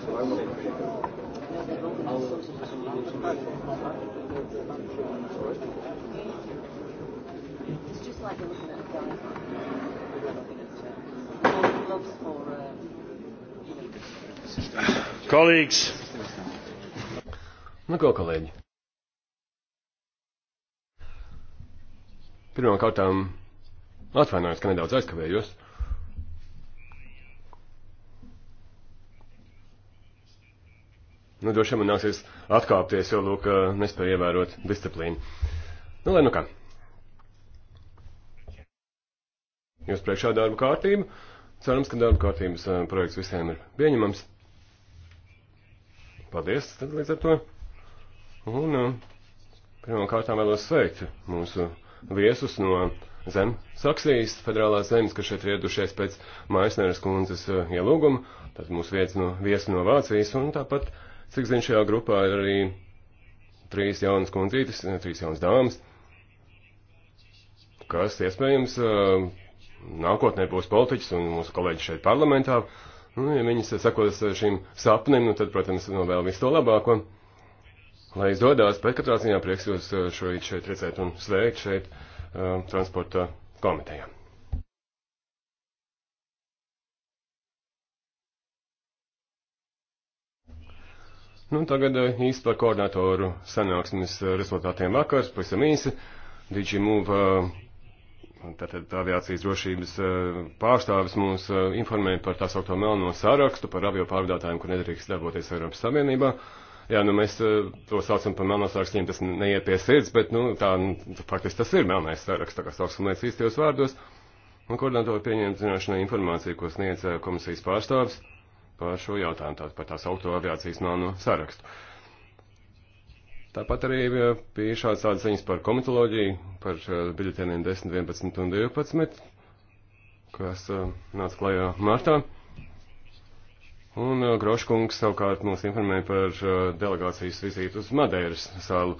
It's just like looking at a guy. Loves for, uh, you know. Colleagues. Nu, ko, kolēģi? Pirmkārt, atvainojos, ka nedaudz aizkavējos. Nu, droši vien man nāksies atkāpties, jo, lūk, nespēju ievērot disciplīnu. Nu, lai nu kā. Jūs priekšā darba kārtība. Cerams, ka darba kārtības projekts visiem ir pieņemams. Paldies, tad līdz ar to. Un pirmām kārtām vēlos sveikt mūsu viesus no zem Saksijas federālās zemes, kas šeit iedušies pēc Maisneres kundzes ielūguma. Tad mūsu vietas no viesu no Vācijas un tāpat Cik zinu, šajā grupā ir arī trīs jaunas kundzītes, eh, trīs jaunas dāmas, kas iespējams eh, nākotnē būs politiķis un mūsu kolēģis šeit parlamentā. Nu, ja viņas sakos šīm sapnim, nu, tad, protams, novēl visu to labāko. Lai izdodās, bet katrā ziņā prieks jūs eh, šorīt šeit redzēt un sveikt šeit uh, transporta komitejām. Nu, tagad eh, īsti par koordinatoru sanāksmes eh, rezultātiem vakars, pavisam īsi. DigiMove, eh, tātad aviācijas drošības pārstāvis mūs informēja par tā saucamo melno sārakstu, par avio pārvadātājiem, kur nedrīkst darboties Eiropas Savienībā. Jā, nu mēs to saucam par melno sārakstiem, tas neiet pie sirds, bet, nu, tā, nu, faktiski tas ir melnais saraksts, tā kā sauksim lietas īstajos vārdos. Un koordinatori pieņēma zināšanai informāciju, ko sniedz komisijas pārstāvis par šo jautājumu, tātad par tās autoaviācijas melno sarakstu. Tāpat arī bija e, šāds tādas ziņas par komitoloģiju, par biļetēniem 10, 11 un 12, kas e, nāca klajā martā. Un e, Groškungs savukārt mūs informēja par delegācijas vizītu uz Madeiras salu.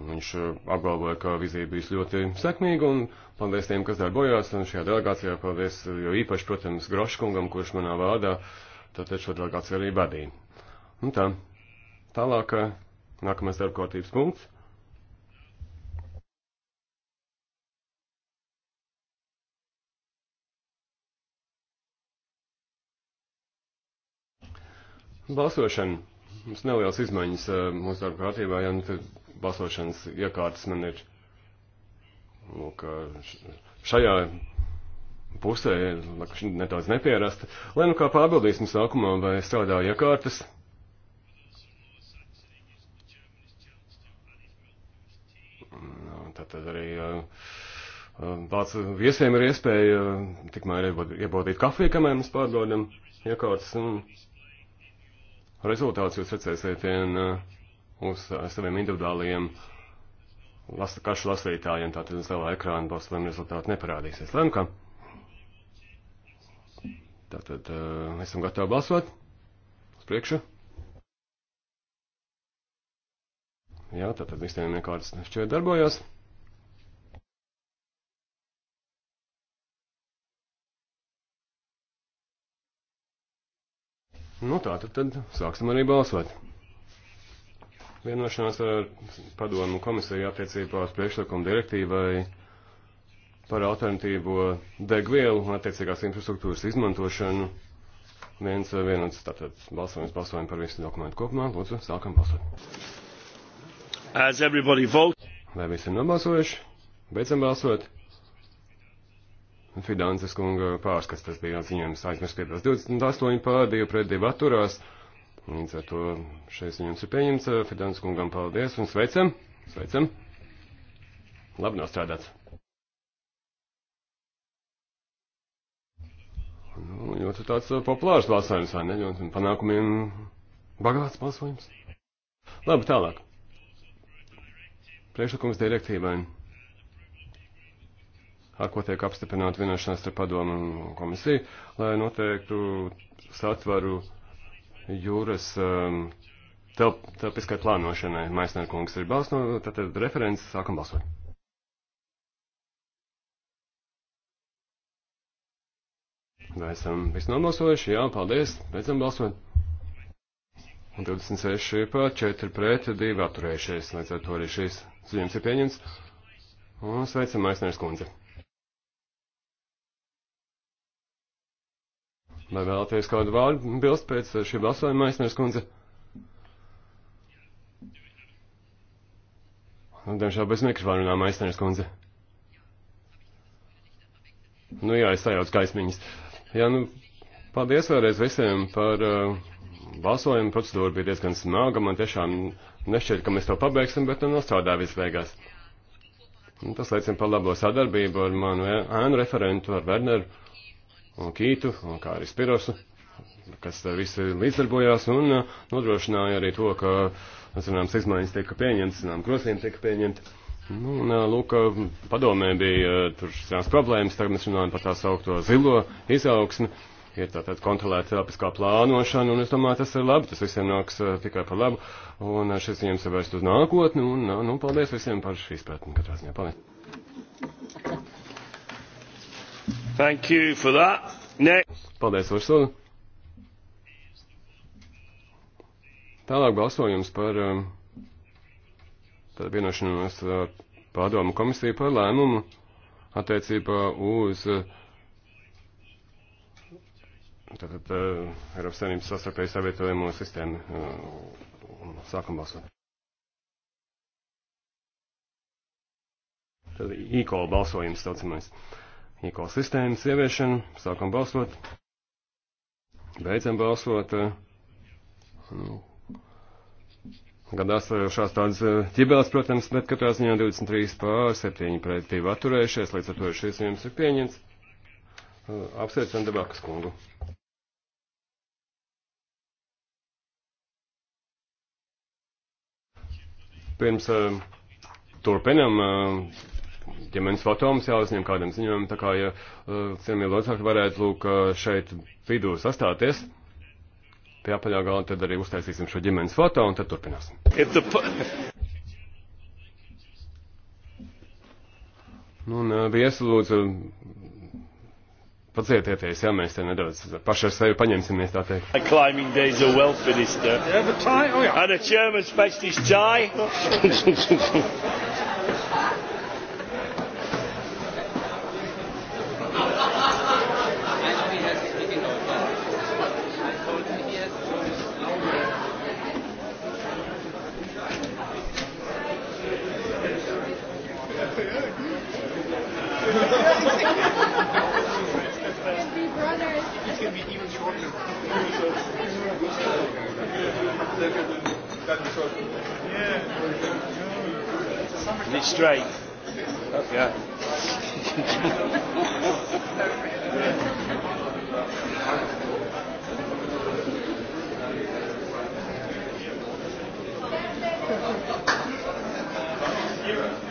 Viņš apgalvoja, ka vizīte bijusi ļoti sekmīga un paldies tiem, kas darbojās. Un šajā delegācijā paldies jo īpaši, protams, Groškungam, kurš manā vārdā uh, tātad šo delegāciju arī vadīja. Un tā, tālāk, eh, nākamais darba kārtības punkts. Balsošana. Mums nelielas izmaiņas eh, mūsu darba kārtībā, ja nu tad balsošanas iekārtas man ir. Lūk, eh, šajā pusē, kas nedaudz nepierasta. Lai nu kā pārbildīsim sākumā, vai strādā iekārtas. Tātad nu, arī tāds viesiem ir iespēja tikmēr iebaudīt kafiju, kamēr mēs pārdodam iekārtas. Rezultāts jūs redzēsiet vien uz saviem individuāliem lasa, kašu lasītājiem, tātad uz lielā ekrāna būs, lai rezultāti neparādīsies. Lemkam! Tātad uh, esam gatavi balsot. Uz priekšu. Jā, tātad visiem iekārtas šķiet darbojas. Nu tā, tad, tad sāksim arī balsot. Vienošanās ar padomu komisiju attiecībā uz priekšlikumu direktīvai par alternatīvo degvielu un attiecīgās infrastruktūras izmantošanu. Viens vienots, tātad balsojums balsojam par visu dokumentu kopumā. Lūdzu, sākam balsot. Vai visi ir nobalsojuši? Beidzam balsot. Fidanses kunga pārskats, tas bija ziņojums aizmirst 28 pār 2 pret 2 atturās. Līdz ar to šeit ziņojums ir pieņemts. Fidanses kungam paldies un sveicam. Sveicam. Labi nostrādāts. Nu, ļoti tāds uh, populārs balsojums, vai ne? Ļoti panākumiem bagāts balsojums. Labi, tālāk. Priekšlikums direktīvai, ar ko tiek apstiprināta vienošanās ar padomu un komisiju, lai noteiktu satvaru jūras um, telp, telpiskai plānošanai. Maisnēr kungs ir balsts, no, tātad referents, sākam balsot. Vai esam visi nobalsojuši? Jā, paldies. Beidzam balsot. Un 26 pār 4 pret 2 atturējušies. Līdz ar to arī šīs ziņas ir pieņemts. Un sveicam Aisnērs kundze. Vai vēlaties kādu vārdu bilst pēc šī balsojuma, Aisnērs kundze? Un, diemžēl bez mikrofona runā Aisnērs kundze. Nu jā, es sajaucu gaismiņas. Uh, Jā, nu, paldies vēlreiz visiem par uh, balsojumu. Procedūra bija diezgan smaga. Man tiešām nešķiet, ka mēs to pabeigsim, bet nu nostrādā viss beigās. Un nu, tas liecina par labo sadarbību ar manu ēnu referentu, ar Werneru un Kītu, un kā arī Spirosu, kas eh, visi līdzdarbojās un uh, nodrošināja arī to, ka, zināms, izmaiņas tika pieņemtas, zināms, grozījumi tika pieņemti. Nu, un, lūk, padomē bija tur šīs problēmas, tagad mēs runājam par tā saukto zilo izaugsmi, ir tātad kontrolēta telpiskā plānošana, un es domāju, tas ir labi, tas visiem nāks tikai par labu, un šis viņiem savērst uz nākotni, un, nu, paldies visiem par šī izpratni, katrā ziņā, paldies. Thank you for that. Next. Paldies, Ursula. Tālāk balsojums par um, tad vienošanos ar pārdomu komisiju par lēmumu attiecībā uz tātad Eiropas Savienības sastarpēji savietojamo sistēmu un sākam balsot. Tad e-call balsojums saucamais. E-call sistēmas ieviešana, sākam balsot, beidzam balsot. Nu, Gadās šās tādas e, ķibeles, protams, bet katrā ziņā 23 pār 7 pret 2 atturējušies, līdz ar to šis jums ir pieņemts. E, apsveicam debakas kungu. Pirms e, turpinam, ja mēs fotomus jāuzņem kādam ziņojumam, tā kā, ja cienīgi locekļi varētu lūk šeit vidū sastāties pie apaļā gala, tad arī uztaisīsim šo ģimenes foto un tad turpināsim. Nu, un viesi lūdzu pacietieties, ja mēs te nedaudz paši ar sevi paņemsimies, tā teikt. A climbing days are well finished. Uh. Yeah, the tie, oh, yeah. And a German specialist tie. And it's straight. Oh, yeah. Thank you.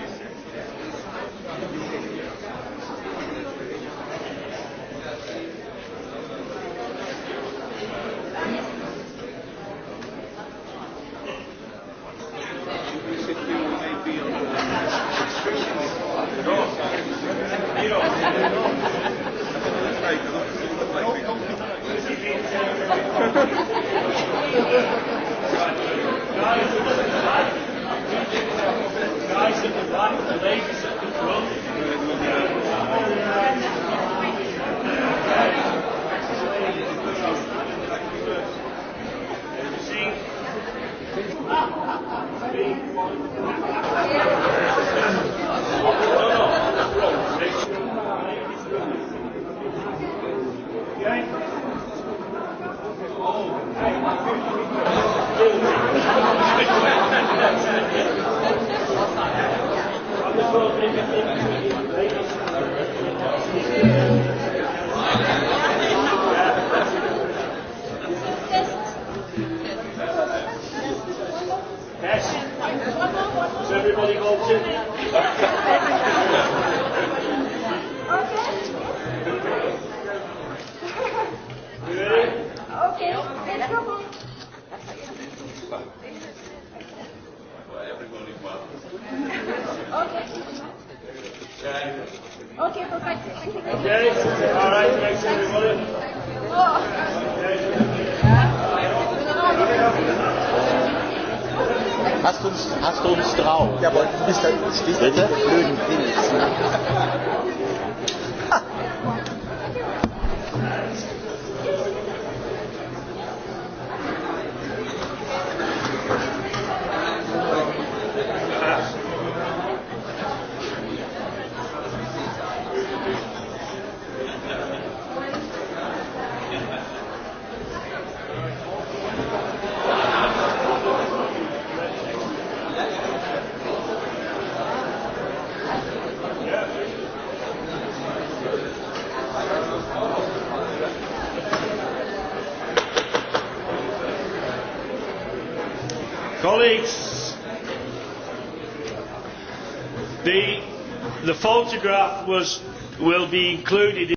photograph was, will be included.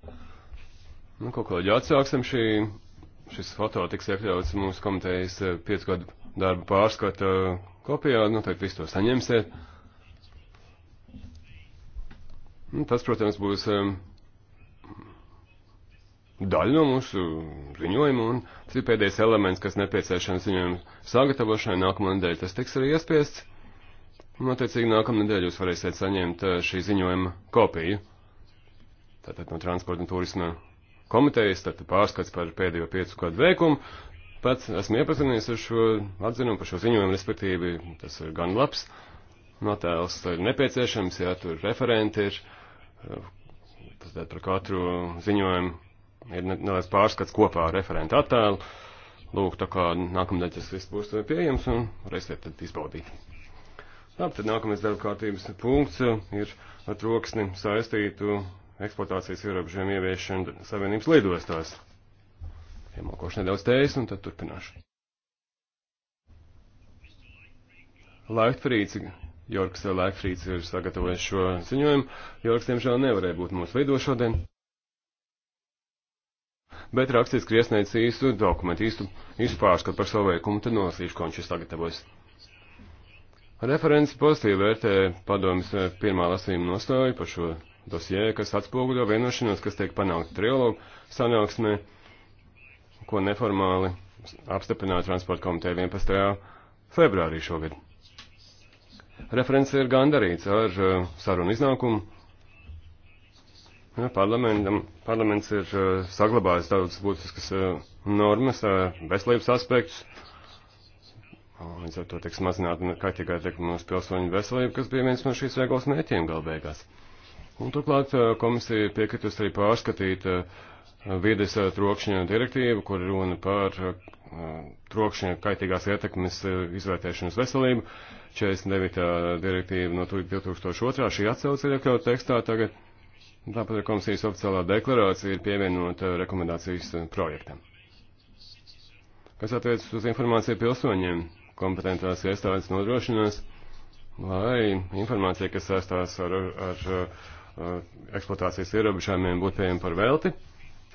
Nu, kaut ko atsāksim šī, šis foto tiks iekļauts mūsu komitejas eh, piecgadu darba pārskata kopijā, noteikti visu to saņemsiet. Nu, tas, protams, būs um, daļa no mūsu ziņojuma, un tas ir pēdējais elements, kas nepieciešams ziņojuma sagatavošanai nākamā nedēļa. Tas tiks arī iespiests. Un, attiecīgi, nākamnedēļ jūs varēsiet saņemt eh, šī ziņojuma kopiju. Tātad no transporta un turisma komitejas, tātad pārskats par pēdējo piecu gadu veikumu. Pats esmu iepazinies ar šo atzinumu, par šo ziņojumu, respektīvi, tas ir gan labs. Notēls ir nepieciešams, jā, tur referenti ir, eh, tātad par katru ziņojumu ir neliels pārskats kopā ar referentu attēlu. Lūk, tā kā nākamnedēļ tas viss būs pieejams un varēsiet tad izbaudīt. Labi, tad nākamais darba kārtības punkts uh, ir ar troksni saistītu eksploatācijas ierobežojumu ieviešanu Savienības lidostās. Iemākošu nedaudz tējas un tad turpināšu. Laikfrīds, Jorgs Laikfrīds ir sagatavojis šo ziņojumu. Jorgs, diemžēl, nevarēja būt mūsu lido šodien. Bet rakstīs kriesnēts īstu dokumentu, īstu, īstu pārskatu par savu veikumu, tad nolasīšu, ko viņš ir sagatavojis. Referents pozitīvi vērtē padomjas eh, pirmā lasījuma nostāju par šo dosjē, kas atspoguļo vienošanos, kas tiek panākta trilogu sanāksmē, ko neformāli apstiprināja transporta komiteja 11. februārī šogad. Referents ir gandarīts ar eh, sarunu iznākumu. Parlaments ir eh, saglabājis daudz būtiskas normas, veselības aspektus Līdz ar to tiks mazināta nu, kaitīgā ietekme uz pilsoņu veselību, kas bija viens no šīs vieglas mēķiem galbeigās. Un turklāt eh, komisija piekritusi arī pārskatīt eh, vides eh, trokšņa direktīvu, kur runa par trokšņa kaitīgās ietekmes izvērtēšanas veselību. 49. direktīva no 2002. šī atcauc ir iekļauta tekstā tagad. Tāpat ir komisijas oficiālā deklarācija ir pievienota rekomendācijas projektam. Kas attiecas uz informāciju pilsoņiem, kompetentās iestādes nodrošinās, lai informācija, kas saistās ar, ar, ar eksploatācijas ierobežojumiem, būtu pieejama par velti,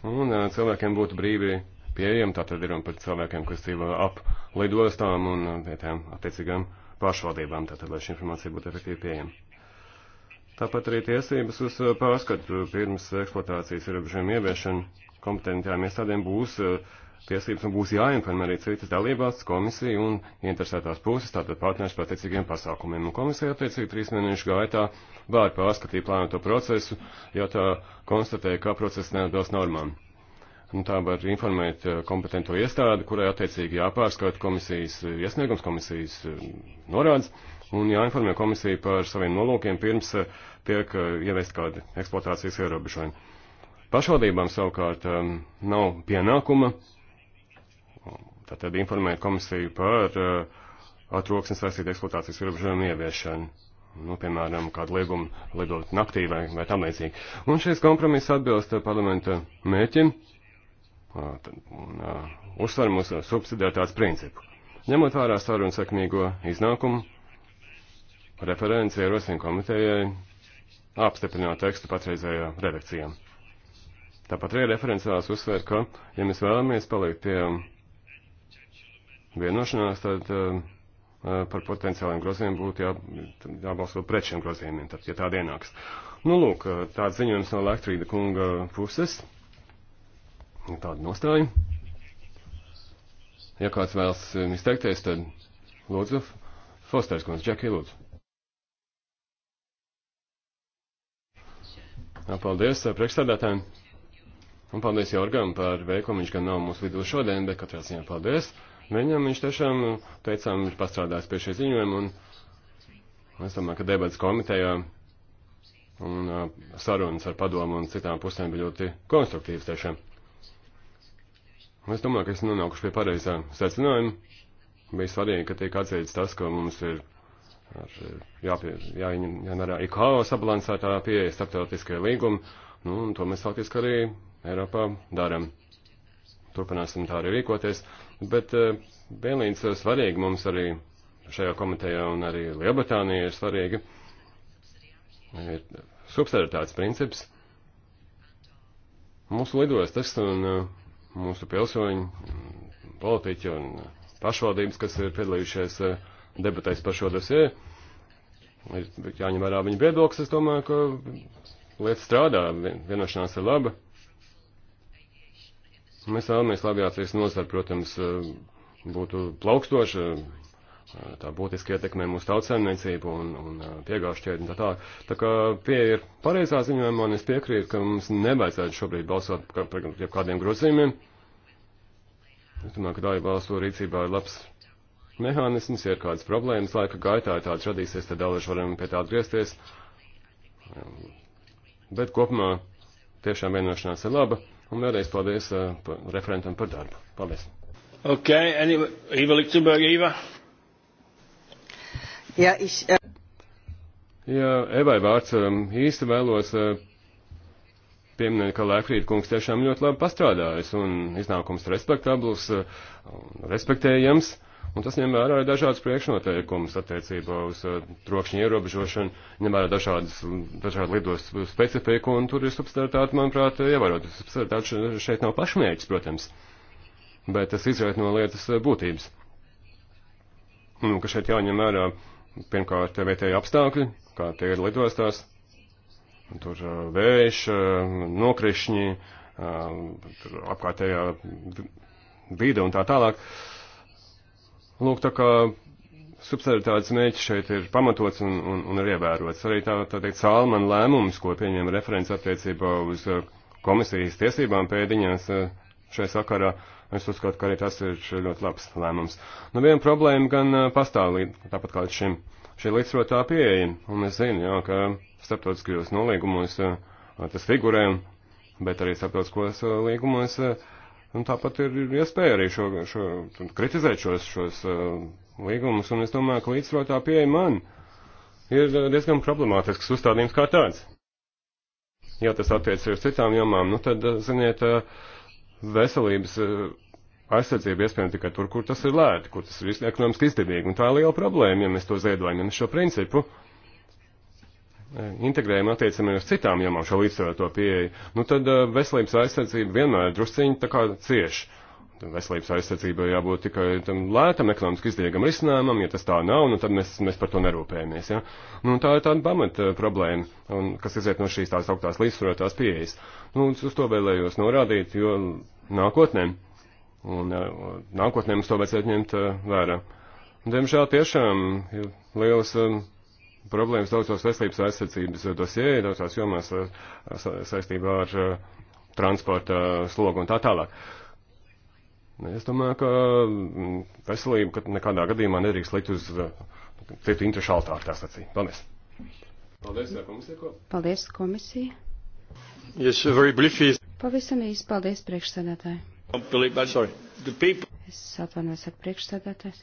un cilvēkiem būtu brīvi pieejama, tātad ir un par cilvēkiem, kas dzīvo ap lidostām un vietām attiecīgām pašvaldībām, tātad, lai šī informācija būtu efektīvi pieejama. Tāpat arī tiesības uz pārskatu pirms eksploatācijas ierobežojumu ieviešanu kompetentām iestādēm būs tiesības un nu būs jāinformē arī citas dalībvalsts komisija un interesētās puses, tātad partners par attiecīgiem pasākumiem. Un komisija attiecīgi trīs mēnešu gaitā var pārskatīt plānoto procesu, ja tā konstatē, ka process neatbilst normām. Un nu, tā var informēt eh, kompetento iestādi, kurai attiecīgi jāpārskata komisijas eh, iesniegums, komisijas eh, norādes, un jāinformē komisija par saviem nolūkiem pirms tiek ieviest kādi eksploatācijas ierobežojumi. Pašvaldībām savukārt nav pienākuma Tātad informēja komisiju par eh, atroksnes saistītu eksploatācijas ierobežojumu ieviešanu. Nu, piemēram, kādu liegumu lidot naktī vai, vai tam līdzīgi. Un šis kompromiss atbilst parlamenta mēķim un uzsveram uz subsidiētās principu. Ņemot vērā sarunu sekmīgo iznākumu, referents ierosina komitejai apstiprināt tekstu patreizējā redakcijā. Tāpat arī referenciāls uzsver, ka, ja mēs vēlamies palikt pie vienošanās, tad uh, par potenciāliem grozījumiem būtu jā, jābalso pret šiem grozījumiem, tad, ja tādi ienāks. Nu, lūk, eh, tāds ziņojums no Lektrīda kunga puses. Tāda nostāja. Ja kāds vēlas izteikties, tad lūdzu, Fosters kundze, Džekija, lūdzu. Paldies priekšstādātājiem. Un paldies Jorgam par veikumu. Viņš gan nav mūsu vidū šodien, bet katrā ziņā paldies. Viņam viņš tiešām, teicām, ir pastrādājis pie šī ziņojuma, un es domāju, ka debats komitejā un sarunas ar padomu un citām pusēm bija ļoti konstruktīvas tiešām. Es domāju, ka es nonākuši pie pareizā secinājuma. Bija svarīgi, ka tiek atzīts tas, ka mums ir ar, jāpie, jāņem jā, vērā IKO sabalansētā pieeja starptautiskajai līgumam, nu, un to mēs faktiski arī Eiropā darām turpināsim tā arī rīkoties, bet eh, vienlīdz eh, svarīgi mums arī šajā komitejā un arī Lielbritānija ir svarīga, ir subsidiaritātes princips. Mūsu lidostas un eh, mūsu pilsoņi, politiķi un pašvaldības, kas ir piedalījušies debatēs par šo dosie, ir jāņem vērā viņa viedoklis. Es domāju, ka lieta strādā, vienošanās ir laba. Mēs vēlamies, lai aviācijas nozara, protams, eh, būtu plaukstoša, eh, tā būtiski ietekmē mūsu tautsēmniecību un, un eh, piegāžu ķēdi un tā tā. Tā kā pie ir pareizā ziņojumā, un es piekrītu, ka mums nevajadzētu šobrīd balsot par, par, par kādiem grozījumiem. Es domāju, ka dalība valstu rīcībā ir labs mehānisms, ir kādas problēmas laika gaitā, ja tāds radīsies, tad dalīši varam pie tā atgriezties. Ehm, bet kopumā tiešām vienošanās ir laba. Un vēlreiz paldies uh, par referentam par darbu. Paldies. Ok, anyway, Iva Liktenberga, Iva. Jā, ja, es. Uh... Äh, Jā, Evai vārds um, īsti vēlos uh, pieminēt, ka Lēkrīt kungs tiešām ļoti labi pastrādājas un iznākums respektabls, uh, respektējams. Uh, Un tas ņem vērā arī dažādas priekšnoteikumus attiecībā uz uh, trokšņa ierobežošanu, ņem vērā dažādas, dažādu lidos specifiku, un tur ir subsidiaritāte, manuprāt, ievērot. Subsidiaritāte šeit nav pašmērķis, protams, bet tas izriet no lietas uh, būtības. Nu, ka šeit jāņem vērā pirmkārt vietēji apstākļi, kā tie ir lidostās, tur uh, vējš, uh, nokrišņi, uh, apkārtējā vide un tā tālāk. Uh, Lūk, tā kā subsidiaritātes mērķis šeit ir pamatots un, un, un ir ievērots. Arī tā, tā teikt, Salman lēmums, ko pieņēma referents attiecībā uz uh, komisijas tiesībām pēdiņās uh, šai sakarā, es uzskatu, ka arī tas ir ļoti labs lēmums. Nu, viena problēma gan uh, pastāv, tāpat kā līdz šim, šī līdzsvarotā pieeja, un es zinu, jā, ka starptautiskajos nolīgumos tas figurē, bet arī starptautiskos līgumos. Uh, Un tāpat ir iespēja arī šo, šo, kritizēt šos, šos uh, līgumus, un es domāju, ka līdzsvarotā pieeja man ir diezgan problemātisks uzstādījums kā tāds. Ja tas attiec uz citām jomām, nu tad, uh, ziniet, uh, veselības uh, aizsardzība iespējams tikai tur, kur tas ir lēti, kur tas ir ekonomiski izdevīgi, un tā ir liela problēma, ja mēs to ziedojam, ja mēs šo principu uh, E, integrējam attiecami uz citām jomām šo līdzsvaroto pieeju, nu tad e, veselības aizsardzība vienmēr drusciņi tā kā cieši. Veselības aizsardzība jābūt tikai tam lētam ekonomiski izdiegam risinājumam, ja tas tā nav, nu tad mēs, mēs par to nerūpējamies. Ja? Nu, tā ir tāda pamata e, problēma, un, kas iziet no šīs tās augtās līdzsvarotās pieejas. Nu, uz to vēlējos norādīt, jo nākotnē, un nākotnē mums to vajadzētu ņemt vērā. Diemžēl tiešām lielas. Um, problēmas daudzos veselības aizsardzības eh, dosē, daudzās jomās eh, saistībā ar eh, transporta slogu un tā tālāk. Es domāju, ka mm, veselība nekādā gadījumā nedrīkst likt uz citu interešu altāru, tā sacīja. Paldies. Paldies, komisija. Ko? Paldies, komisija. Yes, very briefly. Pavisam īsi paldies priekšsēdētāji. Es atvainojos ar priekšsēdētājs.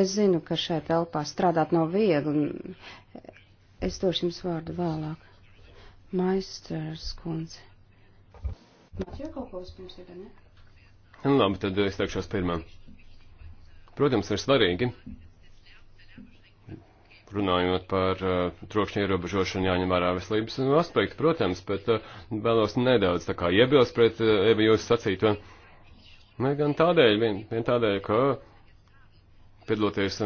Es zinu, ka šajā telpā strādāt nav viegli. Es došu jums vārdu vēlāk. Maisters kundze. Mācīju kaut ko vispirms, ja ne? Nu, labi, tad es teikšos pirmā. Protams, ir svarīgi, runājot par uh, trokšņa ierobežošanu, jāņem vērā veselības aspektu, protams, bet uh, vēlos nedaudz tā kā iebilst pret uh, Eva jūsu sacīto. Ne gan tādēļ, vien, vien tādēļ, ka. Uh, piedaloties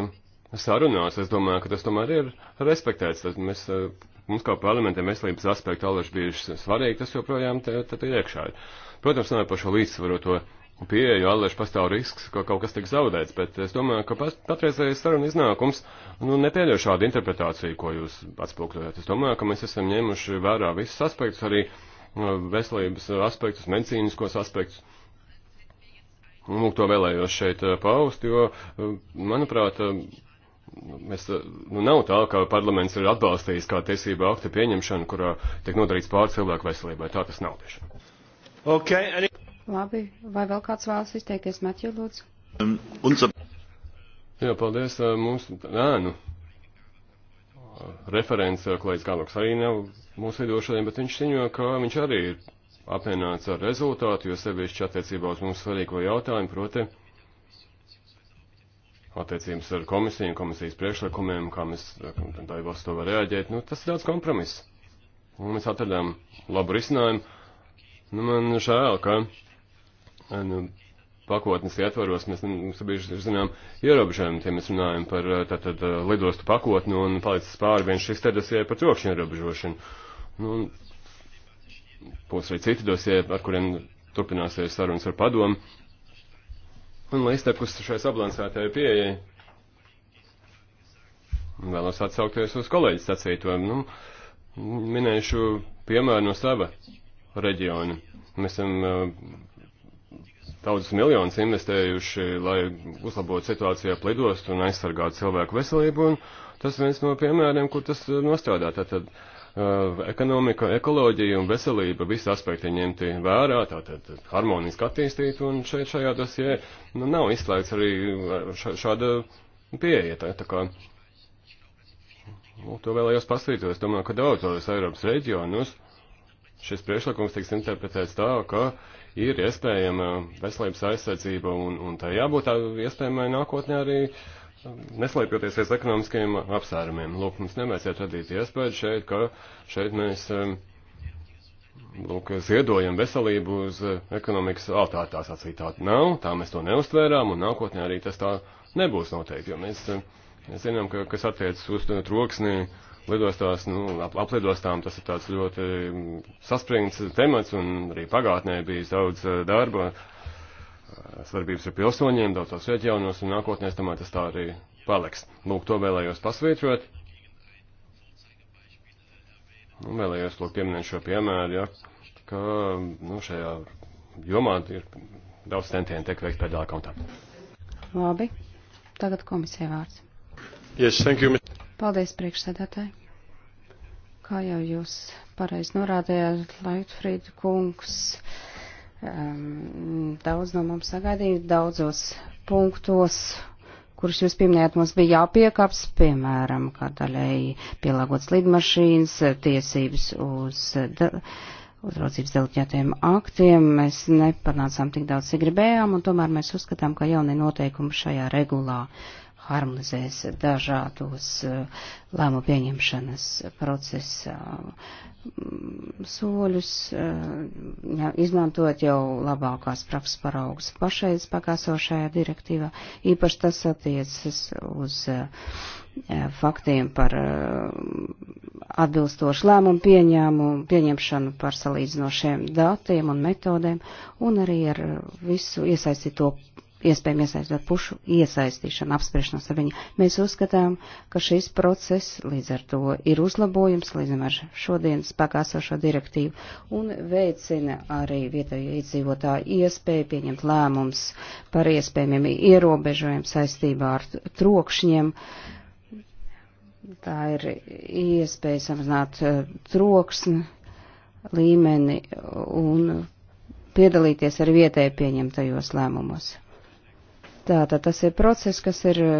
sarunās. Es domāju, ka tas tomēr ir respektēts. Tas mēs, eh, mums kā parlamentiem veselības aspektu alaši bijuši svarīgi, tas joprojām te, te, te ir iekšā. Protams, nav par šo līdzsvaroto pieeju, alaši pastāv risks, ka kaut kas tiks zaudēts, bet es domāju, ka patreizējais saruna iznākums nu, nepieļauj šādu interpretāciju, ko jūs atspūkļojat. Es domāju, ka mēs esam ņēmuši vērā visus aspektus, arī uh, veselības aspektus, medicīniskos aspektus. Un nu, lūk, to vēlējos šeit eh, paust, jo, eh, manuprāt, eh, mēs, nu, nav tā, ka parlaments ir atbalstījis kā tiesība akta pieņemšanu, kurā tiek nodarīts pār cilvēku veselībai. Tā tas nav tieši. Okay, any... Labi, vai vēl kāds vēlas izteikties, Matju, lūdzu? Um, un... Jā, paldies mūsu, nē, nu, referents, Klais Galoks arī nav mūsu vidū šodien, bet viņš ziņo, ka viņš arī ir apmierināts ar rezultātu, jo sevišķi attiecībā uz mums svarīgo jautājumu, proti, attiecības ar komisiju un komisijas priekšlikumiem, kā mēs daivos to var reaģēt, nu, tas ir tāds kompromiss. Un mēs atradām labu risinājumu. Nu, man žēl, ka nu, pakotnes ietvaros mēs, nu, mums bija, zinām, ierobežojumi, tie mēs runājam par tātad lidostu pakotni un palicis pāri viens šis te dosie par trokšņu ierobežošanu. Nu, un būs arī citi dosie, ar kuriem turpināsies sarunas ar padomu. Un lai iztekus šai sablansētāju pieejai, vēlos atsaukties uz kolēģis sacīto. Nu, minēšu piemēru no sava reģiona. Mēs esam uh, daudzus miljonus investējuši, lai uzlabotu situāciju ap lidostu un aizsargātu cilvēku veselību, un tas viens no piemēriem, kur tas uh, nostrādā. Tātad, uh, ekonomika, ekoloģija un veselība, visi aspekti ņemti vērā, tātad harmoniski attīstīt, un šeit šajā dosijā nu, nav izslēgts arī šāda pieeja. Tā, tā kā, nu, to vēlējos pasvītrot. Es domāju, ka daudzos Eiropas reģionos šis priekšlikums tiks interpretēts tā, ka ir iespējama veselības aizsardzība, un, un tā jābūt tā iespējamai nākotnē arī neslēpjoties aiz ekonomiskajiem apsvērumiem. Lūk, mums nevajadzētu radīt iespēju šeit, ka šeit mēs lūk, ziedojam veselību uz eh, ekonomikas altā. Tā sacīt tā nav, tā mēs to neuztvērām, un nākotnē arī tas tā nebūs noteikti, jo mēs zinām, ka kas attiecas uz troksni lidostās, nu, ap, aplidostām, tas ir tāds ļoti saspringts temats, un arī pagātnē bijis daudz eh, darba svarbības ar pilsoņiem daudzos reģionos, un nākotnē, es domāju, tas tā arī paliks. Lūk, to vēlējos pasvītrot. Un nu, vēlējos lūk pieminēt šo piemēru, ja, ka nu, šajā jomā ir daudz centienu tiek veikt pēdējā kontā. Labi, tagad komisija vārds. Yes, thank you. Paldies priekšsēdētāji. Kā jau jūs pareizi norādījāt, Laitfrīd kungs um, daudz no mums sagaidīja, daudzos punktos, kurus jūs pieminējāt, mums bija jāpiekaps, piemēram, kā daļēji pielāgots lidmašīnas, tiesības uz da, uzraudzības deleģētajiem aktiem. Mēs nepanācām tik daudz, cik gribējām, un tomēr mēs uzskatām, ka jaunie noteikumi šajā regulā uh, harmonizēs dažādos eh, lēmu pieņemšanas procesa mm, soļus, eh, izmantot jau labākās prakses paraugus pašreiz pakāsošajā direktīvā. Īpaši tas attiecas uz eh, faktiem par atbilstošu lēmumu pieņēmumu, pieņemšanu par salīdzinošiem datiem un metodēm, un arī ar visu iesaistīto iespējami iesaistot pušu iesaistīšanu, apspriešanos ar viņu. Mēs uzskatām, ka šis process līdz ar to ir uzlabojums, līdz ar šodienas pakāsošo direktīvu, un veicina arī vietējo iedzīvotāju iespēju pieņemt lēmums par iespējamiem ierobežojumiem saistībā ar trokšņiem. Tā ir iespēja samazināt eh, troksni līmeni un piedalīties ar vietēji pieņemtajos lēmumos. Tātad tas ir process, kas ir eh,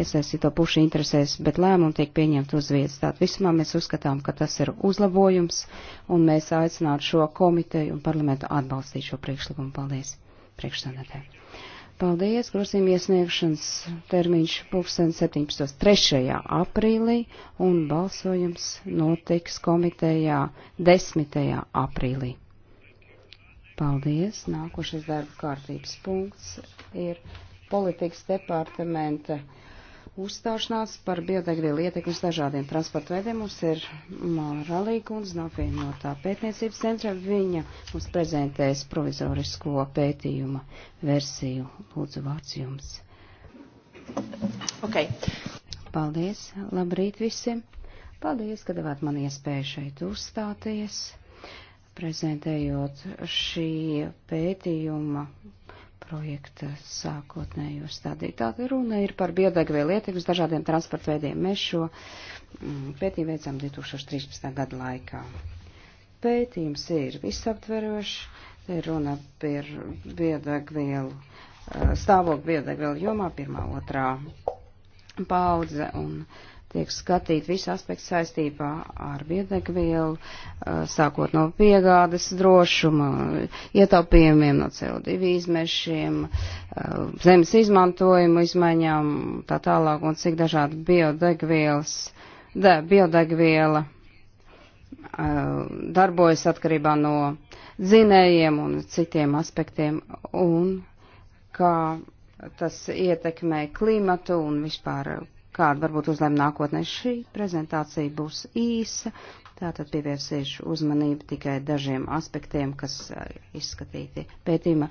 iesaistīto pušu interesēs, bet lēmumi tiek pieņemti uz vietas. Tātad vismā mēs uzskatām, ka tas ir uzlabojums, un mēs aicinātu šo komiteju un parlamentu atbalstīt šo priekšlikumu. Paldies, priekšsēdētē. Paldies, grozījuma iesniegšanas termiņš 2017.3. aprīlī, un balsojums notiks komitejā 10. aprīlī. Paldies, nākošais darba kārtības punkts ir politikas departamenta uzstāšanās par biodegvielu ietekmes dažādiem transporta veidiem. Mums ir Moralī kundze no apvienotā pētniecības centra. Viņa mums prezentēs provizorisko pētījuma versiju. Lūdzu, vārds jums. Okay. Paldies. Labrīt visiem. Paldies, ka devāt man iespēju šeit uzstāties, prezentējot šī pētījuma projekta sākotnējo stadiju. Tātad runa ir par biodegvielu ietekmes dažādiem transporta veidiem. Mēs šo mm, pētījumu veicam 2013. gada laikā. Pētījums ir visaptverošs, ir runa par biodegvielu, stāvokli biodegvielu jomā, pirmā, otrā paudze un tiek skatīt visi aspekti saistībā ar biedekvielu, eh, sākot no piegādes drošuma, ietaupījumiem no CO2 izmešiem, eh, zemes izmantojumu izmaiņām, tā tālāk, un cik dažādi biodegvielas, de, biodegviela eh, darbojas atkarībā no dzinējiem un citiem aspektiem, un kā tas ietekmē klimatu un vispār kādu varbūt uzlēmu nākotnē. Šī prezentācija būs īsa, tātad pievērsīšu uzmanību tikai dažiem aspektiem, kas eh, izskatīti pētījumā.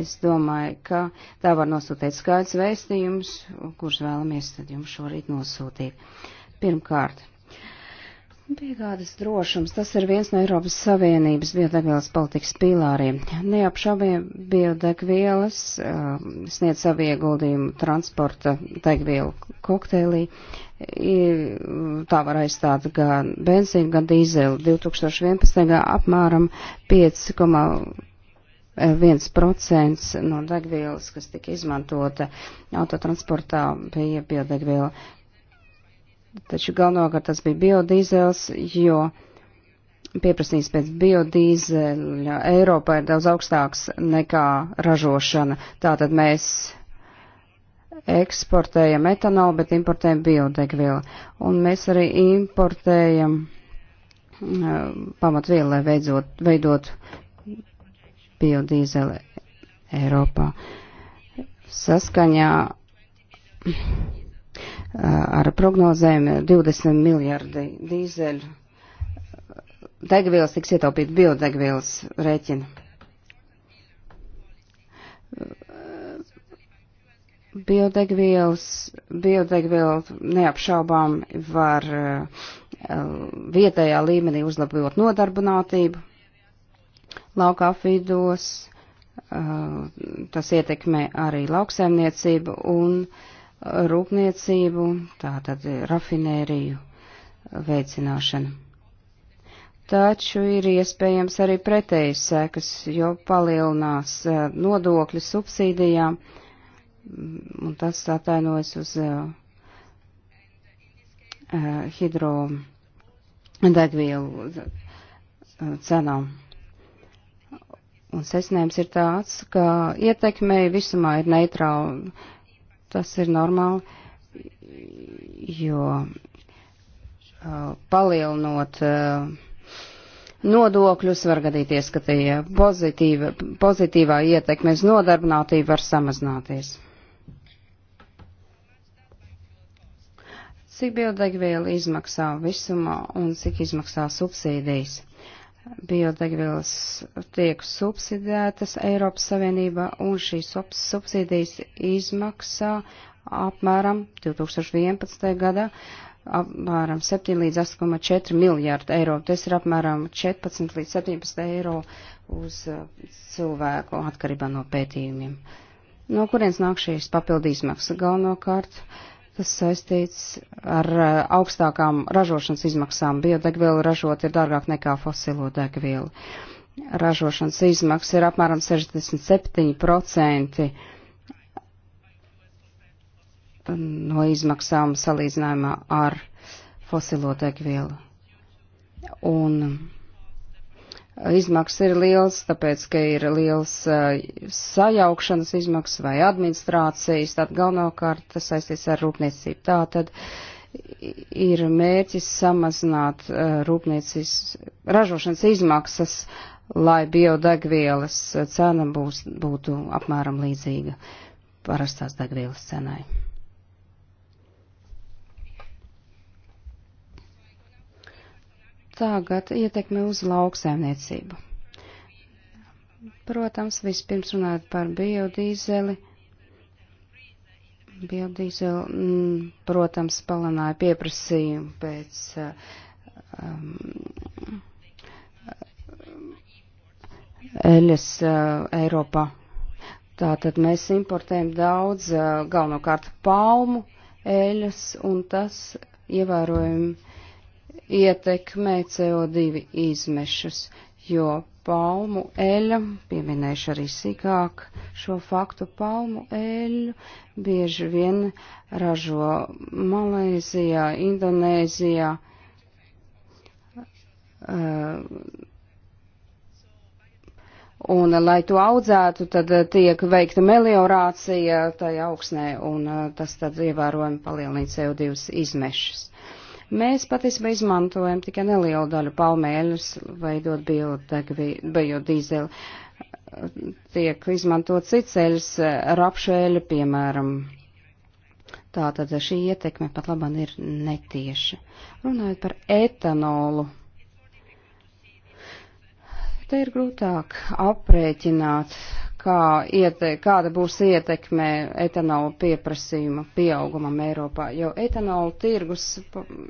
Es domāju, ka tā var nosūtīt skaidrs vēstījums, kurus vēlamies tad jums šorīt nosūtīt. Pirmkārt, Piegādes nu, drošums, tas ir viens no Eiropas Savienības biodegvielas politikas pīlāriem. Neapšaubiem biodegvielas uh, sniedz savu ieguldījumu transporta degvielu kokteilī. Tā var aizstāt gan benzīnu, gan dīzeli. 2011. apmēram 5,1% no degvielas, kas tika izmantota autotransportā, bija biodegviela taču galvenokārt tas bija biodīzels, jo pieprasījums pēc biodīzeļa Eiropā ir daudz augstāks nekā ražošana. Tātad mēs eksportējam etanolu, bet importējam biodegvielu. Un mēs arī importējam uh, pamatvielu, lai veidzot, veidot biodīzeli Eiropā. Saskaņā ar prognozēm 20 miljardi dīzeļu degvielas tiks ietaupīt biodegvielas rēķina. Biodegvielas, biodegvielu neapšaubām var eh, vietējā līmenī uzlabot nodarbinātību lauka apvidos, eh, tas ietekmē arī lauksēmniecību un uh, rūpniecību, tātad rafinēriju veicināšana. Taču ir iespējams arī pretējas sekas, jo palielinās e, nodokļu subsīdijām, un tas atainojas uz e, e, hidro degvielu cenām. Un secinājums ir tāds, ka ietekmei visumā ir neitrāla Tas ir normāli, jo uh, palielinot uh, nodokļus, var gadīties, ka tie pozitīva, pozitīvā ietekme uz nodarbinātību var samazināties. Cik biodegviela izmaksā visumā un cik izmaksā subsīdijas? biodegvielas tiek subsidētas Eiropas Savienībā un šīs subsidijas izmaksā apmēram 2011. gadā apmēram 7 līdz 8,4 miljārdu eiro. Tas ir apmēram 14 līdz 17 eiro uz uh, cilvēku atkarībā no pētījumiem. No kurienes nāk šīs papildu izmaksas? Galvenokārt. Uh, kas saistīts ar uh, augstākām ražošanas izmaksām. Biodegvielu ražot ir dārgāk nekā fosilo degvielu. Ražošanas izmaksas ir apmēram 67% no izmaksām salīdzinājumā ar fosilo degvielu. Un izmaksas ir liels, tāpēc, ka ir liels sajaukšanas izmaksas vai administrācijas, tad galvenokārt tas saistīts ar rūpniecību. Tā tad ir mērķis samazināt rūpniecības ražošanas izmaksas, lai biodegvielas cena būs, būtu apmēram līdzīga parastās degvielas cenai. Tagad ietekme uz lauksēmniecību. Protams, vispirms runājot par biodīzeli. Biodīzeli, mm, protams, palināja pieprasījumu pēc um, eļas uh, Eiropā. Tātad mēs importējam daudz uh, galvenokārt palmu eļas, un tas ievērojami ietekmē CO2 izmešus, jo palmu eļa, pieminēšu arī sīkāk šo faktu, palmu eļu bieži vien ražo Malēzijā, Indonēzijā, Un, lai to audzētu, tad tiek veikta meliorācija tajā augsnē, un tas tad ievērojami palielina CO2 izmešas. Mēs patiesībā izmantojam tikai nelielu daļu palmēļus, veidot biodīzeli. Tiek izmantot citseļas, rapšēļa, piemēram. Tātad šī ietekme pat labam ir netieša. Runājot par etanolu. Te ir grūtāk aprēķināt, kā iete, kāda būs ietekme etanola pieprasījuma pieaugumam Eiropā, jo etanola tirgus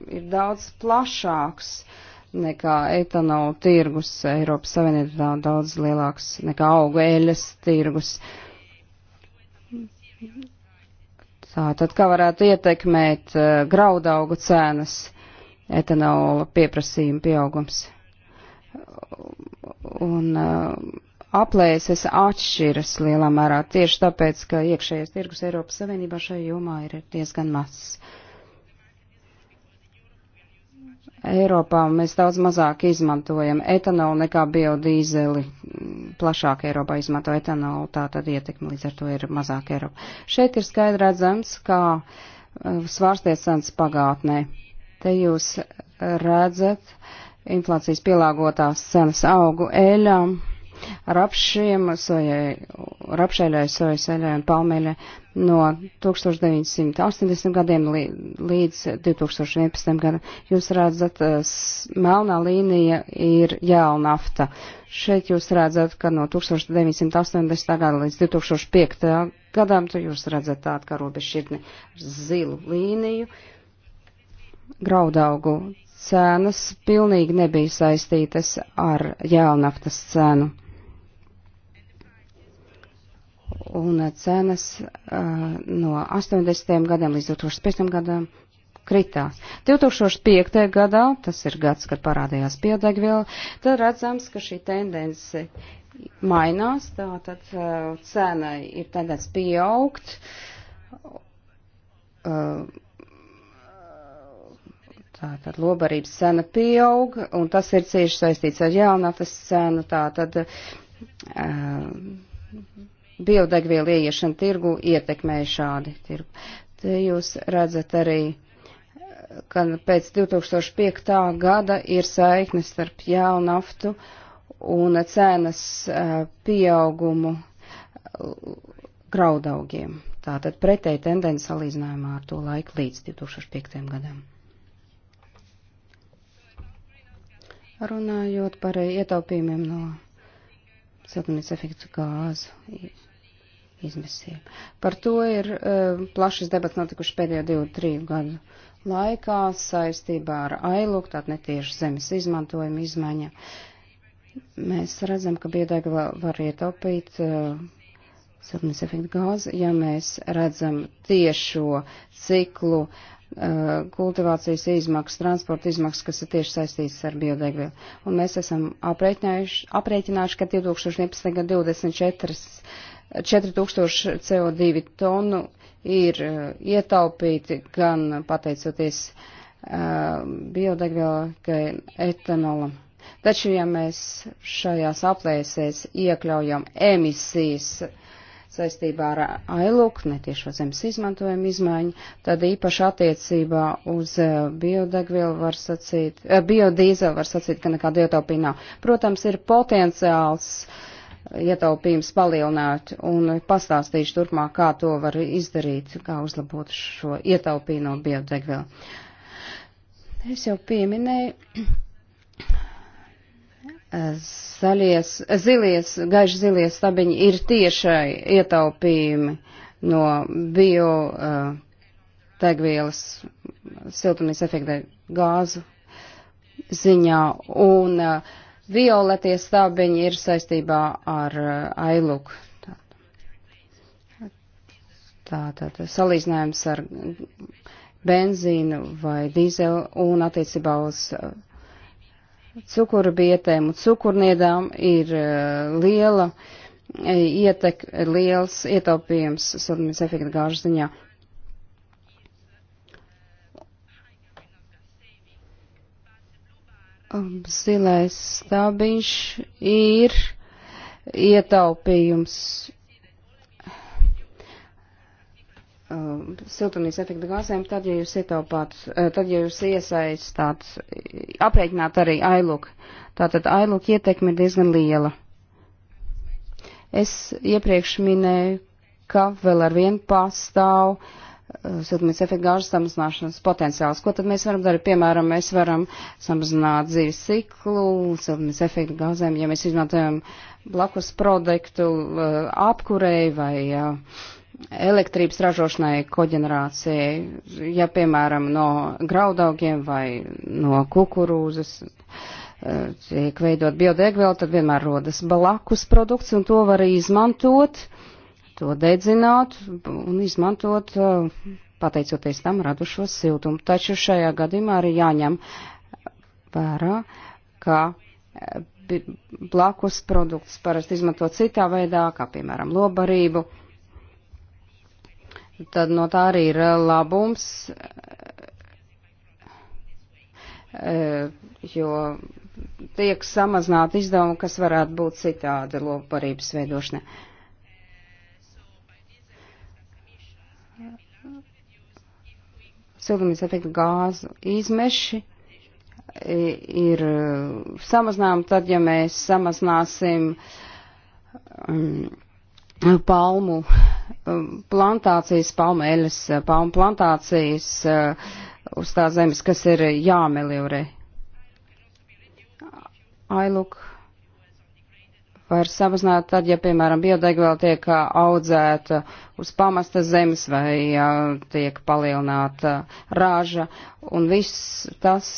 ir daudz plašāks nekā etanola tirgus Eiropas Savienībā daudz lielāks nekā auga eļas tirgus. Tā tad kā varētu ietekmēt uh, graudaugu cenas etanola pieprasījuma pieaugums? Un, uh, aplēses atšķiras lielā mērā tieši tāpēc, ka iekšējais tirgus Eiropas Savienībā šajā jomā ir diezgan mazs. Eiropā mēs daudz mazāk izmantojam etanolu nekā biodīzeli. Plašāk Eiropā izmanto etanolu, tā tad ietekme līdz ar to ir mazāk Eiropā. Šeit ir skaidrēdzams, kā uh, svārsties cenas pagātnē. Te jūs redzat inflācijas pielāgotās cenas augu eļām rapšiem, sojai, rapšēļai, sojas eļai un palmeļai no 1980. gadiem līdz 2011. gadam. Jūs redzat, eh, melnā līnija ir jēlnafta. Šeit jūs redzat, ka no 1980. gada līdz 2005. gadam, tu jūs redzat tādu kā robežšķirtni zilu līniju. Graudaugu cenas pilnīgi nebija saistītas ar jēlnaftas cenu un cenas uh, no 80. gadiem līdz 2005. gadam kritās. 2005. gadā, tas ir gads, kad parādījās piedegviela, tad redzams, ka šī tendence mainās, tātad uh, cenai ir tendence pieaugt. Uh, Tātad lobarības cena pieaug, un tas ir cieši saistīts ar jaunatnes cenu, tātad uh, biodegvielu ieiešana tirgu ietekmēja šādi tirgu. Te jūs redzat arī, ka pēc 2005. gada ir saiknes starp jaunu naftu un cenas eh, pieaugumu eh, graudaugiem. Tātad pretēji tendence salīdzinājumā ar to laiku līdz 2005. gadam. Runājot par ietaupījumiem no siltumnīca efektu gāzu izmisiem. Par to ir uh, plašas debats notikuši pēdējo 2-3 gadu laikā saistībā ar ailuk, tātad netieši zemes izmantojuma izmaiņa. Mēs redzam, ka biodegviela var ietaupīt uh, eh, siltumnīca efekta gāzi, ja mēs redzam tiešo ciklu uh, kultivācijas izmaksas, transporta izmaksas, kas ir tieši saistītas ar biodegvielu. Un mēs esam aprēķinājuši, aprēķinājuši ka 2011. gada 24 4000 CO2 tonu ir eh, ietaupīti gan pateicoties uh, biodegvielai, gan etanolam. Taču, ja mēs šajās aplēsēs iekļaujam emisijas saistībā ar ailuk, netiešo zemes izmantojumu izmaiņu, tad īpaši attiecībā uz eh, biodegvielu var sacīt, biodīzelu var sacīt, ka nekāda ietaupījuma nav. Protams, ir potenciāls uh, ietaupījums palielināt un pastāstīšu turpmāk, kā to var izdarīt, kā uzlabot šo ietaupījumu no biodegvielu. Es jau pieminēju zaļies, zilies, gaiši zilies stabiņi ir tiešai ietaupījumi no bio uh, degvielas siltumnīca efekta gāzu ziņā un uh, Violetie stābiņi ir saistībā ar eh, ailuk. Tātad salīdzinājums ar benzīnu vai dīzeli un attiecībā uz eh, cukuru bietēm un cukurniedām ir eh, liela ietek, liels ietaupījums sodamības efekta gāžas ziņā. Um, zilais stabiņš ir ietaupījums um, siltumnīca efekta gāzēm, tad, ja jūs ietaupāt, eh, tad, ja jūs iesaistāt, aprēķināt arī ailuk. Tātad ailuk ietekme ir diezgan liela. Es iepriekš minēju, ka vēl ar vienu pastāvu siltumnīca efekta gāžu samazināšanas potenciāls. Ko tad mēs varam darīt? Piemēram, mēs varam samazināt dzīves ciklu, siltumnīca efekta gāzēm, ja mēs izmantojam blakus produktu eh, apkurei vai eh, elektrības ražošanai, koģenerācijai, ja piemēram no graudaugiem vai no kukurūzas eh, tiek veidot biodegvielu, tad vienmēr rodas blakus produkts un to var izmantot to dedzināt un izmantot, uh, pateicoties tam, radušo siltumu. Taču šajā gadījumā arī jāņem vērā, ka uh, blakus produkts parasti izmanto citā veidā, kā piemēram lobarību. Tad no tā arī ir uh, labums, jo tiek samazināt izdevumi, kas varētu būt citādi lobarības veidošanai. siltumnīca efekta gāzu izmeši ir uh, samazinām tad, ja mēs samazināsim um, palmu um, plantācijas, palmu eļas, uh, palmu plantācijas uh, uz tā zemes, kas ir jāmeliorē. Ailuk. Uh, var samazināt tad, ja, piemēram, biodegviela tiek audzēta uz pamasta zemes vai ja, tiek palielināta rāža, un viss tas,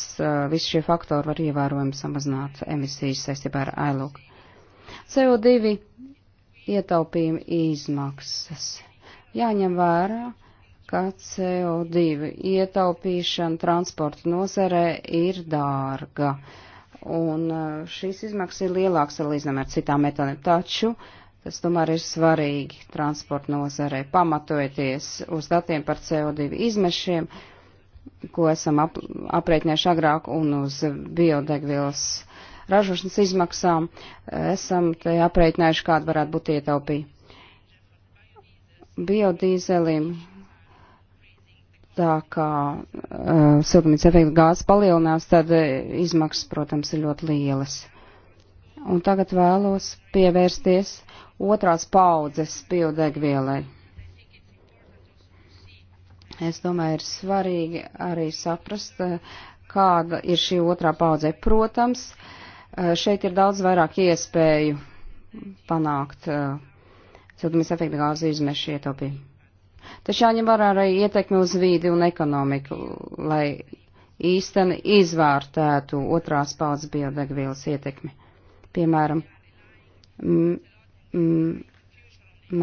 visi šie faktori var ievērojami samazināt emisijas saistībā ar ailoku. CO2 ietaupījuma izmaksas. Jāņem vērā, ka CO2 ietaupīšana transporta nozarē ir dārga. Uh, un šīs izmaksas ir lielākas salīdzinām ar citām metodēm. Taču tas tomēr ir svarīgi transporta nozarē, pamatojoties uz datiem par CO2 izmešiem, ko esam ap, aprēķinājuši agrāk, un uz biodegvielas ražošanas izmaksām, esam te aprēķinājuši, kāda varētu būt ietaupīja. Biodīzelim tā kā uh, siltumnīca efekta gāzes palielinās, tad eh, izmaksas, protams, ir ļoti lielas. Un tagad vēlos pievērsties otrās paudzes biodegvielai. Es domāju, ir svarīgi arī saprast, eh, kāda ir šī otrā paudze. Protams, šeit ir daudz vairāk iespēju panākt uh, siltumnīca efekta gāzu izmešu ietaupījumu. Taču jāņem vērā arī ietekmi uz vīdi un ekonomiku, lai īsteni izvērtētu otrās paudzes biodegvielas ietekmi. Piemēram,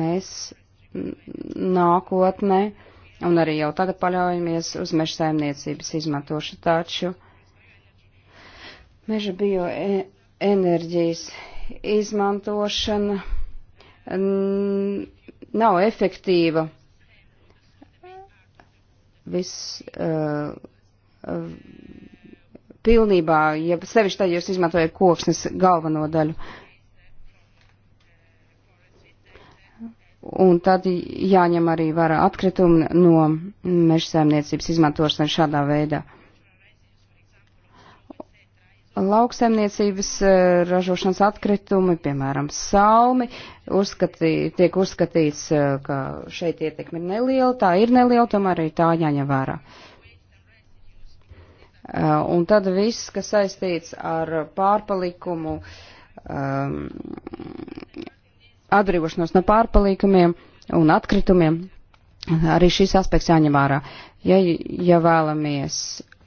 mēs nākotnē un arī jau tagad paļaujamies uz meža saimniecības izmantošanu, taču meža bioenerģijas izmantošana nav efektīva viss uh, uh, pilnībā, ja sevišķi tad jūs izmantojat koksnes galveno daļu. Un tad jāņem arī vara atkritumi no mežsēmniecības izmantošana šādā veidā lauksaimniecības eh, ražošanas atkritumi, piemēram, salmi, uzskatī, tiek uzskatīts, eh, ka šeit ietekme ir neliela, tā ir neliela, tomēr arī tā jāņem vērā. Eh, un tad viss, kas saistīts ar pārpalikumu, um, atbrīvošanos no pārpalikumiem un atkritumiem, arī šis aspekts jāņem vērā. Ja, ja vēlamies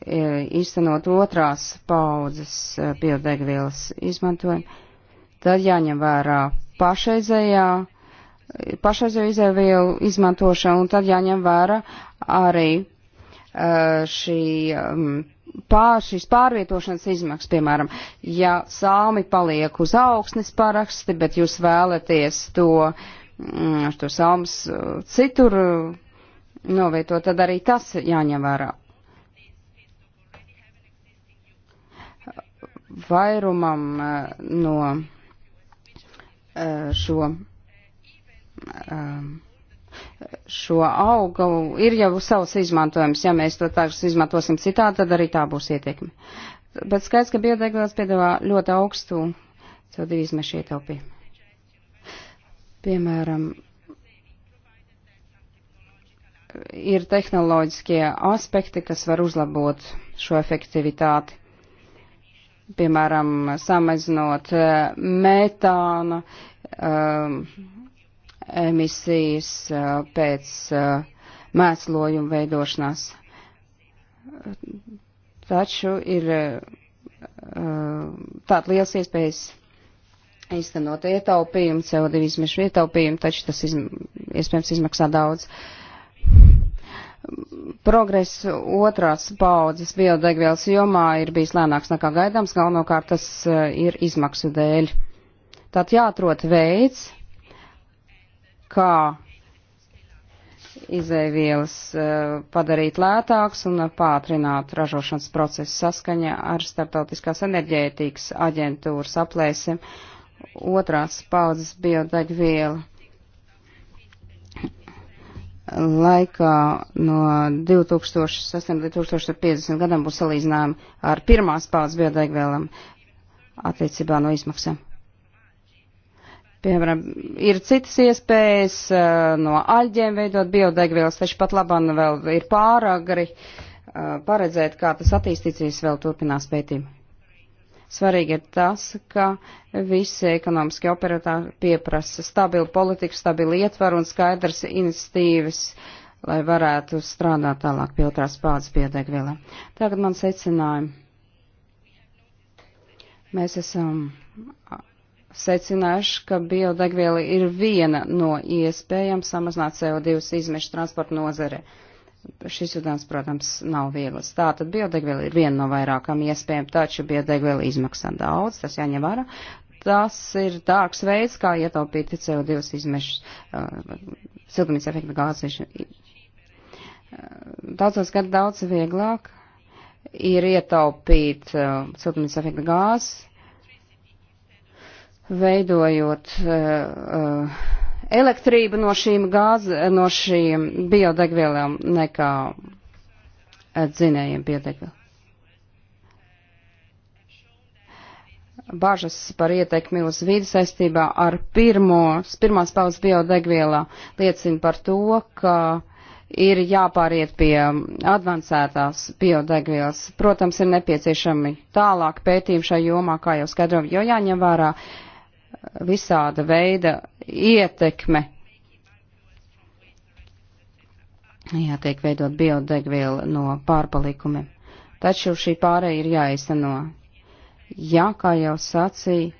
E, īstenot otrās paudzes e, biodegvielas izmantojumu, tad jāņem vērā pašreizējā, e, pašreizējo izēvielu izmantošanu, un tad jāņem vērā arī šī pār, šīs pārvietošanas izmaksas, piemēram, ja salmi paliek uz augsnes paraksti, bet jūs vēlaties to, to salmas citur novietot, tad arī tas jāņem vērā. vairumam eh, no eh, šo eh, šo augu ir jau savs izmantojums. Ja mēs to tagad izmantosim citādi, tad arī tā būs ietekme. Bet skaidrs, ka biodegvielas piedāvā ļoti augstu CO2 izmešu ietaupījumu. Piemēram, ir tehnoloģiskie aspekti, kas var uzlabot šo efektivitāti piemēram, samazinot eh, metāna um, emisijas eh, pēc uh, mēslojuma veidošanās. Taču ir uh, tāda liels iespējas īstenot ietaupījumu, CO2 izmešu ietaupījumu, taču tas izm iespējams izmaksā daudz. Uh, Progress otrās paudzes biodegvielas jomā ir bijis lēnāks nekā gaidāms, galvenokārt tas e, ir izmaksu dēļ. Tātad jāatrot veids, kā izēvielas e, padarīt lētāks un pātrināt ražošanas procesu saskaņa ar Startautiskās enerģētikas aģentūras aplēsim otrās paudzes biodegviela laikā no 2008. līdz 2050 gadam būs salīdzinājumi ar pirmās paudzes biodegvielām attiecībā no izmaksām. Piemēram, ir citas iespējas eh, no aļģiem veidot biodegvielas, taču pat labāk vēl ir pāragri eh, paredzēt, kā tas attīstīsies vēl turpinās pētījumi. Svarīgi ir tas, ka visi ekonomiski operatāri pieprasa stabilu politiku, stabilu ietvaru un skaidrs inicitīvas, lai varētu strādāt tālāk pie otrās paudzes biodegvielā. Tagad man secinājumi. Mēs esam secinājuši, ka biodegviela ir viena no iespējām samazināt CO2 izmešu transporta nozare. Šis uzdevums, protams, nav viegls. Tātad biodegviela ir viena no vairākām iespējām, taču biodegviela izmaksā daudz, tas jāņem vērā. Tas ir dārgs veids, kā ietaupīt CO2 izmešus, uh, siltumnīca efekta gāzi. Uh, daudzos gadu daudz vieglāk ir ietaupīt uh, siltumnīca efekta gāzi, veidojot uh, uh, elektrību no šīm gāzes, no šīm biodegvielām nekā eh, dzinējiem biodegvielām. Bažas par ietekmi uz vidi saistībā ar pirmos, pirmās paudzes biodegvielā liecina par to, ka ir jāpāriet pie advancētās biodegvielas. Protams, ir nepieciešami tālāk pētījumi šajā jomā, kā jau skaidrojam, jo jāņem vērā uh, visāda veida ietekme. Jā, tiek veidot biodegvielu no pārpalikumiem. Taču šī pārēja ir jāizsano. Jā, kā jau sacīja, eh,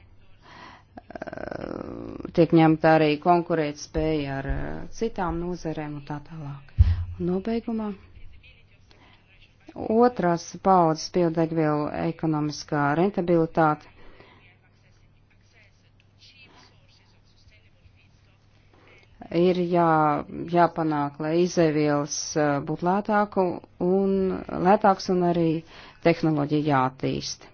tiek ņemta arī konkurēt spēja ar eh, citām nozerēm un tā tālāk. Un nobeigumā otrās paudzes biodegvielu ekonomiskā rentabilitāte ir jā, jāpanāk, lai izēvielas būtu lētāku un lētāks un arī tehnoloģija jātīst.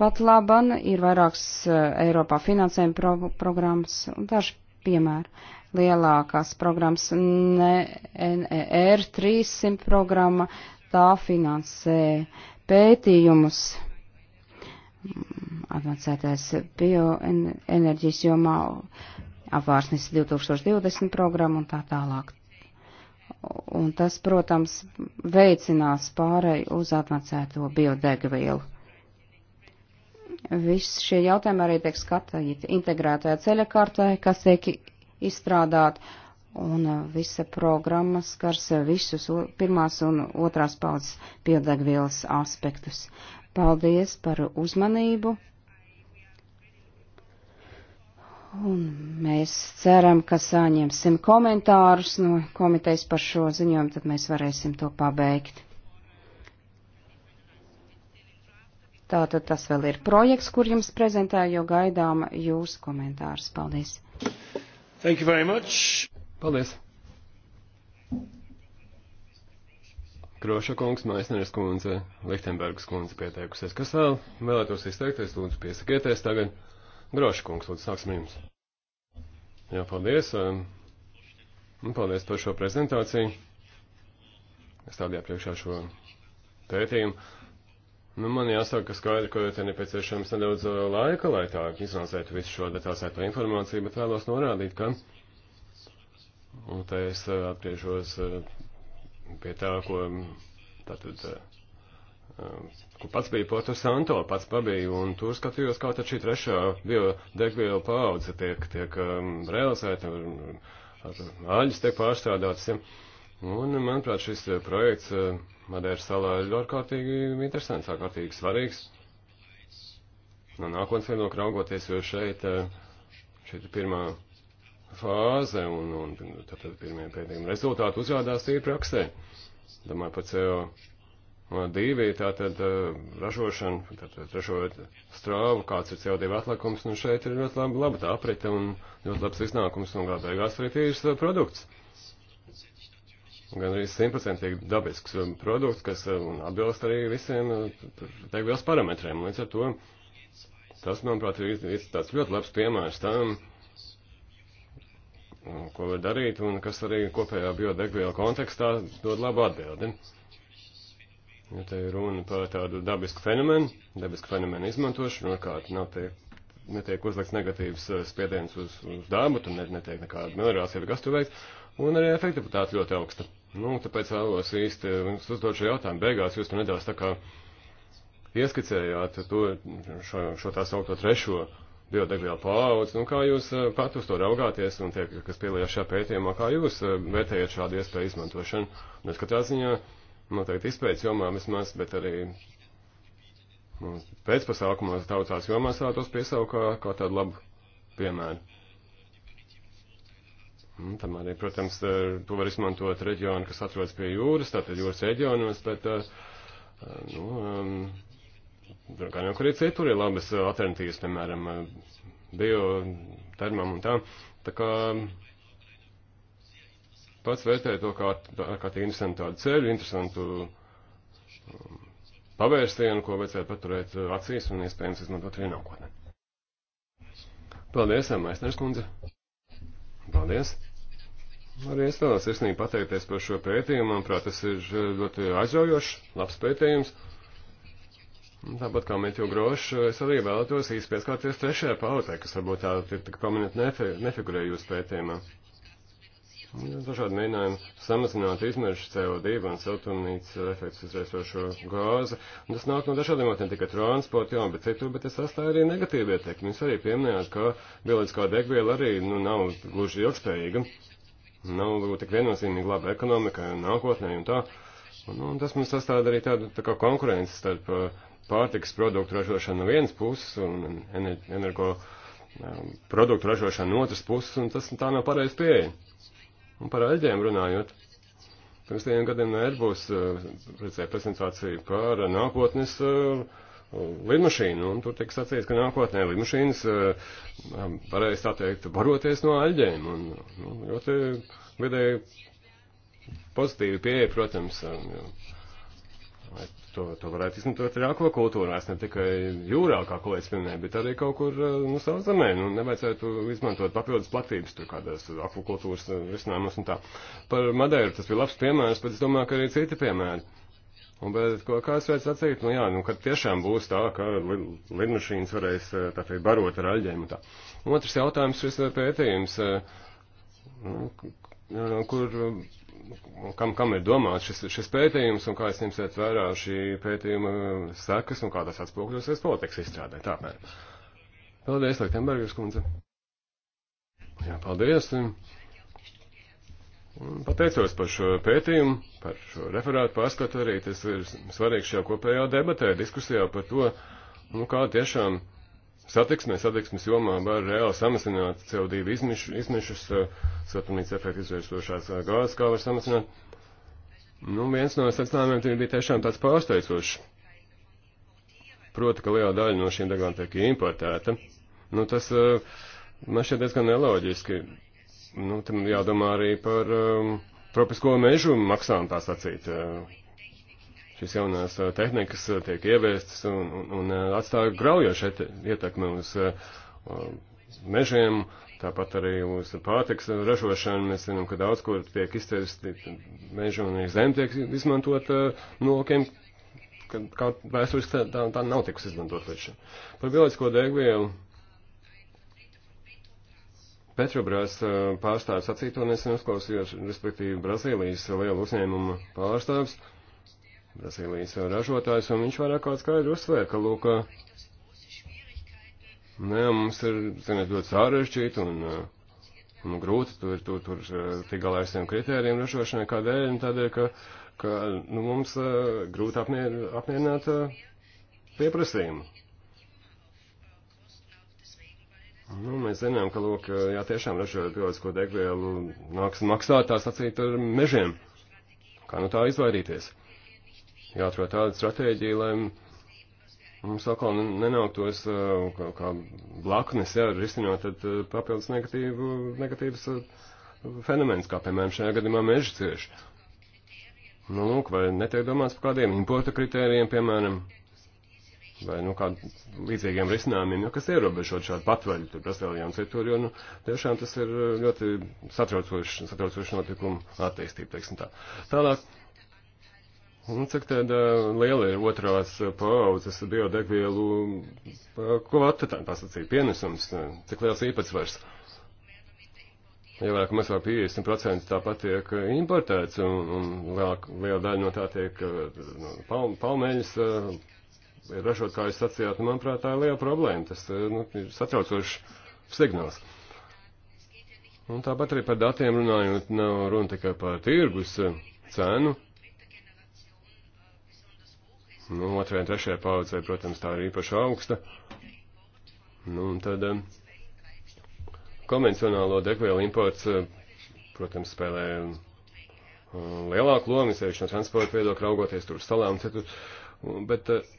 Pat laban ir vairākas Eiropā finansējuma pro programmas un daži piemēri. Lielākās programmas NER e, 300 programma, tā finansē pētījumus mm, advancētais bioenerģijas jomā apvārsnis 2020 programmu un tā tālāk. Un tas, protams, veicinās pārēju uz atmacēto biodegvielu. Viss šie jautājumi arī tiek skatīti integrētajā ceļa kārtē, kas tiek izstrādāt, un uh, visa programma skars visus pirmās un otrās paudzes biodegvielas aspektus. Paldies par uzmanību! Un mēs ceram, ka saņemsim komentārus no komitejas par šo ziņojumu, tad mēs varēsim to pabeigt. Tātad tas vēl ir projekts, kur jums prezentēju, jo gaidām jūsu komentārus. Paldies! Thank you very much! Paldies! Kroša kungs, Maisneres kundze, Lichtenbergas kundze pieteikusies. Kas vēl vēlētos izteikties? Lūdzu, piesakieties tagad! Groši kungs, lūdzu, sāksim jums. Jā, paldies. Um, un paldies par šo prezentāciju. Es tādējā priekšā šo pētījumu. Nu, man jāsaka, ka skaidri, ka te nepieciešams nedaudz uh, laika, lai tā izanalizētu visu šo detalizēto informāciju, bet vēlos norādīt, ka, un te es uh, atgriežos uh, pie tā, ko tātad kur pats bija Porto Santo, pats pabiju, un tur skatījos, kā tad šī trešā biodegvielu paudze tiek, tiek um, realizēta, aļas tiek pārstrādātas. Ja. Un, manuprāt, šis projekts Madeiras salā ir ārkārtīgi interesants, ārkārtīgi svarīgs. No nākotnes vienok raugoties, jo šeit, šeit pirmā fāze un, un tad pirmie pētījumi rezultāti uzrādās tīri praksē. Domāju par CO2 divi, tātad eh, ražošana, tātad ražojot strāvu, kāds ir CO2 atlikums, nu šeit ir ļoti laba, laba tā aprite un ļoti labs iznākums un gala beigās arī tīrs eh, produkts. Gan arī simtprocentīgi dabisks eh, produkts, kas atbilst arī visiem degvielas parametriem. Līdz ar to tas, manuprāt, ir, ir tāds ļoti labs piemērs tam, ko var darīt un kas arī kopējā biodegviela kontekstā dod labu atbildi. Ne? Ja nu, te ir runa par tādu dabisku fenomenu, dabisku fenomenu izmantošanu, otrkārt nav tiek, netiek uzlikts negatīvs eh, spiediens uz, uz dabu, tur net, netiek nekāda minerācija vai kas tur veikts, un arī efektivitāte ļoti augsta. Nu, tāpēc vēlos īsti eh, jums uzdot šo jautājumu. Beigās jūs man nedaudz tā kā ieskicējāt to, šo, šo tā saukto trešo biodegvielu paudzi, nu kā jūs eh, pat uz to raugāties un tie, kas piedalījās šajā pētījumā, kā jūs vērtējat šādu iespēju izmantošanu? Nu, es katrā ziņā noteikti izpējas jomā vismaz, bet arī pēcpasākumos daudzās jomās vēlētos piesaukt kā, kā tādu labu piemēru. Un tam arī, protams, eh, to var izmantot reģionu, kas atrodas pie jūras, tātad jūras reģionos, bet, eh, eh, nu, kā jau kur ir citur, ir labas alternatīvas, piemēram, biotermam un tā. Tā kā pats vērtēju to kā, kā tie interesanti tādu ceļu, interesantu um, pavērstienu, ko vajadzētu paturēt acīs un iespējams izmantot arī nākotnē. Paldies, Maisners kundze. Paldies. Arī es vēlos sirsnīgi pateikties par šo pētījumu. Manuprāt, tas ir ļoti aizraujošs, labs pētījums. Tāpat kā Mēķu Grošs, es arī vēlētos īsti pieskārties trešajā paudzē, kas varbūt tā ir tik pamanīt nefi, nefigurē jūsu pētījumā. Dažādi mēģinājumi samazināt izmešu CO2 un siltumnīca efekts izraisošo gāzi. Un tas nāk no dažādiem avotiem, tikai transporta, jā, bet citur, bet tas atstāja arī negatīvi ietekmi. Jūs arī pieminējāt, ka bioloģiskā degviela arī nu, nav gluži ilgspējīga. Nav varbūt tik viennozīmīgi laba ekonomikai un nākotnē un tā. Un, un tas mums sastāda arī tādu tā kā konkurences starp uh, pārtikas produktu ražošanu no vienas puses un energo um, produktu ražošanu no otras puses, un tas tā nav pareizi pieeja. Un par aļģiem runājot, pirms tiem gadiem no Airbus eh, redzēja prezentāciju par nākotnes eh, lidmašīnu, un tur tiek sacīts, ka nākotnē lidmašīnas eh, varēs tā teikt baroties no aļģiem, un nu, ļoti vidēji pozitīvi pieeja, protams, to, to varētu izmantot arī akvakultūrās, ne tikai jūrā, kā kolēģis pieminēja, bet arī kaut kur eh, nu, savā zemē. Nu, nevajadzētu izmantot papildus platības, tur kādās akvakultūras eh, risinājumus un tā. Par Madeiru tas bija labs piemērs, bet es domāju, ka arī citi piemēri. Un, bet ko, kā es redzu sacīt, nu jā, nu, kad tiešām būs tā, ka li, lidmašīnas varēs eh, tātad barot ar aļģiem un tā. Otrs jautājums, šis pētījums, nu, kur kam, kam ir domāts šis, šis pētījums un kā es ņemsiet vērā šī pētījuma sekas un kā tas atspūkļosies politikas izstrādē. Tāpēc. Paldies, Lektenbergers kundze. Jā, paldies. Pateicos par šo pētījumu, par šo referātu pārskatu arī. Tas ir svarīgi šajā kopējā debatē, diskusijā par to, nu kā tiešām satiksmē, satiksmes jomā var reāli samazināt CO2 izmešus, izmešus eh, satunīts efektu izvērstošās eh, gāzes, kā var samazināt. Nu, viens no secinājumiem tur bija tiešām tāds pārsteidzošs. Proti, ka liela daļa no šiem degām tiek importēta. Nu, tas eh, man šķiet diezgan neloģiski. Nu, tam jādomā arī par um, tropisko mežu maksām tā sacīt. Uh, šīs jaunās tehnikas tiek ieviestas un, un, un atstāja graujošu ietekmi uz mežiem, tāpat arī uz pārtiks ražošanu. Mēs zinām, ka daudz kur tiek izcirsti meži un zem tiek izmantot nolūkiem, kad kā vēsturiski tā, tā nav tikus izmantot līdz šim. Par bioloģisko degvielu. Petrobras pārstāvis sacīto nesen uzklausījos, respektīvi Brazīlijas lielu uzņēmumu pārstāvis. Uh, Brazīlijas ražotājs, un viņš vairāk kāds skaidri uzsvēra, ka, lūk, nē, mums ir, ziniet, ļoti sarežģīti un, un grūti tur, tur, tur tik galā ar visiem kritērijiem ražošanai, kādēļ, un tādēļ, ka, ka nu, mums grūti apmier, apmierināt pieprasījumu. Nu, mēs zinām, ka, lūk, jā, tiešām ražojot bioloģisko degvielu nāks maksāt tā sacīt ar mežiem. Kā nu tā izvairīties? jāatrod tāda stratēģija, lai mums atkal nenauktos uh, kā, kā blaknes, jā, risinot tad uh, papildus negatīvu, negatīvas uh, fenomens, kā piemēram šajā gadījumā meža cieši. Nu, lūk, vai netiek domāts par kādiem importa kritērijiem, piemēram, vai, nu, kādiem līdzīgiem risinājumiem, jo kas ierobežot šādu patvaļu, tur Brazīlijā un citur, jo, nu, tiešām tas ir ļoti satraucoši, satraucoši notikumu attīstība, teiksim tā. Tālāk Un nu, cik tad eh, liela ir otrās paudzes biodegvielu eh, kvota, tā pasacīja, pienesums, eh, cik liels īpatsvars? Ievērk, mēs vēl 50% tāpat tiek importēts, un, un lielāk, liela daļa no tā tiek no, palm, palmeļas ražot, kā jūs sacījāt, un nu, manuprāt, tā ir liela problēma. Tas nu, ir satraucošs signāls. Un tāpat arī par datiem runājot, nav runa tikai par tirgus cenu, Nu, otrajā un trešajā paudzē, protams, tā ir īpaši augsta. Nu, un tad um, konvencionālo degvielu imports, uh, protams, spēlē um, lielāku lomu, sevišķi no transporta viedokļa raugoties tur uz salām un citur. Bet, uh,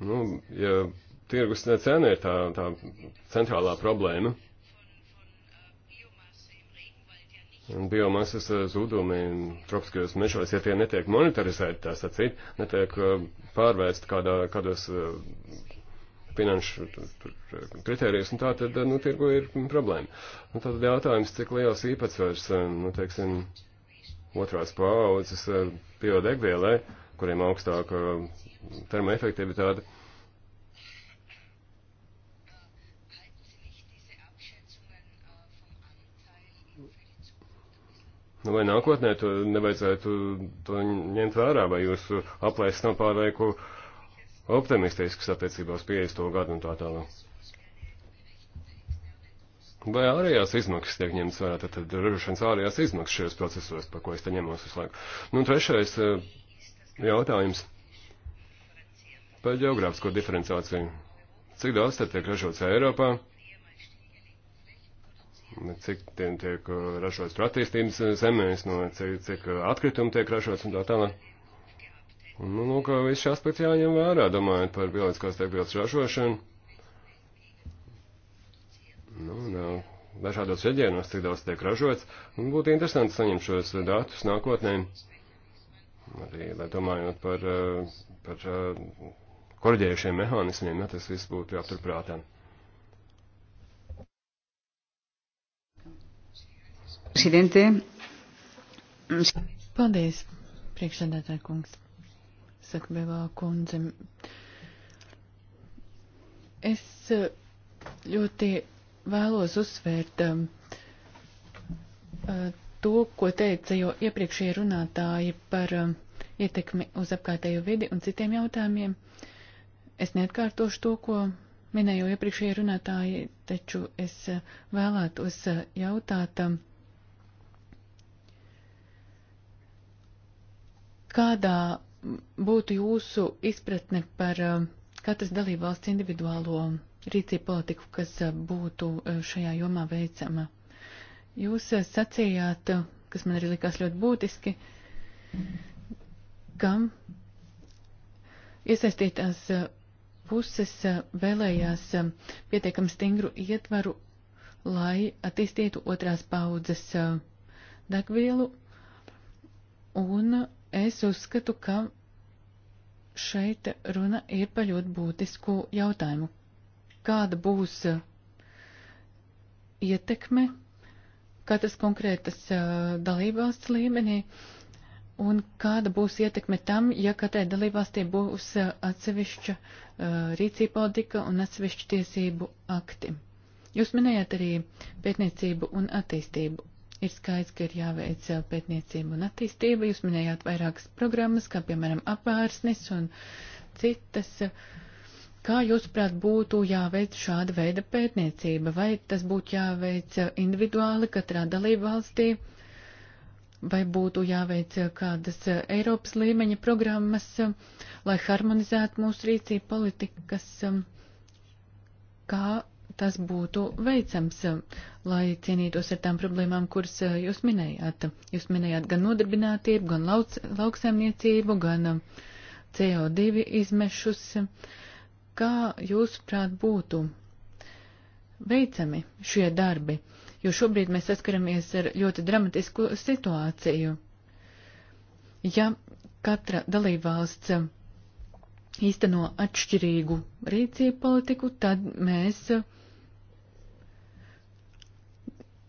nu, ja tirgus cena ir tā, tā centrālā problēma. biomasas eh, zudumi tropiskajos mežos, ja tie netiek monitorizēti, tā sacīt, netiek eh, pārvērsti kādā, kādos eh, finanšu kritērijus, un tā tad, nu, tirgu ir problēma. Un tad jautājums, cik liels īpatsvars, nu, teiksim, otrās paaudzes biodegvielai, kuriem augstāka termoefektivitāte, Nu, vai nākotnē to nevajadzētu to ņemt vērā, vai jūsu aplēs nav pārlieku optimistisks attiecībā uz 50. gadu un tā tālāk? Vai ārējās izmaksas tiek ņemtas vērā, tad, tad ražošanas ārējās izmaksas šajos procesos, par ko es te ņemos visu laiku. Nu, trešais eh, jautājums par geogrāfisko diferenciāciju. Cik daudz tad tiek ražots Eiropā? cik tiem tiek uh, ražots tur attīstības uh, zemēs, no cik, cik uh, atkritumi tiek ražots un tā tālāk. Un, nu, lūk, viss šī aspekts jāņem vērā, domājot par bioloģiskās degvielas ražošanu. Nu, nav dažādos reģionos, cik daudz tiek ražots. Un būtu interesanti saņemt šos datus nākotnē. Arī, lai domājot par, par korģējušiem mehānismiem, ja tas viss būtu jāapturprātā. Presidente. Paldies, priekšsēdētāja kungs. Saka Bevā kundze. Es eh, ļoti vēlos uzsvērt um, to, ko teica jau iepriekšējie runātāji par um, ietekmi uz apkārtējo vidi un citiem jautājumiem. Es neatkārtošu to, ko minēju iepriekšējie runātāji, taču es vēlētos jautāt, um, Kādā būtu jūsu izpratne par eh, katras dalībvalsts individuālo rīcību politiku, kas eh, būtu eh, šajā jomā veicama? Jūs sacījāt, kas man arī likās ļoti būtiski, ka iesaistītās puses vēlējās pietiekami stingru ietvaru, lai attīstītu otrās paudzes degvielu un es uzskatu, ka šeit runa ir par ļoti būtisku jautājumu. Kāda būs uh, ietekme katras konkrētas uh, dalībvalsts līmenī un kāda būs ietekme tam, ja katrai dalībvalstī būs uh, atsevišķa rīcība politika un atsevišķa tiesību akti? Jūs minējāt arī pētniecību un attīstību. Ir skaidrs, ka ir jāveic eh, pētniecība un attīstība. Jūs minējāt vairākas programmas, kā piemēram apārsnis un citas. Kā jūsuprāt būtu jāveic šāda veida pētniecība? Vai tas būtu jāveic eh, individuāli katrā dalību valstī? Vai būtu jāveic eh, kādas Eiropas līmeņa programmas, lai harmonizētu mūsu rīcību politikas? Kā tas būtu veicams, eh, lai cienītos ar tām problēmām, kuras eh, jūs minējāt. Jūs minējāt gan nodarbinātību, gan lauc, lauksaimniecību, gan eh, CO2 izmešus. Kā jūs prāt būtu veicami šie darbi? Jo šobrīd mēs saskaramies ar ļoti dramatisku situāciju. Ja katra dalībvalsts īsteno atšķirīgu rīcību politiku, tad mēs uh,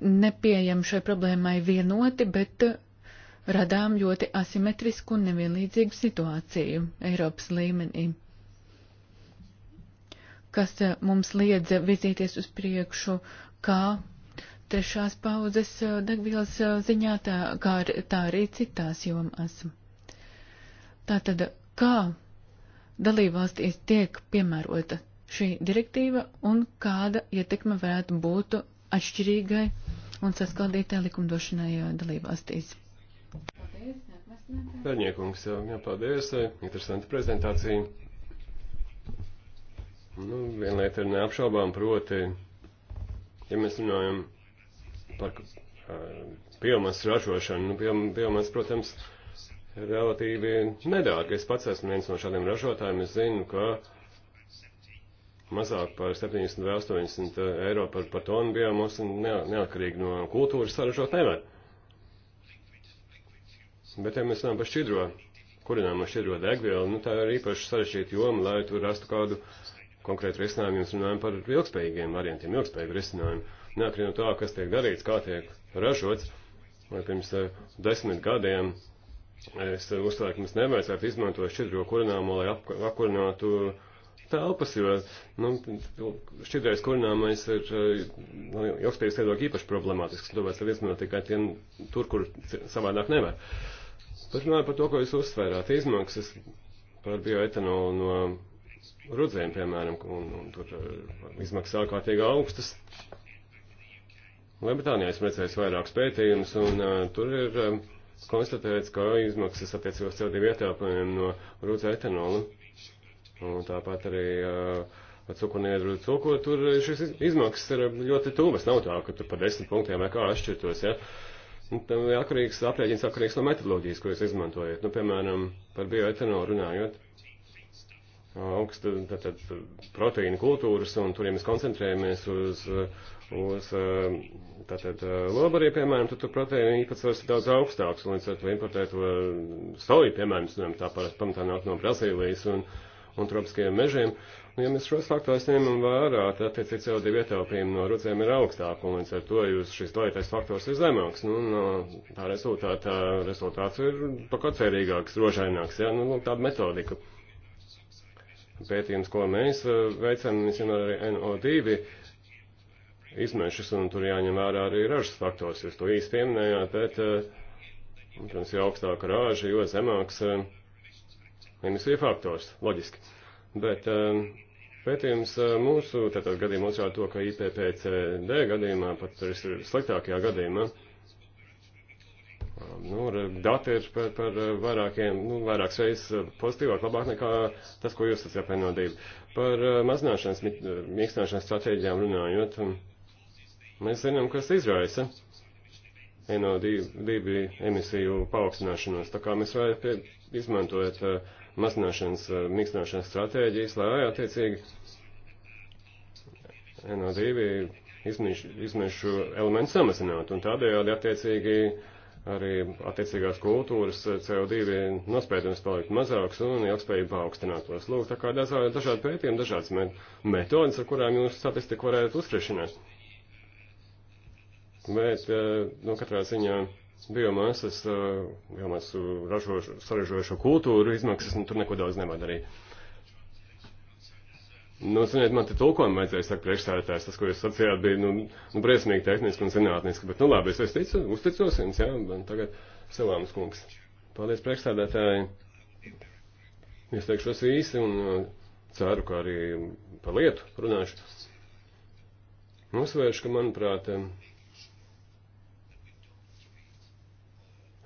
nepieejam šai problēmai vienoti, bet radām ļoti asimetrisku un nevienlīdzīgu situāciju Eiropas līmenī, kas eh, mums liedza virzīties uz priekšu kā trešās paudzes eh, degvielas eh, ziņā, tā, kā tā arī citās jomās. Tātad, kā dalībvalstīs tiek piemērota šī direktīva un kāda ietekme varētu būt atšķirīgai un saskaldītā likumdošanai dalību valstīs. Pērņiekungs, jā, paldies, interesanta prezentācija. Nu, viena lieta ir neapšaubām, proti, ja mēs runājam par biomas ražošanu, nu, biomas, protams, relatīvi nedārgi. Es pats esmu viens no šādiem ražotājiem, es zinu, ka mazāk par 70 vai 80 eiro par, par tonu biomasu neatkarīgi no kultūras saražot nevar. Bet, ja mēs runājam par šķidro, kurināmo šķidro degvielu, nu tā ir īpaši sarežģīta joma, lai tur rastu kādu konkrētu risinājumu, jums runājam par ilgspējīgiem variantiem, ilgspējīgu risinājumu. Neatkarīgi no tā, kas tiek darīts, kā tiek ražots, vai pirms eh, desmit gadiem es uzstāju, ka mums nevajadzētu izmantot šķidro kurināmo, lai apkurinātu ap, telpas, jo nu, šķidrais kurināmais ir no eh, nu, ilgspējas viedokļa īpaši problemātisks, tāpēc ir izmantot tikai tiem tur, kur savādāk nevar. Turpinājot par to, ko jūs uzsvērāt, izmaksas par bioetanolu no rudzēm, piemēram, un, un tur eh, izmaksas ārkārtīgi augstas. Lielbritānijā esmu redzējis vairākus pētījumus, un uh, tur ir uh, konstatēts, ka izmaksas attiecībos CO2 ietelpojumiem no rudzē etanola Un tāpat arī uh, cukurniedru cukuru, tur šis izmaksas ir ļoti tuvas. Nav tā, ka tur par desmit punktiem vai kā atšķirtos, ja. Tam ir atkarīgs, aprēķins atkarīgs no metodoloģijas, ko jūs izmantojat. Nu, piemēram, par bioetanolu runājot. Augsta tātad proteīna kultūras, un tur, ja mēs koncentrējamies uz, uz tātad lobariem, piemēram, tad tur proteīna īpatsvars ir daudz augstāks, un līdz ar to importēto soju, piemēram, tā pamatā nāk no Brazīlijas, un, uh, un tropiskajiem mežiem. Un, ja mēs šos faktors ņemam vērā, tad attiecīgi CO2 ietaupījumi no rudzēm ir augstāk, un līdz ar to jūs šis vajadzīgais faktors ir zemāks. Nu, no, uh, tā rezultātā rezultāts ir pakotcerīgāks, rožaināks, jā, nu, tāda metodika pētījums, ko mēs uh, veicam, mēs ņemam arī NO2 izmešus, un tur jāņem vērā arī ražas faktors. Jūs to īsti pieminējāt, bet, uh, protams, jo augstāka rāža, jo zemāks emisiju faktors, loģiski. Bet ehm, pētījums eh, mūsu tātad gadījumos jau to, ka IPPCD gadījumā, pat sliktākajā gadījumā, ehm, Nu, dati ir par, par eh, vairākiem, nu, vairākas reizes eh, pozitīvāk, labāk nekā tas, ko jūs esat apvienodība. Par mazināšanas, mīkstināšanas stratēģijām runājot, ehm, mēs zinām, kas izraisa NO2 emisiju paaugstināšanos, tā kā mēs varam izmantot uh, mazināšanas, eh, mīkstināšanas stratēģijas, lai attiecīgi NO2 izmešu elementu samazinātu un tādējādi attiecīgi arī attiecīgās kultūras eh, CO2 nospēdums palikt mazāks un ilgspējība paaugstinātos. Lūk, tā kā dažādi, dažādi pētījumi, dažādas metodas, ar kurām jūs statistiku varētu uzrišināt. Bet, eh, nu, katrā ziņā. Ziņā biomasas, eh, biomasu ražošu, saražojušo kultūru izmaksas, nu tur neko daudz nevar darīt. Nu, ziniet, man te tulkojumu vajadzēja saka priekšstādātājs, tas, ko jūs sacījāt, bija, nu, nu briesmīgi tehniski un zinātniski, bet, nu, labi, es vairs ticu, uzticos jums, jā, man tagad Selāmas kungs. Paldies priekšstādātāji. Es teikšos īsi un eh, ceru, ka arī par lietu runāšu. Uzsvēršu, ka, manuprāt, eh,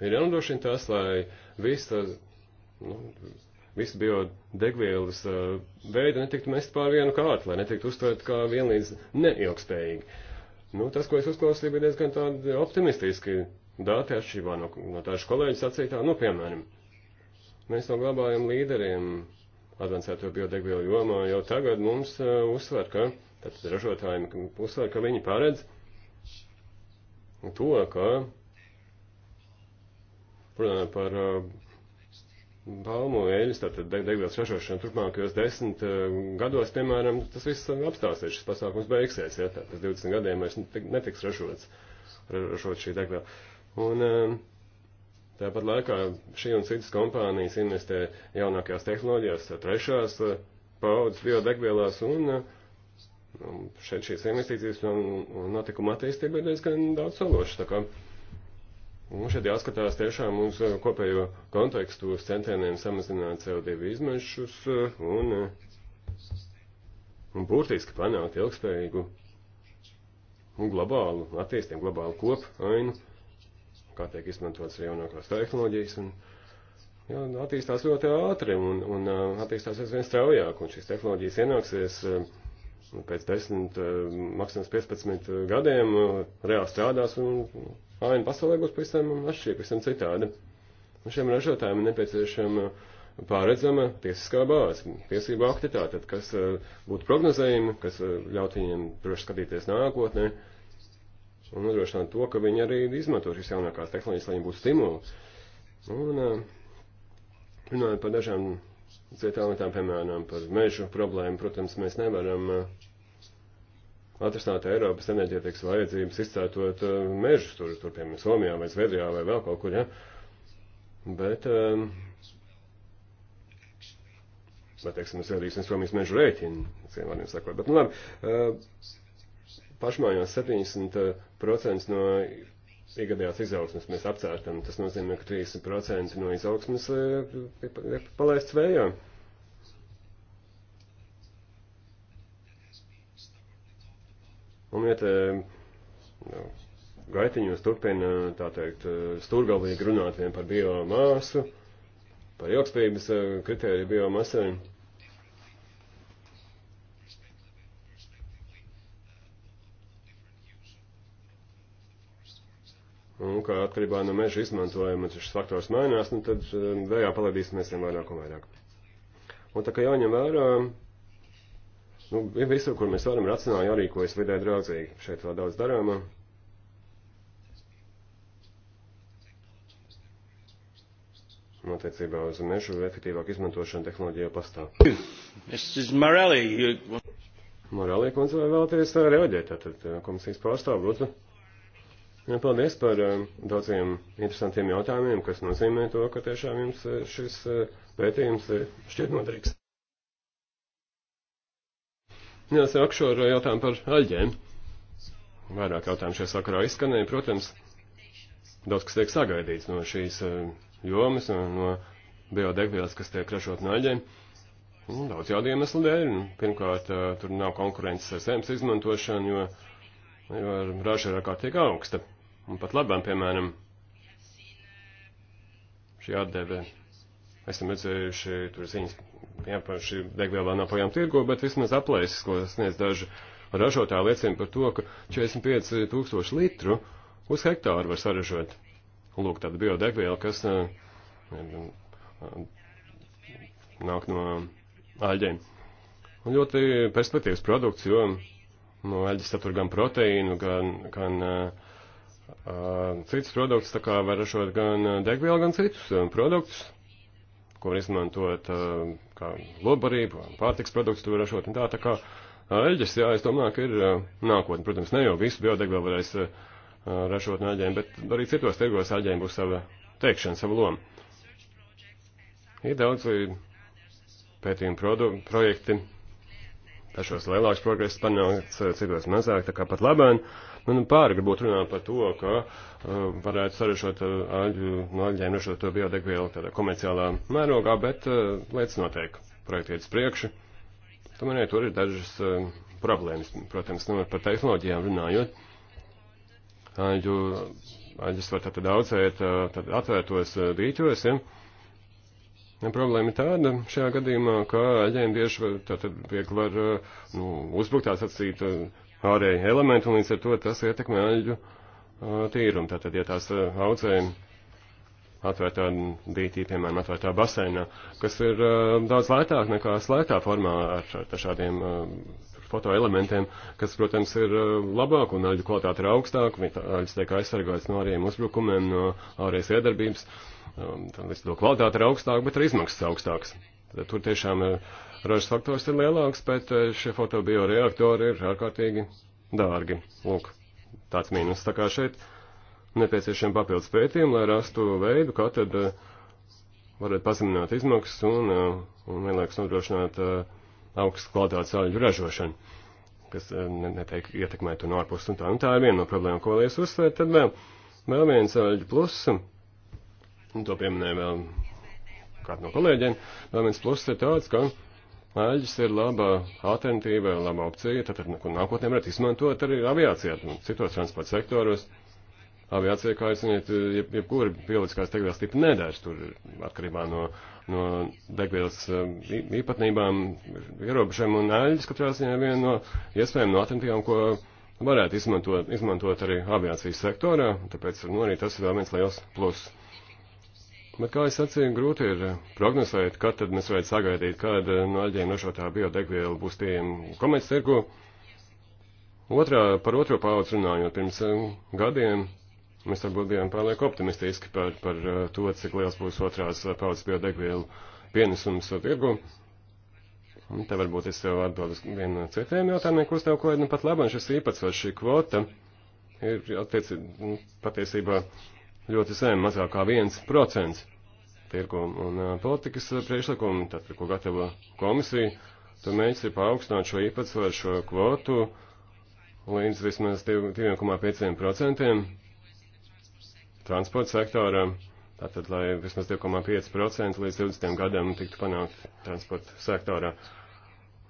Ir jānodrošina tas, lai visa, nu, visa biodegvielas uh, veida netiktu mest pār vienu kārtu, lai netiktu uztvert kā vienlīdz neilgspējīgi. Nu, tas, ko es uzklausīju, bija diezgan tādi optimistiski dati atšķirībā no, no tāžu kolēģu sacītā. Nu, piemēram, mēs no glabājam līderiem advancēto biodegvielu jomā jau tagad mums uh, uzsver, ka tātad ražotājiem uzsver, ka viņi paredz to, ka runāju par uh, palmu eļļas, tātad degvielas ražošanu turpmākajos desmit uh, gados, piemēram, tas viss uh, apstāsies, šis pasākums beigsies, ja tā pēc 20 gadiem vairs netiks ražots, ražot šī degviela. Un tāpat laikā šī un citas kompānijas investē jaunākajās tehnoloģijās, trešās paudzes biodegvielās un šeit šīs investīcijas un notikuma attīstība ir diezgan daudz sološas. Un šeit jāskatās tiešām uz uh, kopējo kontekstu, uz centieniem samazināt CO2 izmešus uh, un, uh, un būtiski panākt ilgspējīgu un globālu attīstību, globālu kopu ainu, kā tiek izmantotas jaunākās tehnoloģijas. Un, jā, attīstās ļoti ātri un, un attīstās aizvien straujāk, un šīs tehnoloģijas ienāksies pēc 10, maksimums 15 gadiem, reāli strādās un ārējiem pasaulē būs pavisam atšķirīgi, pavisam citādi. Un šiem ražotājiem ir nepieciešama pārredzama tiesiskā bāze, tiesību aktivitāte, kas e, būtu prognozējama, kas e, ļautu viņiem droši skatīties nākotnē un nodrošināt to, ka viņi arī izmanto šīs jaunākās tehnoloģijas, lai viņiem būtu stimuli. Un e, runājot par dažām citām lietām, piemēram, par mežu problēmu, protams, mēs nevaram uh, atrisināt Eiropas enerģētikas vajadzības, izcētot uh, mežus tur, tur, piemēram, Somijā vai Zviedrijā vai vēl kaut kur, ja. Bet, um, bet, teiksim, mēs radīsim Somijas mežu rēķinu, citiem vārdiem sakot. Bet, nu labi, uh, pašmājās 70% no ikgadējās izaugsmes mēs apcērtam. Tas nozīmē, ka 30% no izaugsmes ir palaists vējā. Uh, Un, ja te nu, gaitiņos turpina, tā teikt, e, stūrgalvīgi runāt vien par biomāsu, par ilgspējības e, kritēriju biomasai, Un, kā atkarībā no meža izmantojuma šis faktors mainās, nu, tad e, vējā palaidīsimies vien vairāk un vairāk. Un tā kā jāņem vērā, Nu, visur, kur mēs varam racionāli jārīkojas vidē draudzīgi. Šeit vēl daudz darāmā. Nu, attiecībā uz mežu efektīvāku izmantošanu tehnoloģija jau pastāv. Mrs. Morelli, you... Morelli, kundze, vai vēlaties uh, reaģēt? Tātad uh, komisijas pārstāv, lūdzu. Ja, nu, paldies par uh, daudziem interesantiem jautājumiem, kas nozīmē to, ka tiešām jums šis pētījums šķiet noderīgs. Jās ir akšoru jautājumu par aļģēm. Vairāk jautājumu šajā sakarā izskanēja, protams, daudz kas tiek sagaidīts no šīs eh, jomas, no, no biodegvielas, kas tiek ražot no aļģēm. Nu, daudz jādu iemeslu dēļ. Pirmkārt, eh, tur nav konkurences ar zemes izmantošanu, jo, jo raža ir ārkārtīgi augsta. Un pat labam, piemēram, šī atdeve Esam redzējuši tur ziņas, jā, par šī degvielā nav pajām tirgo, bet vismaz aplēsis, ko sniedz daži ražotāji, liecina par to, ka 45 tūkstoši litru uz hektāru var saražot. Lūk, tāda biodegviela, kas uh, nāk no aļģiem. Un ļoti perspektīvs produkts, jo no aļģes satur gan proteīnu, gan, gan uh, citus produktus, tā kā var ražot gan degvielu, gan citus produktus ko var izmantot eh, kā lobarību, pārtiks produktus tur ražot un tā. Tā kā eh, eļģes, jā, es domāju, ka ir eh, nākotne. Protams, ne jau visu biodegvielu varēs ražot no eļģēm, bet arī citos tirgos eļģēm būs sava teikšana, sava loma. Ir daudz pētījumu projekti, Dažos lielāks progress panākts, citos mazāk, tā kā pat labāk. Man nu, nu, pāri būtu runāt par to, ka uh, varētu sarežot uh, aļu, no aļģēm ražot to biodegvielu tādā komerciālā mērogā, bet uh, lietas notiek. Projekti iet uz priekšu. Tomēr ja tur ir dažas uh, problēmas, protams, nu, par tehnoloģijām runājot. Aļu, aļas var tātad daudzēt, uh, tad atvērtos dīķos, uh, ja? Problēma ir tāda šajā gadījumā, ka aģēni tieši var, tātad viegli var uh, nu, uzbrukt tā sacīt uh, ārēji elementi, un līdz ar to tas ietekmē aļu uh, tīrumu. Tātad, ja tās audzē atvērtā dītī, piemēram, atvērtā basēnā, kas ir daudz lētāk nekā slēgtā formā ar, ar šādiem fotoelementiem, kas, protams, ir labāk un aļu kvalitāte ir augstāka, aļas tiek aizsargātas no ārējiem uzbrukumiem, no ārējas iedarbības. Uh, Um, līdz to kvalitāte ir augstāka, bet arī izmaksas augstākas. Tad tur tiešām uh, ražas faktors ir lielāks, bet uh, šie fotobioreaktori ir ārkārtīgi dārgi. Lūk, tāds mīnus. Tā kā šeit nepieciešiem papildus pētījumi, lai rastu veidu, kā tad uh, varētu pazemināt izmaksas un, un vienlaikus nodrošināt augstas kvalitātes aļu ražošanu, kas netiek ietekmēta no ārpuses. Un tā, un tā ir viena no problēmām, ko lies uzsvērt. Tad vēl, vēl viens aļu pluss un to pieminēja vēl kāds no kolēģiem, vēl viens pluss ir tāds, ka Aļģis ir laba alternatīva, laba opcija, tad nākotnē varētu izmantot arī aviācijā, citos transporta sektoros. Aviācija, kā jūs zināt, jebkura bioloģiskās degvielas tipa nedēļas, tur atkarībā no, no degvielas um, īpatnībām, ierobežiem un aļģis katrā ziņā viena no iespējām no alternatīvām, ko varētu izmantot, izmantot arī aviācijas sektorā, tāpēc, nu, arī tas ir vēl viens liels pluss. Bet, kā es sacīju, grūti ir eh, prognozēt, kad tad mēs varētu sagaidīt, kad eh, no aļģiem ražotā biodegviela būs pieejama komerces tirgu. Otrā, par otro paudzi runājot, pirms eh, gadiem mēs varbūt bijām pārlieku optimistiski par, par to, cik liels būs otrās paudzes biodegvielu pienesums tirgu. Un te varbūt es jau atbildu uz vienu no citiem jautājumiem, ko uzdevu, ko ir nu pat labam šis īpatsvars, šī kvota ir attiecībā nu, patiesībā ļoti zem, mazāk kā 1% tirgu un uh, politikas uh, priekšlikumi, tātad, ko gatavo komisija, tur mēģis ir paaugstināt šo īpatsvaru, šo kvotu līdz vismaz 2,5% transporta sektora, tātad, lai vismaz 2,5% līdz 20. gadam tiktu panākt transporta sektorā.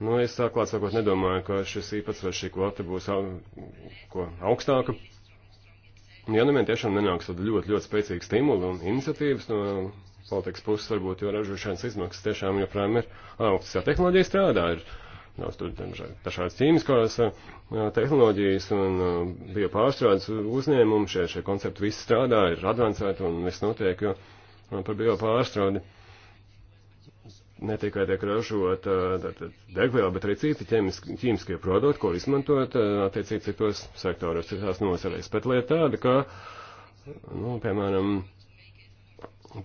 Nu, es sāklāt sakot nedomāju, ka šis īpatsvars šī kvota būs au, ko, augstāka. Un, ja nu vien tiešām nenāks tāda ļoti, ļoti spēcīga stimula un iniciatīvas no politikas puses, varbūt, jo ražošanas izmaksas tiešām joprojām ir augstas, jo tehnoloģija strādā, ir nav tur dažādas ķīmiskās tehnoloģijas un biopārstrādes uzņēmumi, šie, šie koncepti visi strādā, ir advancēti un viss notiek, jo par biopārstrādi. pārstrādi ne tikai tiek ražota degviela, bet arī citi ķīmiskie produkti, ko izmantot attiecīgi citos sektoros, citās nozarēs. Bet lieta tāda, ka, nu, piemēram,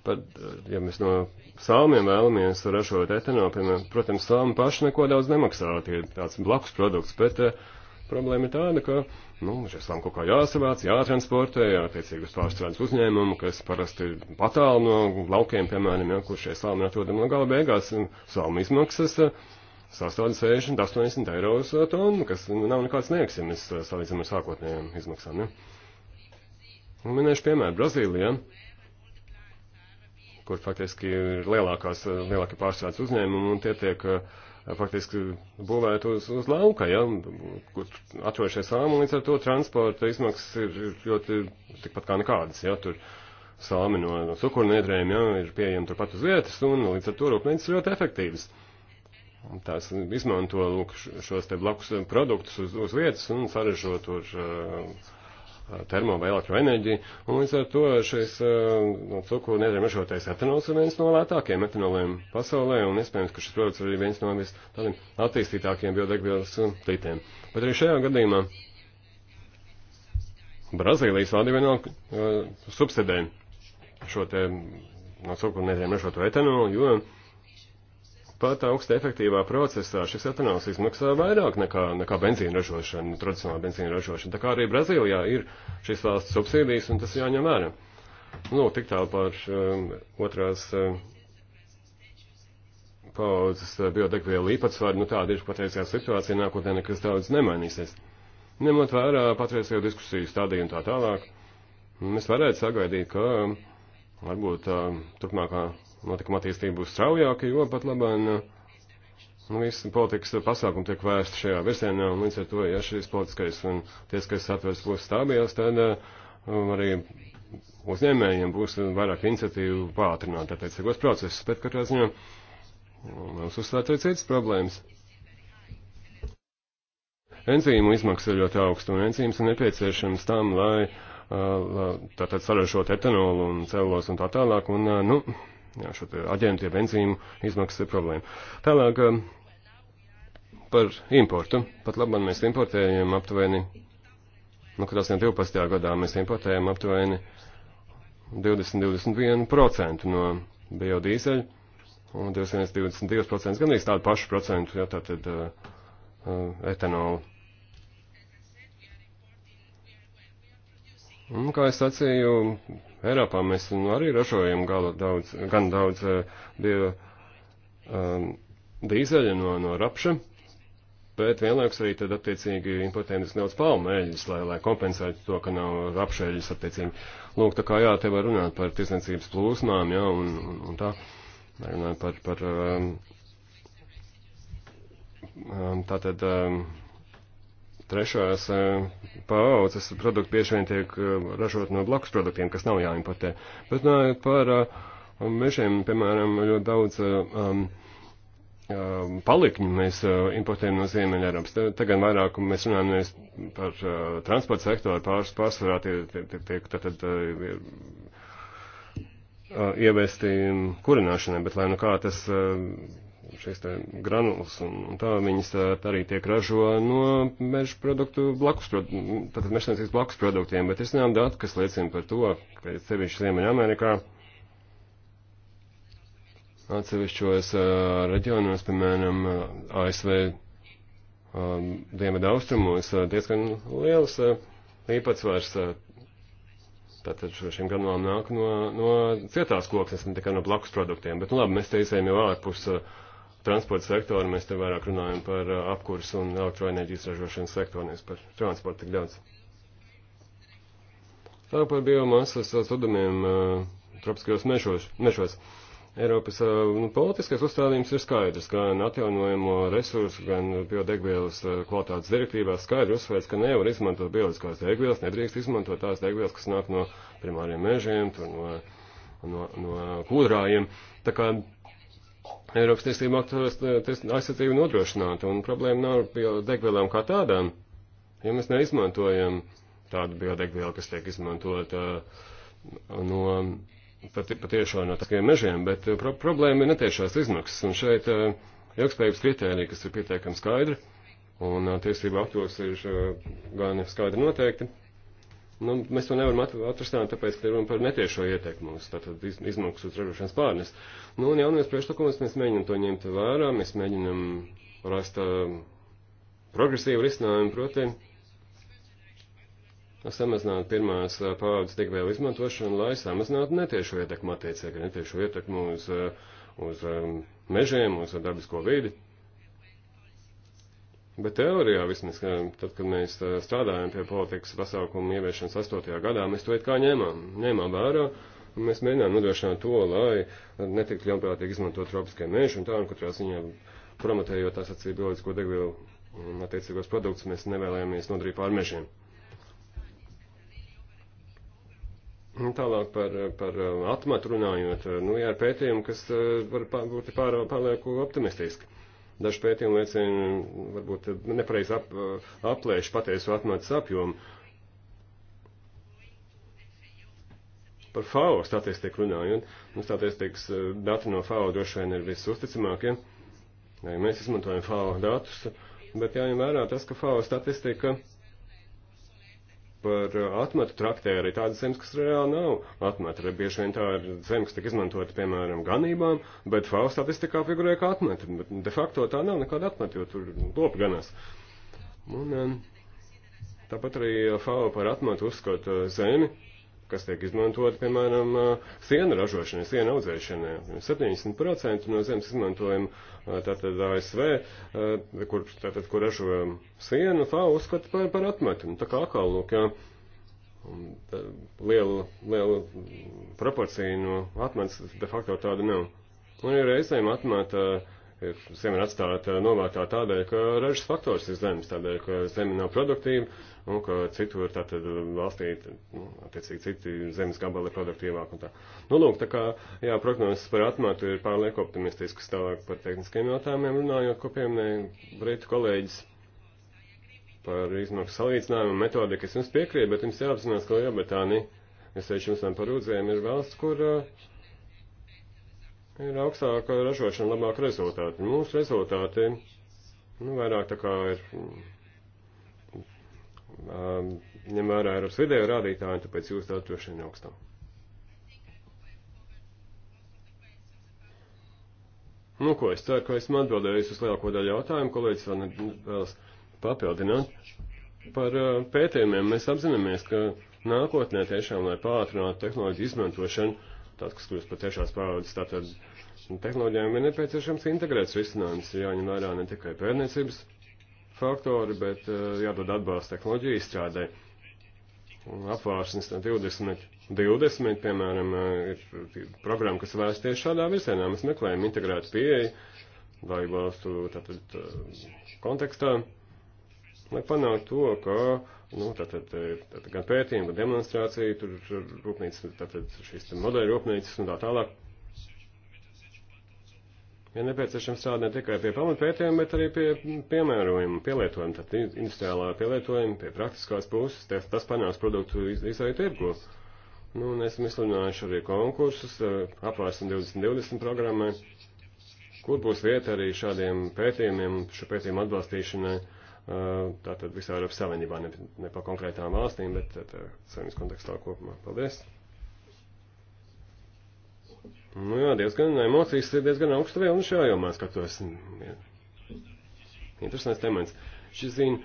pat, ja mēs no salmiem vēlamies ražot etanolu, piemēram, protams, salmi paši neko daudz nemaksā, tie ir tāds blakus produkts, bet uh, problēma ir tāda, ka Nu, šis tam kaut kā jāsavāc, jātransportē, attiecīgi uz pārstrādes uzņēmumu, kas parasti ir patālu no laukiem, piemēram, ja, kur šie salmi atrodam no gala beigās, salmi izmaksas eh, sastāv 60, 80 eiro uz tonu, kas nu, nav nekāds nieks, ja mēs eh, salīdzinām ar sākotnējām izmaksām. Ja. Un nu, minēšu piemēru Brazīlijā. Ja kur faktiski ir lielākās, lielākie pārstrādes uzņēmumi, un tie tiek eh, faktiski būvēt uz, uz lauka, ja, kur atrodas šie sāmi, līdz ar to transporta izmaksas ir ļoti tikpat kā nekādas, ja, tur sāmi no, no cukurniedrēm, ja, ir pieejami turpat uz vietas, un līdz ar to rūpnīcas ļoti efektīvas. Un tās izmanto, lūk, šos te blakus produktus uz, uz vietas un sarežo tur uh, termo vai elektroenerģiju, un līdz ar to šis no uh, cukuru nedrēmažotais etanols ir viens no lētākiem etanoliem pasaulē, un iespējams, ka šis produkts ir arī viens no vis tādiem attīstītākiem biodegvielas uh, tītiem. Bet arī šajā gadījumā Brazīlijas valdība vienalga uh, subsidē šo te no cukuru nedrēmažoto etanolu, jo pat augsta efektīvā procesā šis etanols izmaksā vairāk nekā, nekā benzīna ražošana, tradicionāla benzīna ražošana. Tā kā arī Brazīlijā ir šīs valsts subsīdijas, un tas jāņem vērā. Nu, tik tālu par um, otrās um, paudzes uh, biodegvielu īpatsvaru, nu tāda ir patreizajā situācija, nākotnē nekas daudz nemainīsies. Ņemot vērā patreizējo diskusiju stadiju un tā tālāk, mēs varētu sagaidīt, ka um, varbūt um, turpmākā notikuma attīstība būs straujāka, jo pat labāk nu, nu visi politikas pasākumi tiek vērsti šajā virzienā, un līdz ar to, ja šis politiskais un tieskais satvers būs stabils, tad um, arī uzņēmējiem būs vairāk iniciatīvu pātrināt attiecīgos procesus, bet katrā ziņā nu, mums uzsvērt arī citas problēmas. Enzīmu izmaksas ir ļoti augsta, un enzīms ir nepieciešams tam, lai uh, tātad saražot etanolu un celos un tā tālāk, un, uh, nu, jā, šo te aģentu, jeb enzīmu izmaksas ir problēma. Tālāk um, par importu. Pat labam mēs importējam aptuveni, nu, kad 12. gadā mēs importējam aptuveni 20-21% no biodīzeļa un 222% gan arī tādu pašu procentu, jā, tātad uh, uh etanolu. Un, kā es sacīju, Eiropā mēs nu, arī ražojam daudz, gan daudz eh, bio um, ehm, dīzeļa no, no rapša, bet vienlaikus arī tad attiecīgi importējam daudz palmēļus, lai, lai kompensētu to, ka nav rapšēļus attiecīgi. Lūk, tā kā jā, te var runāt par tiesniecības plūsmām, jā, un, un, un tā, runāt par, par um, ehm, ehm, tātad. Um, trešās eh, paaudzes produktu bieži vien tiek eh, ražot no blakus produktiem, kas nav jāimportē. Bet nā, nu, par eh, mežiem, piemēram, ļoti daudz um, um, palikņu mēs importējam no Ziemeļarabas. Tagad vairāk mēs runājam par uh, transporta sektoru pārs, pārsvarā tiek tie, tie, tie, tātad uh, uh, ievesti kurināšanai, bet lai nu kā tas. Uh, šīs te granulas, un, un tā viņas arī tiek ražo no meža produktu blakus, tātad mežsainicības blakus produktiem, bet ir zinām dati, kas liecina par to, ka sevišķi Ziemeļamerikā atsevišķos uh, reģionos, piemēram, ASV um, dienvidu austrumos, uh, diezgan liels uh, īpatsvars uh, Tātad šiem ganām nāk no, no cietās koksnes, ne tikai no blakus produktiem. Bet, nu labi, mēs te izējām jau ārpus uh, transporta sektoru, mēs te vairāk runājam par uh, apkurs un elektroenerģijas ražošanas sektoru, nevis par transportu tik daudz. Tālāk par biomasas sudumiem uh, tropiskajos mežos. mežos. Eiropas uh, nu, politiskais uzstādījums ir skaidrs, gan atjaunojamo resursu, gan biodegvielas kvalitātes direktīvās skaidri uzsvērts, ka nevar izmantot bioloģiskās degvielas, nedrīkst izmantot tās degvielas, kas nāk no primāriem mežiem, tur no, no, no kūdrājiem. Tā kā Eiropas tiesību aizsardzību nodrošināta, un problēma nav biodegvielām kā tādām. Ja mēs neizmantojam tādu biodegvielu, kas tiek izmantota uh, no pat, patiešām no tādiem mežiem, bet uh, pro problēma ir netiešās izmaksas, un šeit uh, ilgspējības kritērija, kas ir pietiekami skaidra, un tiesību aktos ir gan skaidri noteikti. Nu, mēs to nevaram atrasināt, tāpēc, ka runa par netiešo ietekmu uz tātad izmaksas uz ražošanas pārnes. Nu, un jaunais priekšlikums, mēs mēģinam to ņemt vērā, mēs mēģinam rast uh, progresīvu risinājumu, proti, samazināt pirmās paudzes degvielu izmantošanu, lai samazinātu netiešo ietekmu attiecīgi, netiešo ietekmu uz, uz mežiem, uz dabisko vidi. Bet teorijā vismaz, ka tad, kad mēs strādājam pie politikas pasākumu ieviešanas 8. gadā, mēs to it kā ņēmām, ņēmām vērā, un mēs mēģinām nodrošināt to, lai netiktu ļaunprātīgi izmantot tropiskie meži un tā, un katrā ziņā promotējot tās acīm bioloģisko degvielu un attiecīgos produktus, mēs nevēlējāmies nodarīt pār mežiem. Tālāk par, par atmatu runājot, nu jā, ar pētījumu, kas var būt pārlieku optimistiski. Daži pētījumi liecina, varbūt nepareizi ap, aplēš patiesu atmatas apjomu. Par FAO statistiku runājot, nu, statistikas eh, dati no FAO droši vien ir visusticamākie. Ja? Mēs izmantojam FAO datus, bet jāņem vērā tas, ka FAO statistika. Uh, par uh, atmetu traktē arī tādas zemes, kas reāli nav atmeta. Bieži vien tā ir zemes, kas tiek izmantota, piemēram, ganībām, bet FAO statistikā figurē kā atmeta. Bet de facto tā nav nekāda atmeta, jo tur lopi ganās. Un, um, tāpat arī FAO par atmetu uzskata zemi kas tiek izmantoti, piemēram, siena ražošanai, siena audzēšanai. 70% no zemes izmantojuma tātad ASV, kur, tātad, kur ražo sienu, FAO uzskata par, par atmetumu. Tā kā atkal, lūk, jā, liela, liela proporcija no atmetas de facto tāda nav. Un ir reizēm atmeta. Zeme ir atstāta novārtā tādēļ, ka ražas faktors ir zemes, tādēļ, ka zeme nav produktīva, un ka citur tātad valstī, nu, attiecīgi citi zemes gabali ir produktīvāk un tā. Nu, lūk, tā kā, jā, prognozes par atmatu ir pārlieku optimistiskas tālāk par tehniskiem jautājumiem runājot, ko pieminēja Britu kolēģis par izmaksu salīdzinājumu metodiku. Es jums piekrītu, bet jums jāapzinās, ka Lielbritānija, es teicu jums par rūdzēm, ir valsts, kur uh, ir augstāka ražošana, labāk rezultāti. Mūsu rezultāti, nu, vairāk tā kā ir um, ņem vērā Eiropas vidēju rādītāju, tāpēc jūs tā droši vien augstāk. Nu, ko es ceru, ka esmu atbildējis uz lielāko daļu jautājumu, kolēģis vēl vēlas papildināt. Par uh, pētījumiem mēs apzināmies, ka nākotnē tiešām, lai pātrinātu tehnoloģiju izmantošanu, tāds, kas kļūst par tiešās pārvaldes, tātad tehnoloģijām ir nepieciešams integrēts risinājums, jāņem vērā ne tikai pērniecības faktori, bet eh, jādod atbalsts tehnoloģiju izstrādē. Apvārsnes 20, 20, piemēram, eh, ir programma, kas vērst tieši šādā virzienā. Mēs meklējam integrētu pieeju dalību valstu tātad, eh, kontekstā, lai panāktu to, ka nu, tātad, tātad, gan pētījumi, gan demonstrācija, tur rūpnīcas, tātad šīs modeļu rūpnīcas un tā tālāk ja nepieciešams strādāt ne tikai pie pamatpētījuma, bet arī pie piemērojuma, pielietojuma, tad industriālā pielietojuma, pie praktiskās puses, tas, tas panāks produktu izēju tirgu. Nu, un esam izsludinājuši arī konkursus, apvērsim 2020 programmai, kur būs vieta arī šādiem pētījumiem, šo pētījumu atbalstīšanai, tātad visā Eiropas Savienībā, ne, ne pa konkrētām valstīm, bet savienības kontekstā kopumā. Paldies! Nu jā, diezgan emocijas ir diezgan augsta vēl un šajā jomā skatos. Jā. Interesants temats. Šis zina,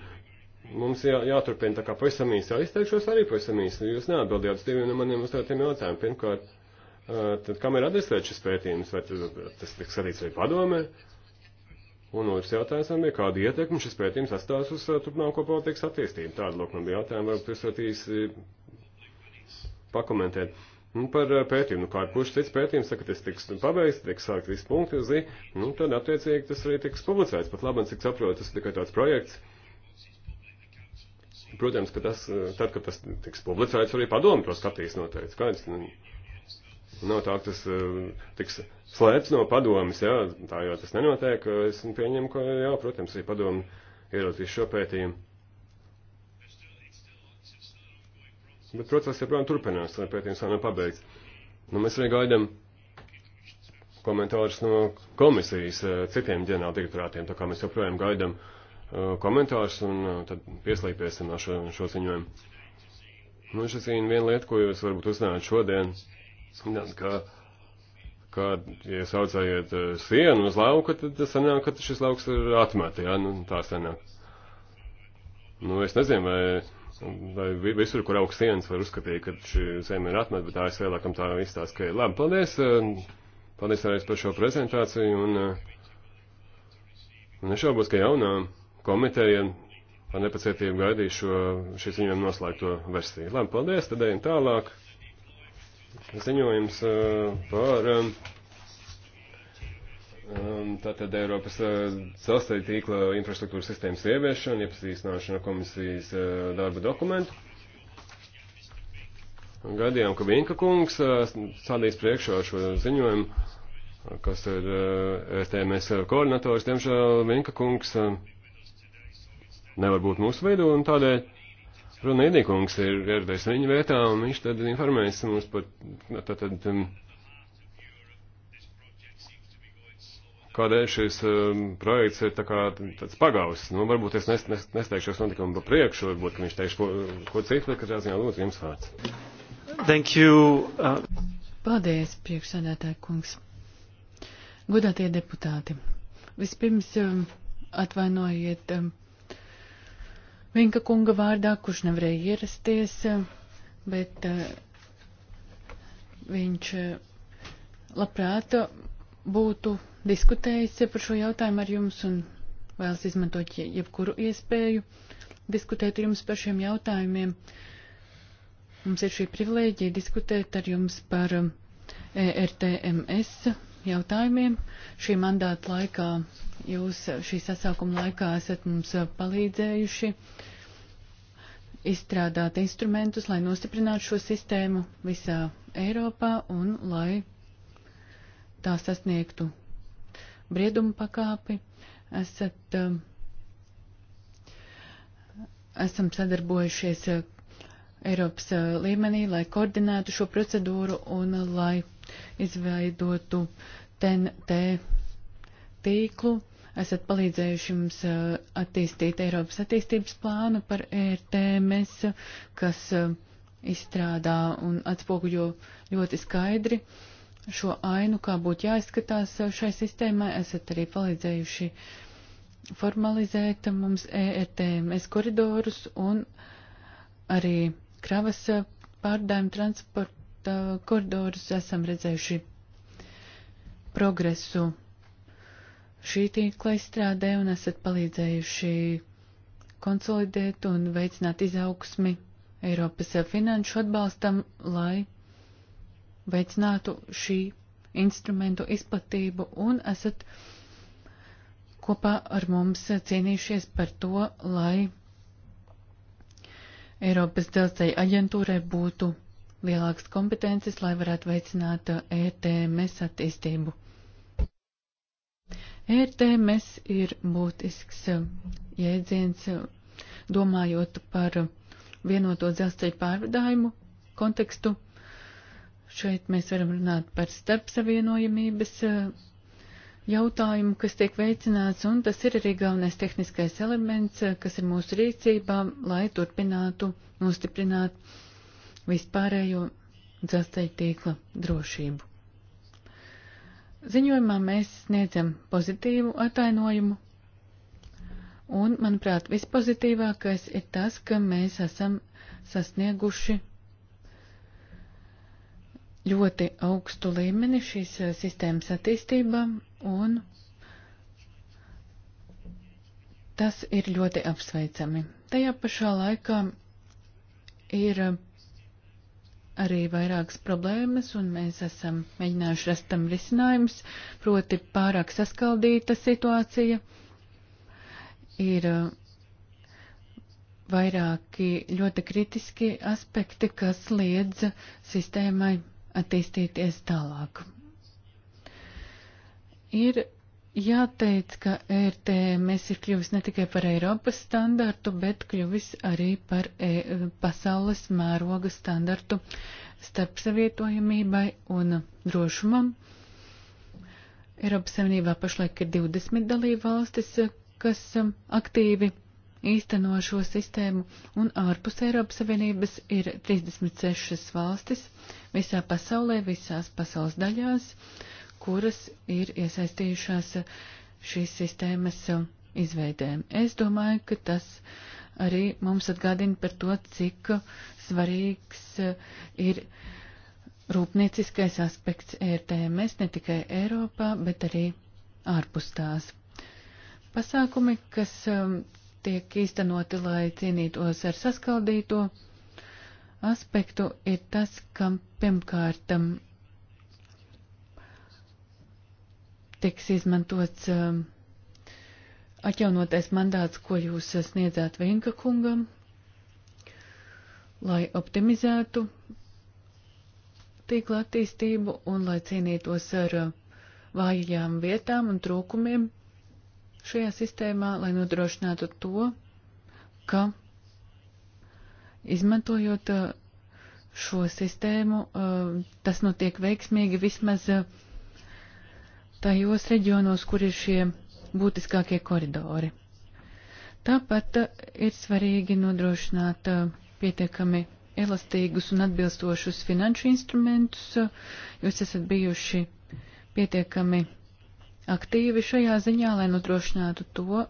mums jā, jāturpina tā kā pavisam īsi. Izteikšos arī pavisam īsi. Jūs neatbildījāt uz diviem no maniem uzdotiem jautājumiem. Pirmkārt, tad kam ir adresēts šis pētījums? Vai tas, tas tiks skatīts arī padomē? Un otrs jautājums man bija, kādu ietekmi šis pētījums atstās uz turpmāko politikas attīstību? Tāda lūk man bija jautājuma, varbūt jūs varētu īsi pakomentēt. Un par eh, pētījumu, nu, kā kurš cits pētījums, saka, tas tiks pabeigts, tiks sākt visi punkti uz i, nu, tad attiecīgi tas arī tiks publicēts. Pat labam, cik saprotu, tas ir tikai tāds projekts. Protams, ka tas, eh, tad, kad tas tiks publicēts, arī padomu to skatīs noteikti. Skaidrs, nu, nav tā, ka tas eh, tiks slēpts no padomas, jā, tā jau tas nenotiek. Es pieņemu, ka jā, protams, arī padomu ierodīs šo pētījumu. Bet process joprojām turpinās, lai pētījums vēl nav pabeigts. Nu, mēs arī gaidām komentārus no komisijas eh, citiem ģenerāla direktorātiem, tā kā mēs joprojām gaidām eh, komentārus un eh, tad pieslīpēsim ar šo, šo ziņojumu. Nu, šis ir viena lieta, ko jūs varbūt uzzinājāt šodien, ka, ka ja saucējiet sienu uz lauka, tad sanāk, ka šis lauks ir atmēta, jā, nu, tā sanāk. Nu, es nezinu, vai vai visur, kur augsts sienas, var uzskatīt, ka šī zeme ir atmet, bet ASV laikam tā izstāsta, ka ir labi. Paldies! Eh, paldies arī par šo prezentāciju un, un eh, nešaubos, ka jaunā komiteja ar nepacietību gaidīs šo, šīs viņiem noslēgto versiju. Labi, paldies, tad ejam tālāk. Ziņojums eh, par. Um, Tātad Eiropas uh, sastāja tīkla infrastruktūras sistēmas ieviešana, iepazīstināšana komisijas uh, darba dokumentu. Gadījām, ka Vinka kungs uh, sādīs priekšā šo ziņojumu, kas ir RTMS e koordinators. Diemžēl Vinka kungs nevar būt mūsu vidū, un tādēļ Runīdī kungs ir ieradies viņa vietā, un viņš tad informēs mums par tātad. Tā, um, kādēļ šis um, projekts ir tā kā tāds pagausis. Nu, varbūt es nes, nes, nesteigšos notikumu pa priekšu, varbūt, ka viņš teiks ko, ko citu, bet katrā ziņā lūdzu jums vārds. Thank you. Uh... Paldies, priekšsādātāja kungs. Godātie deputāti, vispirms um, atvainojiet um, Vinka kunga vārdā, kurš nevarēja ierasties, um, bet uh, viņš uh, labprāt būtu diskutējis par šo jautājumu ar jums un vēlas izmantot jebkuru iespēju diskutēt ar jums par šiem jautājumiem. Mums ir šī privilēģija diskutēt ar jums par um, ERTMS jautājumiem. Šī mandāta laikā jūs šī sasaukuma laikā esat mums uh, palīdzējuši izstrādāt instrumentus, lai nostiprinātu šo sistēmu visā Eiropā un lai tā sasniegtu briedumu pakāpi. Esat, um, esam sadarbojušies uh, Eiropas uh, līmenī, lai koordinētu šo procedūru un uh, lai izveidotu TNT tīklu. Esat palīdzējuši mums attīstīt Eiropas attīstības plānu par ERTMS, kas izstrādā un atspoguļo ļoti skaidri uh, šo ainu, kā būtu jāizskatās šai sistēmai. Esat arī palīdzējuši formalizēt mums ERTMS koridorus un arī kravas pārdājumu transporta koridorus esam redzējuši progresu šī tīkla izstrādē un esat palīdzējuši konsolidēt un veicināt izaugsmi Eiropas finanšu atbalstam, lai veicinātu šī instrumentu izplatību un esat kopā ar mums cīnījušies par to, lai Eiropas dzelzceļa aģentūrai būtu lielākas kompetences, lai varētu veicināt ETMS attīstību. ETMS ir būtisks jēdziens, domājot par vienoto dzelzceļa pārvadājumu kontekstu Šeit mēs varam runāt par starpsavienojamības eh, jautājumu, kas tiek veicināts, un tas ir arī galvenais tehniskais elements, eh, kas ir mūsu rīcībā, lai turpinātu nostiprināt vispārējo dzelzceļa tīkla drošību. Ziņojumā mēs sniedzam pozitīvu atainojumu, un, manuprāt, vispozitīvākais ir tas, ka mēs esam sasnieguši ļoti augstu līmeni šīs eh, sistēmas attīstība un tas ir ļoti apsveicami. Tajā pašā laikā ir eh, arī vairākas problēmas, un mēs esam mēģinājuši rast tam risinājums, proti pārāk saskaldīta situācija. Ir eh, vairāki ļoti kritiski aspekti, kas liedz sistēmai attīstīties tālāk. Ir jāteic, ka e RTMS ir kļuvis ne tikai par Eiropas standartu, bet kļuvis arī par e pasaules mēroga standartu starp savietojamībai un drošumam. Eiropas Savienībā pašlaik ir 20 dalība valstis, kas aktīvi īsteno šo sistēmu, un ārpus Eiropas Savienības ir 36 valstis visā pasaulē, visās pasaules daļās, kuras ir iesaistījušās šīs sistēmas izveidēm. Es domāju, ka tas arī mums atgādina par to, cik svarīgs ir rūpnieciskais aspekts ERTMS ne tikai Eiropā, bet arī ārpus tās. Pasākumi, kas um, tiek īstenoti, lai cīnītos ar saskaldīto aspektu, ir tas, kam pirmkārtam um, tiks izmantots um, atjaunotais mandāts, ko jūs sniedzāt Vinka kungam, lai optimizētu tīkla attīstību un lai cīnītos ar uh, vājajām vietām un trūkumiem šajā sistēmā, lai nodrošinātu to, ka izmantojot uh, šo sistēmu, uh, tas notiek veiksmīgi vismaz uh, tajos reģionos, kur ir šie būtiskākie koridori. Tāpat ir svarīgi nodrošināt pietiekami elastīgus un atbilstošus finanšu instrumentus. Jūs esat bijuši pietiekami aktīvi šajā ziņā, lai nodrošinātu to,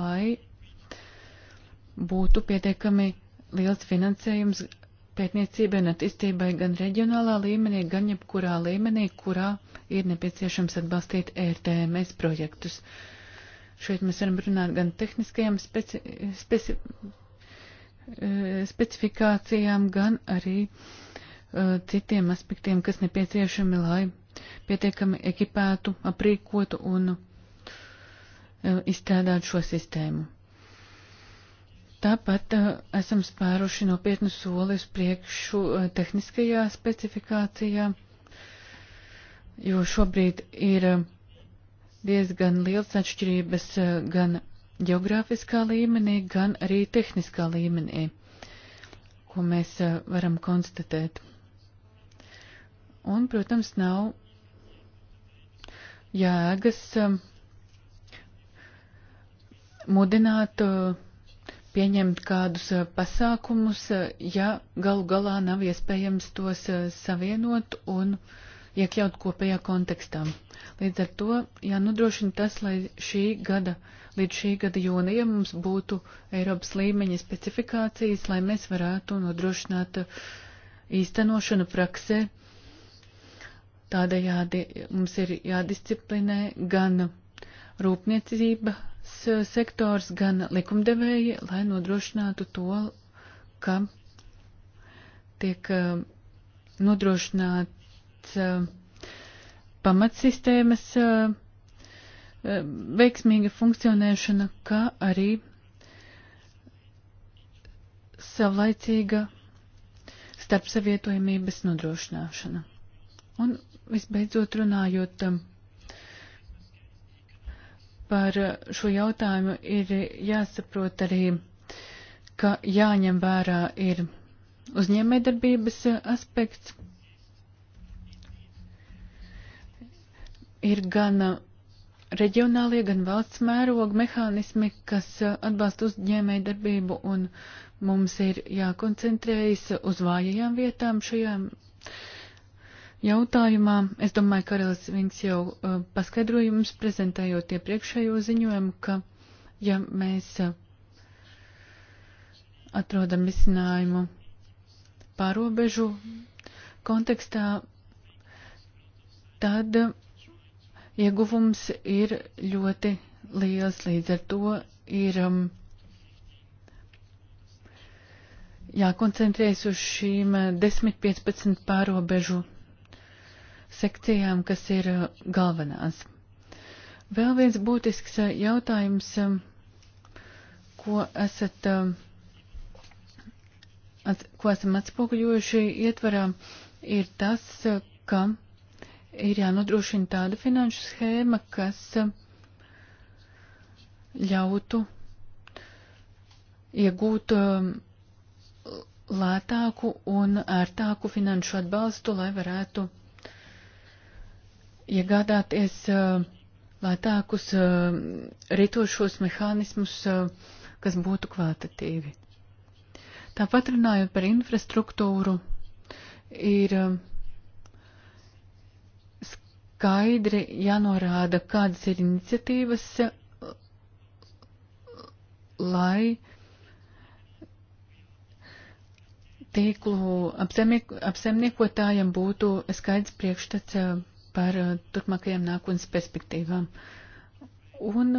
lai būtu pietiekami liels finansējums pētniecībai un attīstībai gan reģionālā līmenī, gan jebkurā līmenī, kurā ir nepieciešams atbalstīt ERTMS projektus. Šeit mēs varam runāt gan tehniskajām speci speci e, specifikācijām, gan arī uh, Eh, citiem aspektiem, kas nepieciešami, lai pietiekami ekipētu, aprīkotu un eh, izstrādātu šo sistēmu. Tāpat eh, esam spēruši nopietnu soli uz priekšu tehniskajā specifikācijā, jo šobrīd ir diezgan liels atšķirības gan geogrāfiskā līmenī, gan arī tehniskā līmenī, ko mēs varam konstatēt un, protams, nav jēgas um, mudināt uh, pieņemt kādus uh, pasākumus, uh, ja galu galā nav iespējams tos savienot un iekļaut kopējā kontekstā. Līdz ar to jānodrošina tas, lai šī gada, līdz šī gada jūnija mums būtu Eiropas līmeņa specifikācijas, lai mēs varētu nodrošināt īstenošanu praksē uh, Tādējādi mums ir jādisciplinē gan rūpniecības eh, sektors, gan likumdevēji, lai nodrošinātu to, ka tiek eh, nodrošināts eh, pamatsistēmas veiksmīga funkcionēšana, kā arī savlaicīga starpsavietojamības nodrošināšana. Un visbeidzot runājot um, par uh, šo jautājumu, ir jāsaprot arī, ka jāņem vērā ir uzņēmējdarbības uh, aspekts. Ir gan uh, reģionālie, gan valsts mēroga mehānismi, kas atbalsta uzņēmējdarbību, un mums ir jākoncentrējas uz vājajām vietām šajām jautājumā. Es domāju, Karls Vins jau uh, paskaidroja jums, prezentējot iepriekšējo ziņojumu, ka ja mēs uh, atrodam risinājumu pārobežu kontekstā, tad uh, ieguvums ir ļoti liels. Līdz ar to ir um, jākoncentrējas uz šīm 10-15 uh, pārobežu sekcijām, kas ir uh, galvenās. Vēl viens būtisks uh, jautājums, um, ko esat, um, ko esam atspoguļojuši ietvarā, ir tas, uh, ka ir jānodrošina tāda finanšu schēma, kas um, ļautu iegūt lētāku un ērtāku finanšu atbalstu, lai varētu iegādāties eh, lētākus eh, ritošos mehānismus, eh, kas būtu kvalitatīvi. Tāpat runājot par infrastruktūru, ir skaidri jānorāda, kādas ir iniciatīvas, lai tīklu apsaimniekotājiem būtu skaidrs priekšstats par uh, turpmākajām nākotnes perspektīvām. Un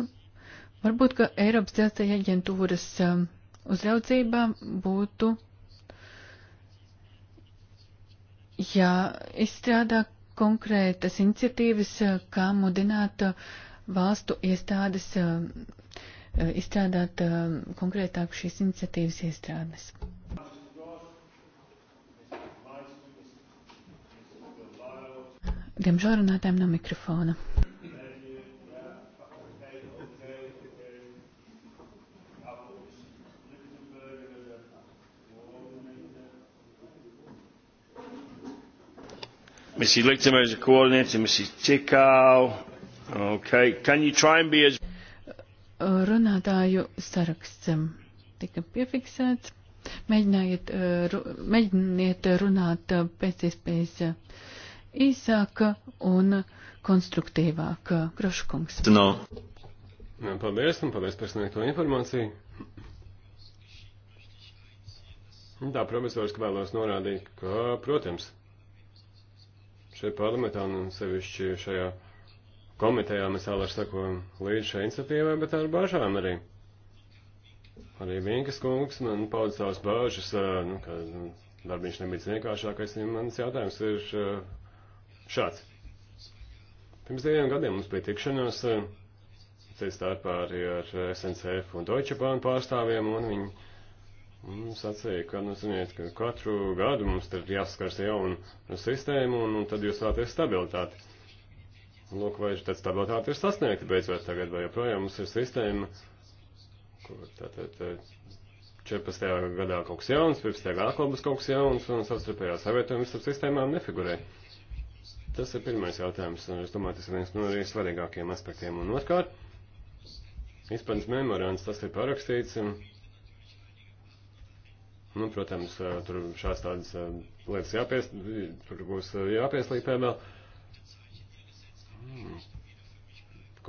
varbūt, ka Eiropas dzelzceļa aģentūras um, uzraudzībā būtu jāizstrādā konkrētas iniciatīvas, uh, kā mudināt uh, valstu iestādes um, izstrādāt um, konkrētāk šīs iniciatīvas iestrādes. Diemžēl runātājiem nav no mikrofona. Mrs. Lichtenberg is a coordinator, Mrs. Tikau. Okay. Can you try and be as... Runātāju saraksts um, tika piefiksēts. Mēģinājiet, uh, mēģiniet runāt uh, pēc iespējas uh, īsāk un konstruktīvāk. Groškungs. No. Jā, paldies un paldies par sniegto informāciju. Tā, profesors, vēlos norādīt, ka, protams, šeit parlamentā un sevišķi šajā komitejā mēs vēl ar sakojam līdz šai iniciatīvai, bet ar bažām arī. Arī Vinkas kungs man pauda savas bāžas, nu, ka nu, darbs nebija vienkāršākais, un mans jautājums ir šāds. Pirms diviem gadiem mums bija tikšanās eh, starpā arī ar eh, SNCF un Deutsche Bahn pārstāvjiem, un viņi mums sacīja, ka, nu, ziniet, ka katru gadu mums ir jāskars jaunu sistēmu, un, un tad jūs vēlaties stabilitāti. Lūk, vai tad stabilitāte ir sasniegta beidzot tagad, vai joprojām mums ir sistēma, kur tātad 14. Eh, gadā kaut kas jauns, 15. gadā kaut kas jauns, un savstarpējā savietojums ar sistēmām nefigurē. Tas ir pirmais jautājums, un es domāju, tas ir viens no arī svarīgākajiem aspektiem. Un otrkārt, izpratnes memorands, tas ir parakstīts. Un, nu, protams, tur šāds tādas lietas jāpies, tur būs jāpieslīpē vēl. Hmm.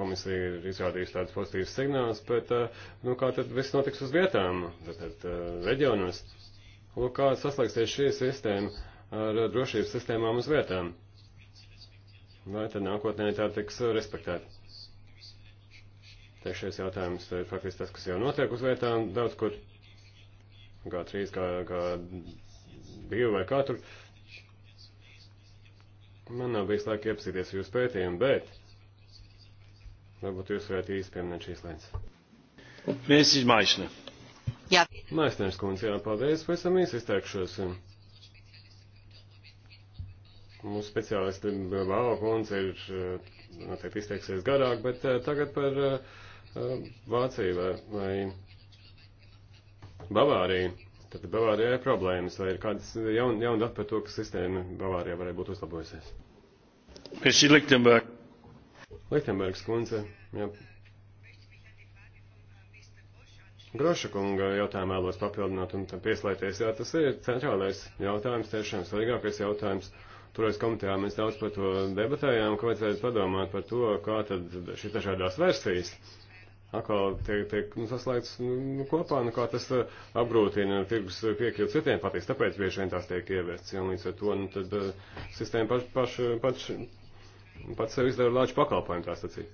Komisija ir izrādījusi tādas pozitīvas signālus, bet, nu, kā tad viss notiks uz vietām, tad, tad reģionos? Lūk, kā saslēgsies šī sistēma ar drošības sistēmām uz vietām. Vai tad nākotnē tā tiks respektēta? Trešais jautājums ir faktiski tas, kas jau notiek uz vietām daudz kur. Kā trīs, kā, kā divi vai kā tur. Man nav bijis laika iepazīties ar jūsu pētījumu, bet varbūt jūs varētu īsti pieminēt šīs lietas. Mēs izmaišne. Jā. Maisnērs kundze, jā, paldies, pēc tam īsti izteikšos. Un... Mūsu speciālisti Bāla kundze ir, eh, noteikti izteiksies garāk, bet eh, tagad par eh, Vāciju vai, vai Bavāriju. Tad Bavārijā ir problēmas, vai ir kādas jaun, jauna data par to, ka sistēma Bavārijā varētu būt uzlabojusies? Es ir Liktenberg. Liktenbergs kundze, jā. Groša kunga jautājumu vēlos papildināt un tam pieslēties. Jā, tas ir centrālais jautājums, tiešām svarīgākais jautājums. Uh, Turēs komitejā mēs daudz par to debatējām, ka vajadzētu padomāt par to, kā tad šī dažādās versijas atkal tiek, tiek nu, saslēgts nu, nu kopā, nu, kā tas uh, apgrūtina tirgus piekļuvu citiem patīs, tāpēc bieži vien tās tiek ievestas, un līdz ar to, nu, tad uh, sistēma paš, paš, paš, pats sev izdara lāču pakalpojumu, tā sacīt.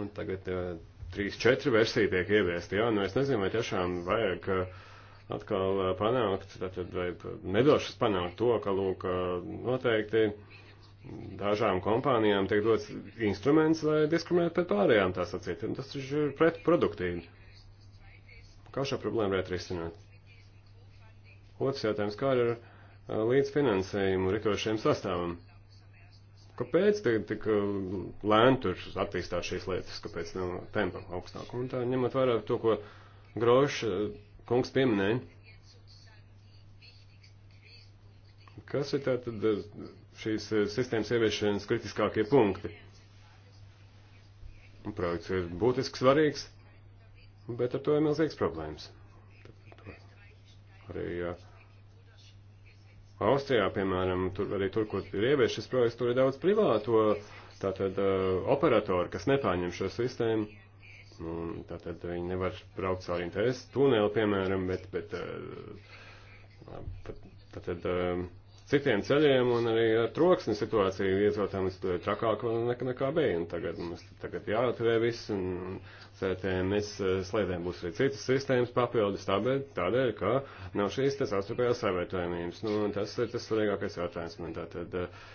Un tagad uh, 3-4 versija tiek ieviesta, jā, nu es nezinu, vai tiešām vajag. Uh, atkal uh, panākt, tātad nedošas panākt to, ka, lūk, uh, noteikti dažām kompānijām tiek dots instruments, lai diskriminētu pret pārējām tā sacīt, un tas taču ir pretproduktīvi. Kā šo problēmu varētu risināt? Otrs jautājums, kā ar uh, līdzfinansējumu ritošajam sastāvam? Kāpēc tik, tik lēni tur attīstās šīs lietas, kāpēc nav tempa augstāk? Un tā ņemot vērā to, ko Grošs kungs pieminēja. Kas ir tātad eh, šīs eh, sistēmas ieviešanas kritiskākie punkti? Projekts ir būtiski svarīgs, bet ar to ir milzīgs problēmas. Arī jā. Austrijā, piemēram, tur, arī tur, kur ir ieviešas projekts, tur ir daudz privāto tātad, uh, operatoru, kas nepārņem šo sistēmu. Nu, tātad viņi nevar braukt cauri interesu tuneli, piemēram, bet, bet eh, tātad eh, citiem ceļiem un arī ar troksni situāciju iedzīvotājiem ir trakāk nekā, nekā bija. Un tagad mums tagad jāatvē viss un CTMS eh, slēdēm būs arī citas sistēmas papildus tādēļ, tādēļ ka nav šīs tas astropielās savietojumības. Nu, tas ir tas svarīgākais jautājums man tātad. Uh,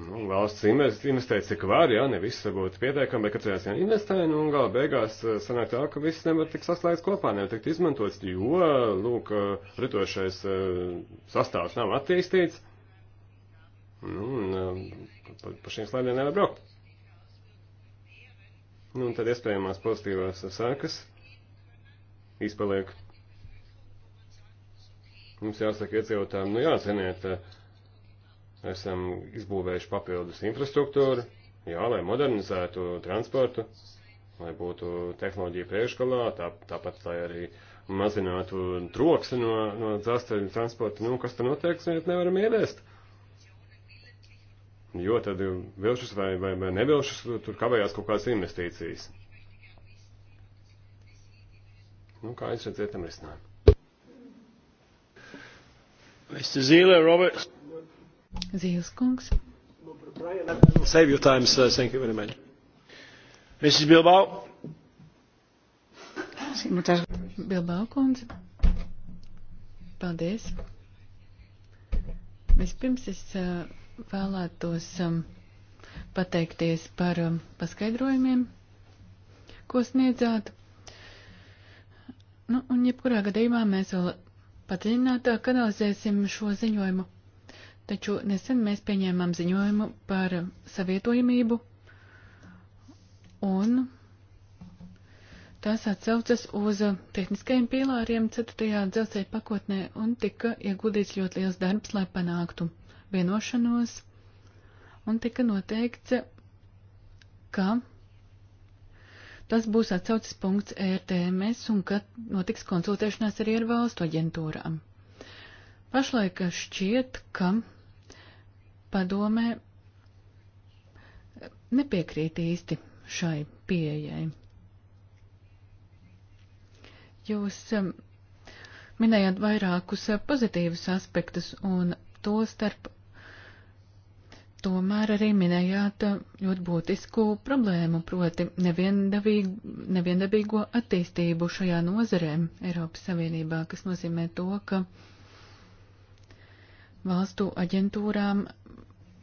Nu, valsts investē, cik var, jā, ne viss būtu pietiekami, bet katrā ziņā investē, nu, un gala beigās eh, sanāk tā, ka viss nevar tikt saslēgts kopā, nevar tikt izmantots, jo, lūk, eh, ritošais eh, sastāvs nav attīstīts, nu, un pa, pa šiem slaidiem nevar braukt. Nu, un tad iespējamās pozitīvās sākas izpaliek. Mums jāsaka iedzīvotājiem, nu, jā, ziniet, uh, esam izbūvējuši papildus infrastruktūru, jā, lai modernizētu transportu, lai būtu tehnoloģija priekšgalā, tā, tāpat, lai arī mazinātu troksni no, no dzelzceļa transporta, nu, kas tur notiek, mēs nevaram ievest. Jo tad vilšus vai, vai, vai nevilšus tur kavējās kaut kādas investīcijas. Nu, kā jūs redzat, tam risinājumu? Mr. Zīle, Roberts. Zīles kungs. Save your time, sir. Thank you very much. Mrs. Bilbao. Muchas Bilbao kundze. Paldies. Vispirms es uh, vēlētos um, pateikties par um, paskaidrojumiem, ko sniedzāt. Nu, un jebkurā gadījumā mēs vēl padziļinātāk analizēsim šo ziņojumu taču nesen mēs pieņēmām ziņojumu par savietojamību, un tās atsaucas uz tehniskajiem pīlāriem 4. dzelzceļa pakotnē, un tika ieguldīts ļoti liels darbs, lai panāktu vienošanos, un tika noteikts, ka tas būs atsaucas punkts ERTMS, un ka notiks konsultēšanās arī ar valstu aģentūrām. Pašlaik šķiet, ka padomē nepiekrīt īsti šai pieejai. Jūs um, minējāt vairākus uh, pozitīvus aspektus un to starp tomēr arī minējāt uh, ļoti būtisku problēmu, proti neviendabīgo attīstību šajā nozarē Eiropas Savienībā, kas nozīmē to, ka valstu aģentūrām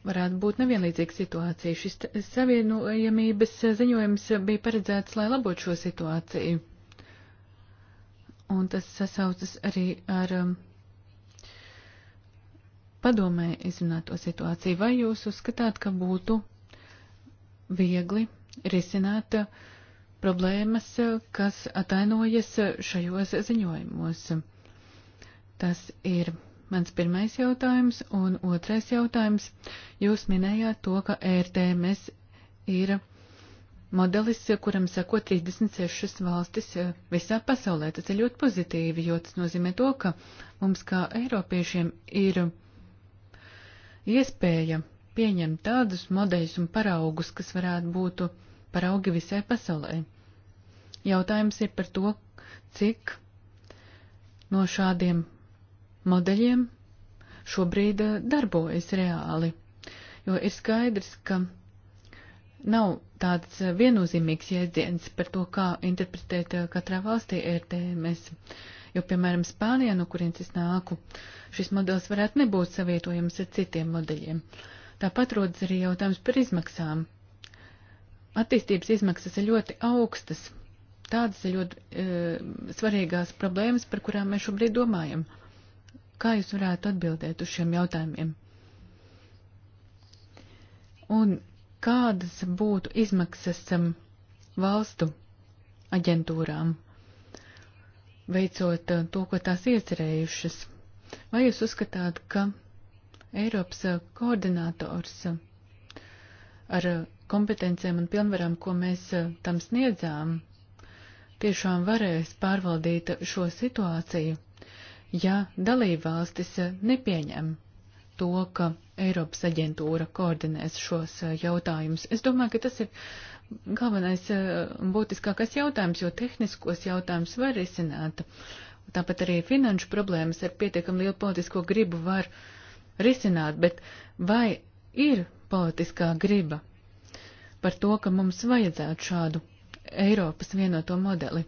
varētu būt nevienlīdzīga situācija. Šis savienojamības ziņojums bija paredzēts, lai labotu šo situāciju. Un tas sasaucas arī ar um, padomē izrunāto situāciju. Vai jūs uzskatāt, ka būtu viegli risināt uh, problēmas, uh, kas atainojas šajos ziņojumos? Tas ir Mans pirmais jautājums un otrais jautājums. Jūs minējāt to, ka ērtēmēs e ir modelis, kuram sako 36 valstis visā pasaulē. Tas ir ļoti pozitīvi, jo tas nozīmē to, ka mums kā Eiropiešiem ir iespēja pieņemt tādus modeļus un paraugus, kas varētu būt paraugi visai pasaulē. Jautājums ir par to, cik no šādiem modeļiem šobrīd eh, darbojas reāli, jo ir skaidrs, ka nav tāds eh, viennozīmīgs jēdziens par to, kā interpretēt eh, katrā valstī RTMS. Jo, piemēram, Spānijā, no kurienes es nāku, šis modelis varētu nebūt savietojams ar citiem modeļiem. Tāpat rodas arī jautājums par izmaksām. Attīstības izmaksas ir ļoti augstas. Tādas ir ļoti e, svarīgās problēmas, par kurām mēs šobrīd domājam. Kā jūs varētu atbildēt uz šiem jautājumiem? Un kādas būtu izmaksas um, valstu aģentūrām, veicot uh, to, ko tās iecerējušas? Vai jūs uzskatāt, ka Eiropas uh, koordinators uh, ar kompetencijām un pilnvarām, ko mēs tam sniedzām, tiešām varēs pārvaldīt šo situāciju ja dalībvalstis nepieņem to, ka Eiropas aģentūra koordinēs šos eh, jautājumus. Es domāju, ka tas ir galvenais un eh, būtiskākais jautājums, jo tehniskos jautājumus var risināt. Tāpat arī finanšu problēmas ar pietiekami lielu politisko gribu var risināt, bet vai ir politiskā griba par to, ka mums vajadzētu šādu Eiropas vienoto modeli?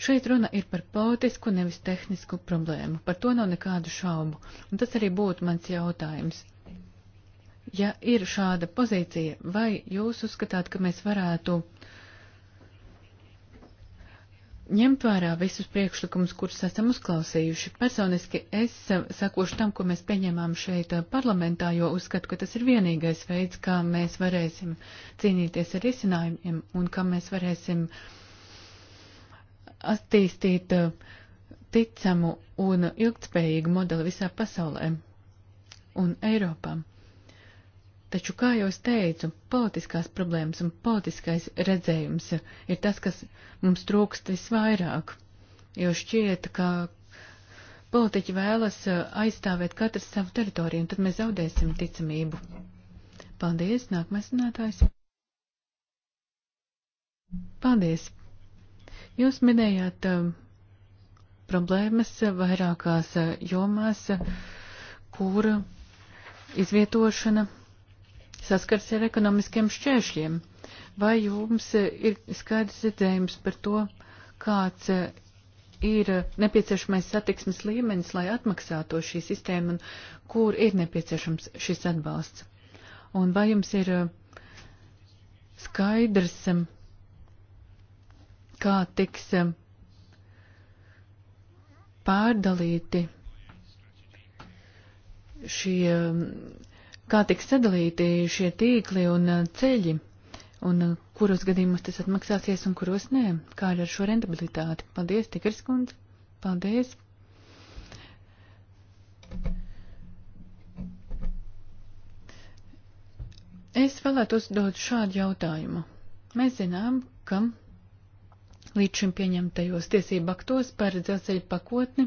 Šeit runa ir par politisku, nevis tehnisku problēmu. Par to nav nekādu šaubu. Un tas arī būtu mans jautājums. Ja ir šāda pozīcija, vai jūs uzskatāt, ka mēs varētu ņemt vērā visus priekšlikumus, kurus esam uzklausījuši? Personiski es sakošu tam, ko mēs pieņēmām šeit parlamentā, jo uzskatu, ka tas ir vienīgais veids, kā mēs varēsim cīnīties ar izcinājumiem un kā mēs varēsim uh, attīstīt eh, ticamu un ilgtspējīgu modeli visā pasaulē un Eiropā. Taču, kā jau es teicu, politiskās problēmas un politiskais redzējums ir tas, kas mums trūkst visvairāk, jo šķiet, ka politiķi vēlas eh, aizstāvēt katrs savu teritoriju, un tad mēs zaudēsim ticamību. Paldies, nākamais runātājs. Paldies. Jūs minējāt um, problēmas vairākās uh, jomās, uh, kur izvietošana saskars ar ekonomiskiem šķēršļiem. Vai jums uh, ir skaidrs redzējums par to, kāds ir nepieciešamais satiksmes līmenis, lai atmaksāto šī sistēma un kur ir nepieciešams šis atbalsts? Un vai jums ir skaidrs, um, kā tiks pārdalīti šie, kā tiks sadalīti šie tīkli un eh, ceļi, un eh, kuros gadījumos tas atmaksāsies un kuros nē, kā ar šo rentabilitāti. Paldies, Tikars kundze, paldies. Es vēlētos dot šādu jautājumu. Mēs zinām, ka līdz šim pieņemtajos tiesību aktos par dzelzceļa pakotni.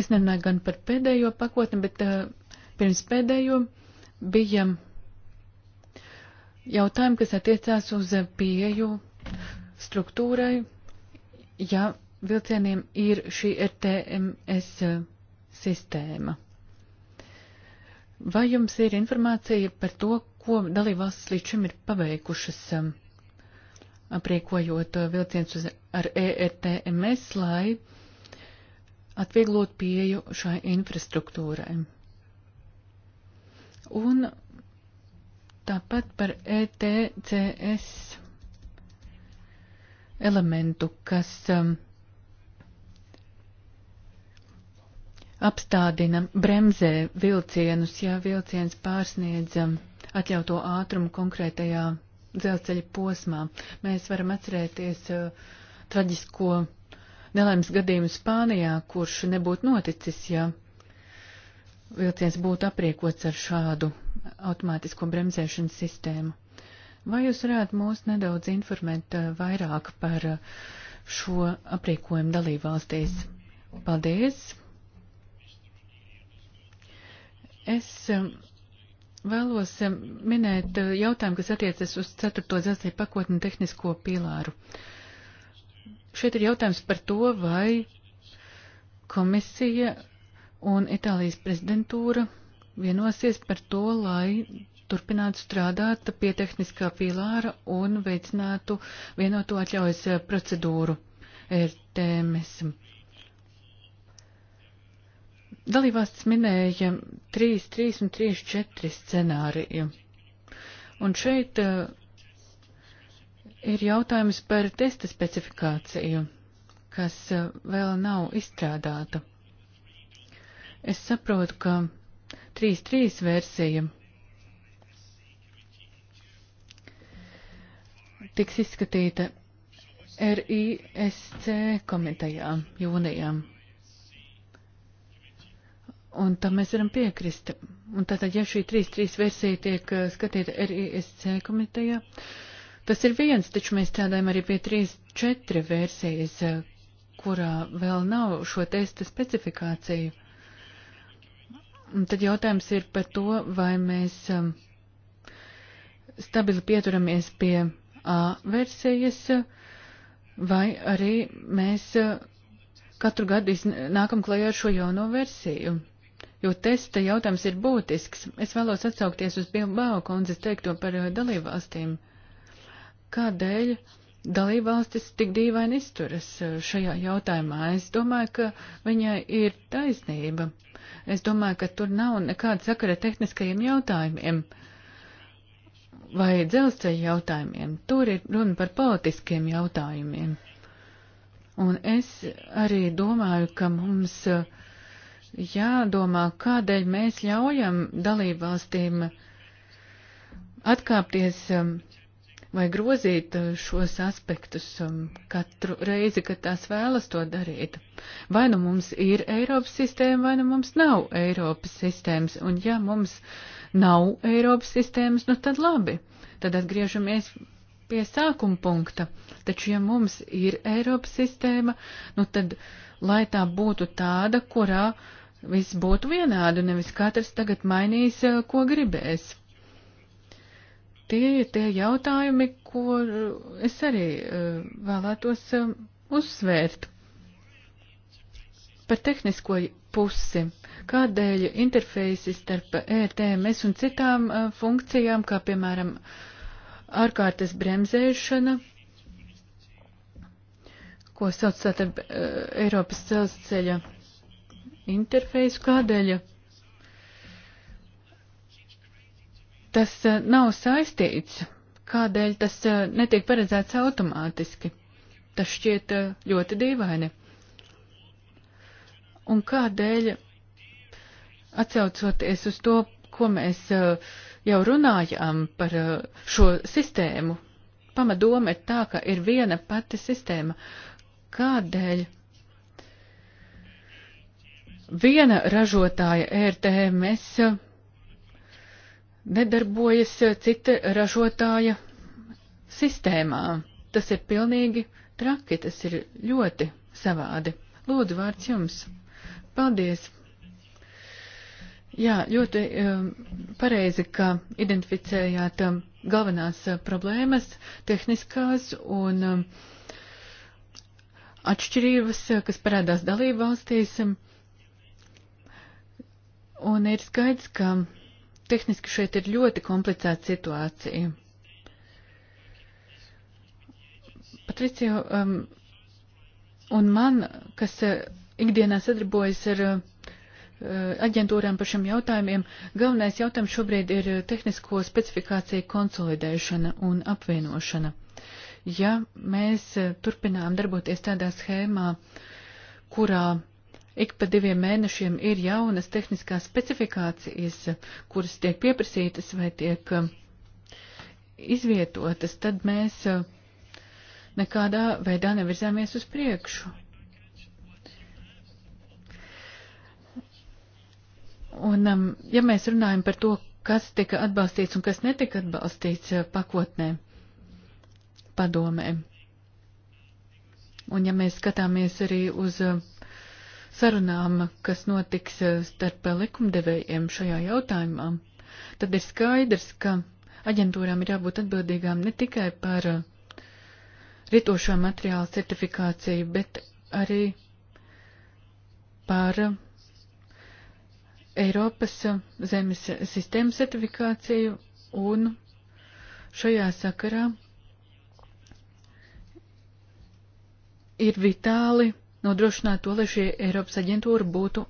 Es nerunāju gan par pēdējo pakotni, bet uh, pirms pēdējo bija jautājumi, kas attiecās uz pieju struktūrai, ja vilcieniem ir šī RTMS uh, sistēma. Vai jums ir informācija par to, ko dalībvalstis līdz šim ir paveikušas? Uh, aprīkojot uh, vilciens ar ERTMS, lai atvieglot pieju šai infrastruktūrai. Un tāpat par ETCS elementu, kas um, apstādina, bremzē vilcienus, ja vilciens pārsniedz um, atļauto ātrumu konkrētajā dzelzceļa posmā. Mēs varam atcerēties uh, traģisko nelaimes gadījumu Spānijā, kurš nebūtu noticis, ja vilciens būtu apriekots ar šādu automātisko bremzēšanas sistēmu. Vai jūs varētu mūs nedaudz informēt uh, vairāk par uh, šo apriekojumu dalībvalstīs? Paldies! Es uh, Vēlos minēt eh, jautājumu, kas attiecas uz 4. dzelzceļa pakotni tehnisko pīlāru. Šeit ir jautājums par to, vai komisija un Itālijas prezidentūra vienosies par to, lai turpinātu strādāt pie tehniskā pīlāra un veicinātu vienoto atļaujas eh, procedūru RTMS. Dalībvalsts minēja 3, 3 un 3, 4 scenāriju. Un šeit eh, ir jautājums par testa specifikāciju, kas eh, vēl nav izstrādāta. Es saprotu, ka 3.3 versija tiks izskatīta RISC komitejā jūnijām. Un tam mēs varam piekrist. Un tātad, ja šī 3.3 versija tiek eh, skatīta RISC komitejā, tas ir viens, taču mēs strādājam arī pie 3.4 versijas, eh, kurā vēl nav šo testa specifikāciju. Un tad jautājums ir par to, vai mēs eh, stabili pieturamies pie A versijas, vai arī mēs katru gadu nākam klajā ar šo jauno versiju jo testa jautājums ir būtisks. Es vēlos atsaukties uz Bilbao kundzes teikto par eh, dalībvalstīm. Kādēļ dalībvalstis tik dīvaini izturas eh, šajā jautājumā? Es domāju, ka viņai ir taisnība. Es domāju, ka tur nav nekāda sakara tehniskajiem jautājumiem vai dzelzceļa jautājumiem. Tur ir runa par politiskiem jautājumiem. Un es arī domāju, ka mums uh, jādomā, kādēļ mēs ļaujam dalībvalstīm atkāpties um, vai grozīt uh, šos aspektus um, katru reizi, kad tās vēlas to darīt. Vai nu mums ir Eiropas sistēma, vai nu mums nav Eiropas sistēmas, un ja mums nav Eiropas sistēmas, nu tad labi, tad atgriežamies pie sākuma punkta. Taču, ja mums ir Eiropas sistēma, nu tad, lai tā būtu tāda, kurā uh, viss būtu vienādu, nevis katrs tagad mainīs, eh, ko gribēs. Tie ir tie jautājumi, ko eh, es arī eh, vēlētos uzsvērt. Par tehnisko pusi. Kādēļ interfeisi starp ETMS un citām funkcijām, kā piemēram ārkārtas bremzēšana, ko sauc tātad Eiropas celsceļa interfeisu, kādēļ tas eh, nav saistīts, kādēļ tas eh, netiek paredzēts automātiski. Tas šķiet eh, ļoti dīvaini. Un kādēļ, atcaucoties uz to, ko mēs jau runājām par šo sistēmu, pamatdoma ir tā, ka ir viena pati sistēma. Kādēļ viena ražotāja ērtēmēs nedarbojas cita ražotāja sistēmā. Tas ir pilnīgi traki, tas ir ļoti savādi. Lūdzu, vārds jums. Paldies. Jā, ļoti um, pareizi, ka identificējāt um, galvenās uh, problēmas, tehniskās un um, atšķirības, uh, kas parādās dalību valstīs. Um, Un ir skaidrs, ka tehniski šeit ir ļoti komplicēta situācija. Patricija um, un man, kas uh, ikdienā sadarbojas ar uh, aģentūrām par šiem jautājumiem, galvenais jautājums šobrīd ir uh, tehnisko specifikāciju konsolidēšana un apvienošana. Ja mēs uh, turpinām darboties tādā schēmā, kurā Ik pa diviem mēnešiem ir jaunas tehniskās specifikācijas, kuras tiek pieprasītas vai tiek um, izvietotas, tad mēs uh, nekādā veidā nevirzāmies uz priekšu. Un, um, ja mēs runājam par to, kas tika atbalstīts un kas netika atbalstīts uh, pakotnē, padomē, un ja mēs skatāmies arī uz uh, sarunām, kas notiks eh, starp eh, likumdevējiem šajā jautājumā, tad ir skaidrs, ka aģentūrām ir jābūt atbildīgām ne tikai par eh, rietošā materiāla certifikāciju, bet arī par Eiropas zemes sistēmu certifikāciju un šajā sakarā ir vitāli nodrošināt to, lai šī Eiropas aģentūra būtu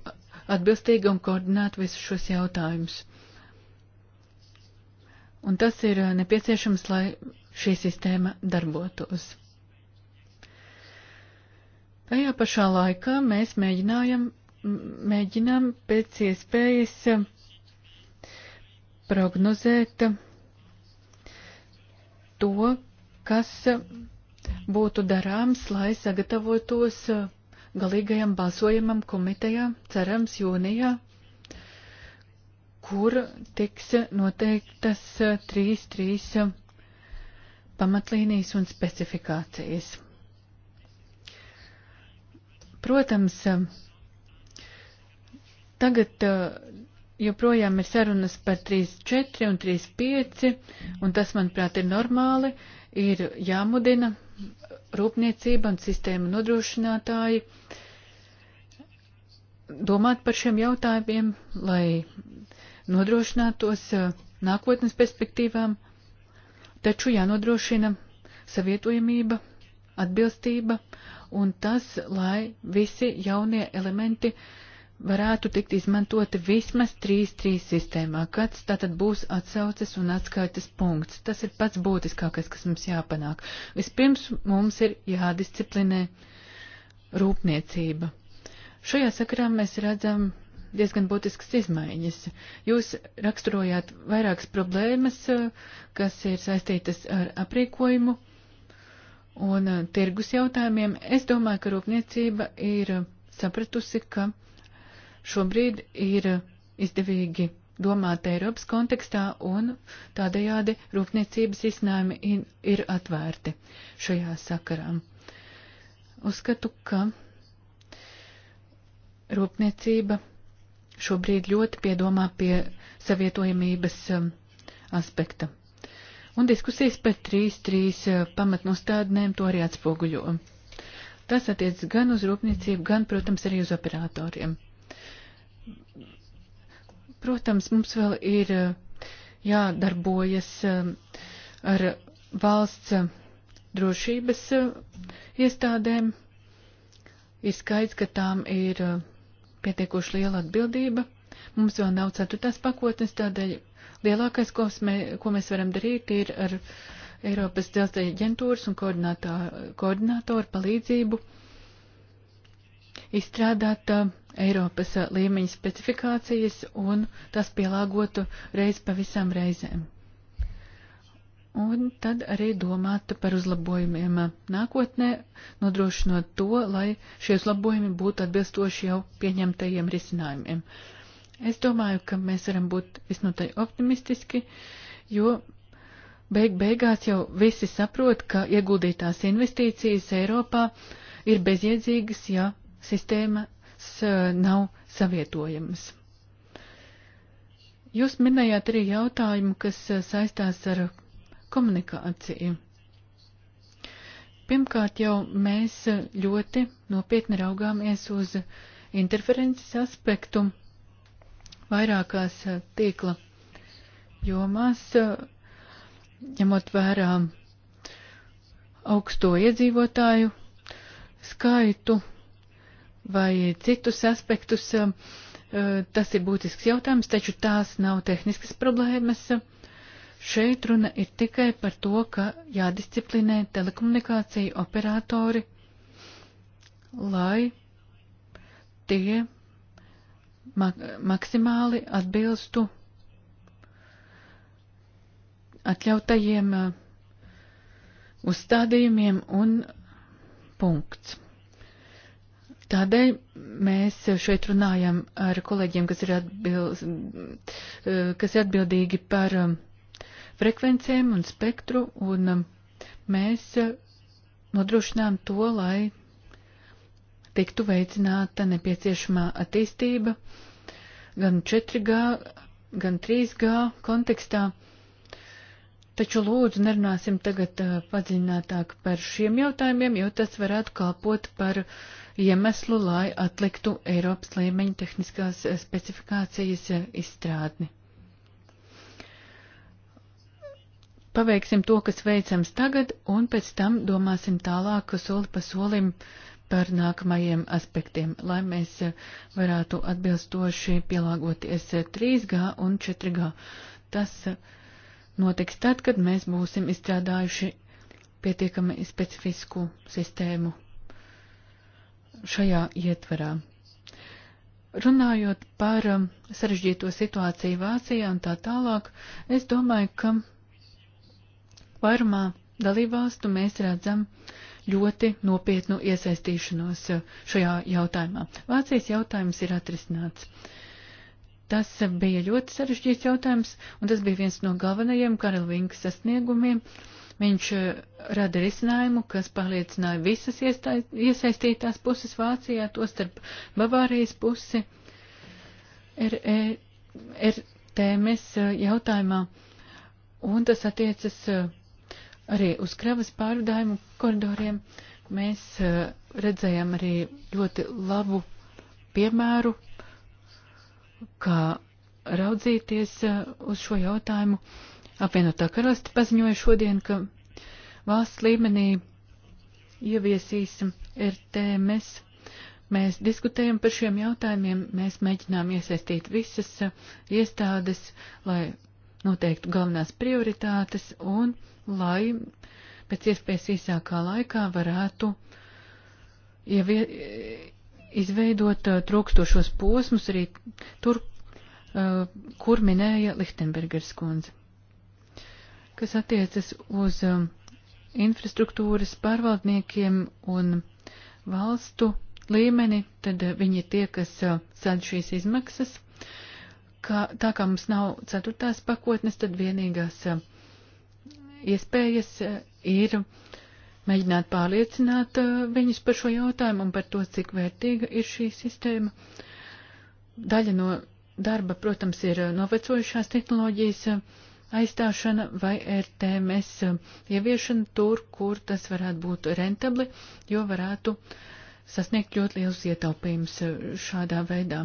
atbilstīga un koordinētu visus šos jautājumus. Un tas ir eh, nepieciešams, lai šī sistēma darbotos. Tajā pašā laikā mēs mēģinājam, mēģinām pēc iespējas eh, prognozēt eh, to, kas būtu darāms, lai sagatavotos galīgajam balsojumam komitejā, cerams, jūnijā, kur tiks noteiktas e, trīs, trīs e, pamatlīnijas un specifikācijas. Protams, e, tagad joprojām ir sarunas par 3.4 un 3.5, un tas, manuprāt, ir normāli, ir jāmudina rūpniecība un sistēma nodrošinātāji domāt par šiem jautājumiem, lai nodrošinātos uh, nākotnes perspektīvām, taču jānodrošina savietojamība, atbilstība un tas, lai visi jaunie elementi uh, varētu tikt izmantota vismaz 3-3 sistēmā, kāds tātad būs atsauces un atskaites punkts. Tas ir pats būtiskākais, kas mums jāpanāk. Vispirms mums ir jādisciplinē rūpniecība. Šajā sakarā mēs redzam diezgan būtiskas izmaiņas. Jūs raksturojāt vairākas problēmas, kas ir saistītas ar aprīkojumu un tirgus jautājumiem. Es domāju, ka rūpniecība ir sapratusi, ka uh, šobrīd ir izdevīgi domāt Eiropas kontekstā un tādējādi rūpniecības iznājumi ir atvērti šajā sakarā. Uzskatu, ka rūpniecība šobrīd ļoti piedomā pie savietojamības um, aspekta. Un diskusijas par trīs, trīs uh, pamatnostādnēm to arī atspoguļo. Tas attiec gan uz rūpniecību, gan, protams, arī uz operatoriem. Protams, mums vēl ir eh, jādarbojas eh, ar valsts eh, drošības iestādēm. Ir skaidrs, ka tām ir pietiekoši liela atbildība. Mums vēl nav ceturtās pakotnes, tādēļ lielākais, ko, smē, ko mēs varam darīt, ir ar Eiropas dzelzceļa aģentūras un koordinātoru palīdzību izstrādāt uh, Eiropas eh, līmeņa specifikācijas un tas pielāgotu reiz pavisam reizēm. Un tad arī domāt par uzlabojumiem eh, nākotnē, nodrošinot to, lai šie uzlabojumi būtu atbilstoši jau pieņemtajiem risinājumiem. Es domāju, ka mēs varam būt visnotaļ optimistiski, jo beig beigās jau visi saprot, ka ieguldītās investīcijas Eiropā ir bezjēdzīgas, ja sistēma Eh, nav savietojamas. Jūs minējāt arī jautājumu, kas eh, saistās ar komunikāciju. Pirmkārt jau mēs eh, ļoti nopietni raugāmies uz interferences aspektu vairākās tīkla jomās, ņemot vērā augsto iedzīvotāju skaitu vai citus aspektus. Um, uh, tas ir būtisks jautājums, taču tās nav tehniskas problēmas. Šeit runa ir tikai par to, ka jādisciplinē telekomunikāciju operatori, lai tie mak maksimāli atbilstu atļautajiem uh, uzstādījumiem un punkts. Tādēļ mēs šeit runājam ar kolēģiem, kas ir, atbild, kas ir atbildīgi par um, frekvencēm un spektru, un um, mēs uh, nodrošinām to, lai tiktu veicināta nepieciešamā attīstība gan 4G, gan 3G kontekstā. Taču lūdzu nerunāsim tagad padziļinātāk par šiem jautājumiem, jo tas varētu kalpot par iemeslu, lai atliktu Eiropas līmeņa tehniskās specifikācijas izstrādni. Paveiksim to, kas veicams tagad, un pēc tam domāsim tālāk soli pa solim par nākamajiem aspektiem, lai mēs varētu atbilstoši pielāgoties 3G un 4G. Tas uh, notiks tad, kad mēs būsim izstrādājuši pietiekami specifisku sistēmu šajā ietverā. Runājot par um, sarežģīto situāciju Vācijā un tā tālāk, es domāju, ka vairumā dalībvalstu mēs redzam ļoti nopietnu iesaistīšanos uh, šajā jautājumā. Vācijas jautājums ir atrisināts. Uh, Tas bija ļoti sarežģīts jautājums, un tas bija viens no galvenajiem Karelvinka sasniegumiem. Viņš eh, rada risinājumu, kas pārliecināja visas iesaistītās puses Vācijā, tostarp Bavārijas pusi. Ir, ir e, tēmes eh, jautājumā, un tas attiecas eh, arī uz kravas pārvadājumu koridoriem. Mēs redzējām arī ļoti labu piemēru kā raudzīties eh, uz šo jautājumu. Apvienotā karaliste paziņoja šodien, ka valsts līmenī ieviesīs RTMS. Mēs diskutējam par šiem jautājumiem, mēs mēģinām iesaistīt visas eh, iestādes, lai noteiktu galvenās prioritātes un lai pēc iespējas īsākā laikā varētu ievie, izveidot uh, trūkstošos posmus arī tur, uh, kur minēja Lichtenbergers kundze. Kas attiecas uz uh, infrastruktūras pārvaldniekiem un valstu līmeni, tad viņi tie, kas sadz šīs izmaksas. Kā, tā kā mums nav ceturtās pakotnes, tad vienīgās iespējas ir uh, mēģināt pārliecināt uh, viņus par šo jautājumu un par to, cik vērtīga ir šī sistēma. Daļa no darba, protams, ir uh, novecojušās tehnoloģijas uh, aizstāšana vai RTMS ieviešana tur, kur tas varētu būt rentabli, jo varētu sasniegt ļoti liels ietaupījums šādā veidā.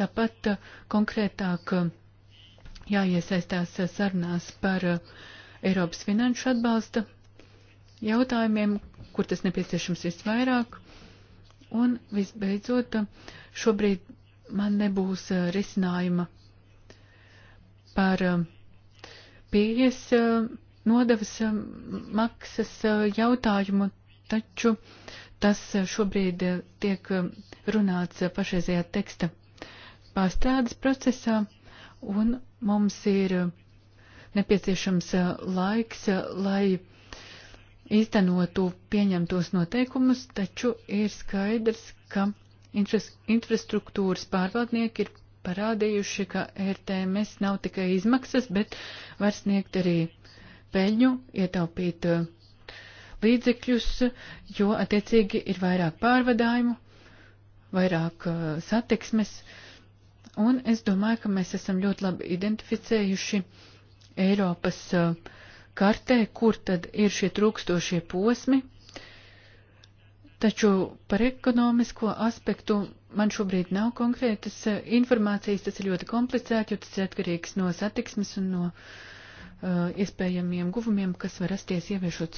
Tāpat konkrētāk jāiesaistās sarunās par Eiropas finanšu atbalsta jautājumiem, kur tas nepieciešams visvairāk. Un visbeidzot, šobrīd man nebūs eh, risinājuma par eh, pieejas eh, nodevas maksas jautājumu, taču tas šobrīd tiek runāts pašreizajā teksta pārstrādes procesā, un mums ir nepieciešams laiks, lai īstenotu pieņemtos noteikumus, taču ir skaidrs, ka infrastruktūras pārvaldnieki ir parādījuši, ka RTMS nav tikai izmaksas, bet var sniegt arī peļņu, ietaupīt uh, līdzekļus, jo attiecīgi ir vairāk pārvadājumu, vairāk uh, satiksmes, un es domāju, ka mēs esam ļoti labi identificējuši Eiropas uh, kartē, kur tad ir šie trūkstošie posmi, taču par ekonomisko aspektu man šobrīd nav konkrētas e, informācijas, tas ir ļoti komplicēti, jo tas ir atkarīgs no satiksmes un no uh, iespējamiem guvumiem, kas var rasties ieviešot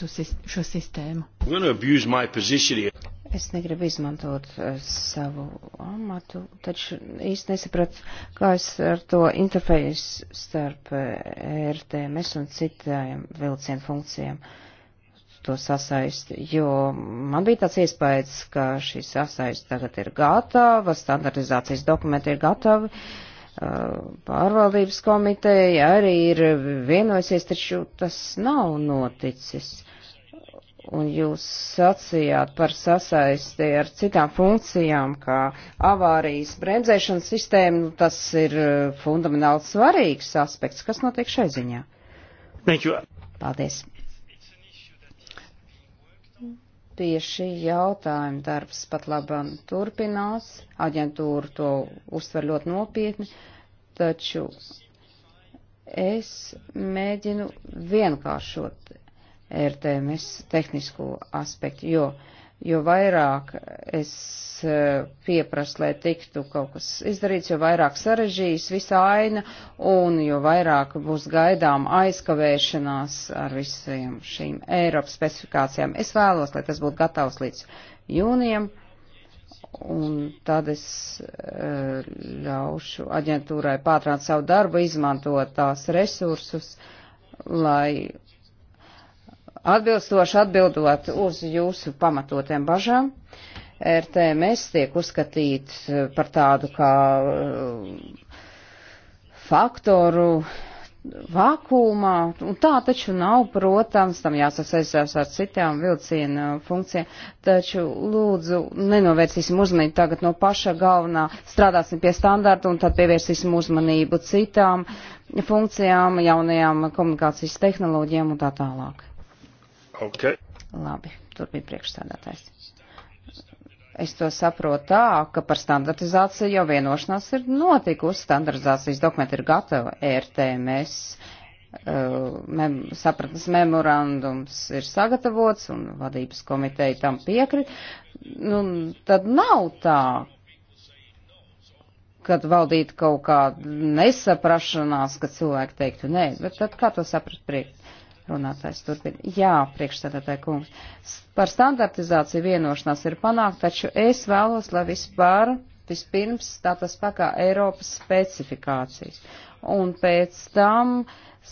šo sistēmu. Es negribu izmantot uh, savu amatu, taču īsti nesapratu, kā es ar to interfeisu starp uh, eh, RTMS un citām vilcienu funkcijām to sasaisti, jo man bija tāds iespējas, ka šī sasaista tagad ir gatava, standartizācijas dokumenti ir gatavi, uh, pārvaldības komiteja arī ir vienojusies, taču tas nav noticis. Uh, Un jūs sacījāt par sasaisti ar citām funkcijām, kā avārijas bremzēšanas sistēma, nu, tas ir e, fundamentāli svarīgs aspekts. Kas notiek šai ziņā? Paldies. Pie šī jautājuma darbs pat labam turpinās, aģentūra to uztver ļoti nopietni, taču es mēģinu vienkāršot RTMS tehnisko aspektu, jo, jo vairāk es e, pieprasu, lai tiktu kaut kas izdarīts, jo vairāk sarežģīs visa aina un jo vairāk būs gaidām aizkavēšanās ar visiem šīm Eiropas specifikācijām. Es vēlos, lai tas būtu gatavs līdz jūnijam. Un tad es e, ļaušu aģentūrai pātrāt savu darbu, izmantot tās resursus, lai Atbilstoši atbildot uz jūsu pamatotiem bažām, RTMS tiek uzskatīts eh, par tādu kā eh, faktoru vakumā, un tā taču nav, protams, tam jāsasaistās ar citām vilcienu funkcijām, taču lūdzu nenovērsīsim uzmanību tagad no paša galvenā, strādāsim pie standarta un tad pievērsīsim uzmanību citām funkcijām, jaunajām komunikācijas tehnoloģijām un tā tālāk. Okay. Labi, turpina priekšstādātājs. Es to saprotu tā, ka par standartizāciju jau vienošanās ir notikusi. Standartizācijas dokumenti ir gatavi, e RTMS, uh, mem sapratnes memorandums ir sagatavots un vadības komiteja tam piekrit. Nu, tad nav tā, kad valdītu kaut kāda nesaprašanās, ka cilvēki teiktu nē, bet tad kā to saprast priekš? Runātājs turpina. Jā, priekšstādātāji kungs. Par standartizāciju vienošanās ir panākt, taču es vēlos, lai vispār vispirms stātas pakā Eiropas specifikācijas. Un pēc tam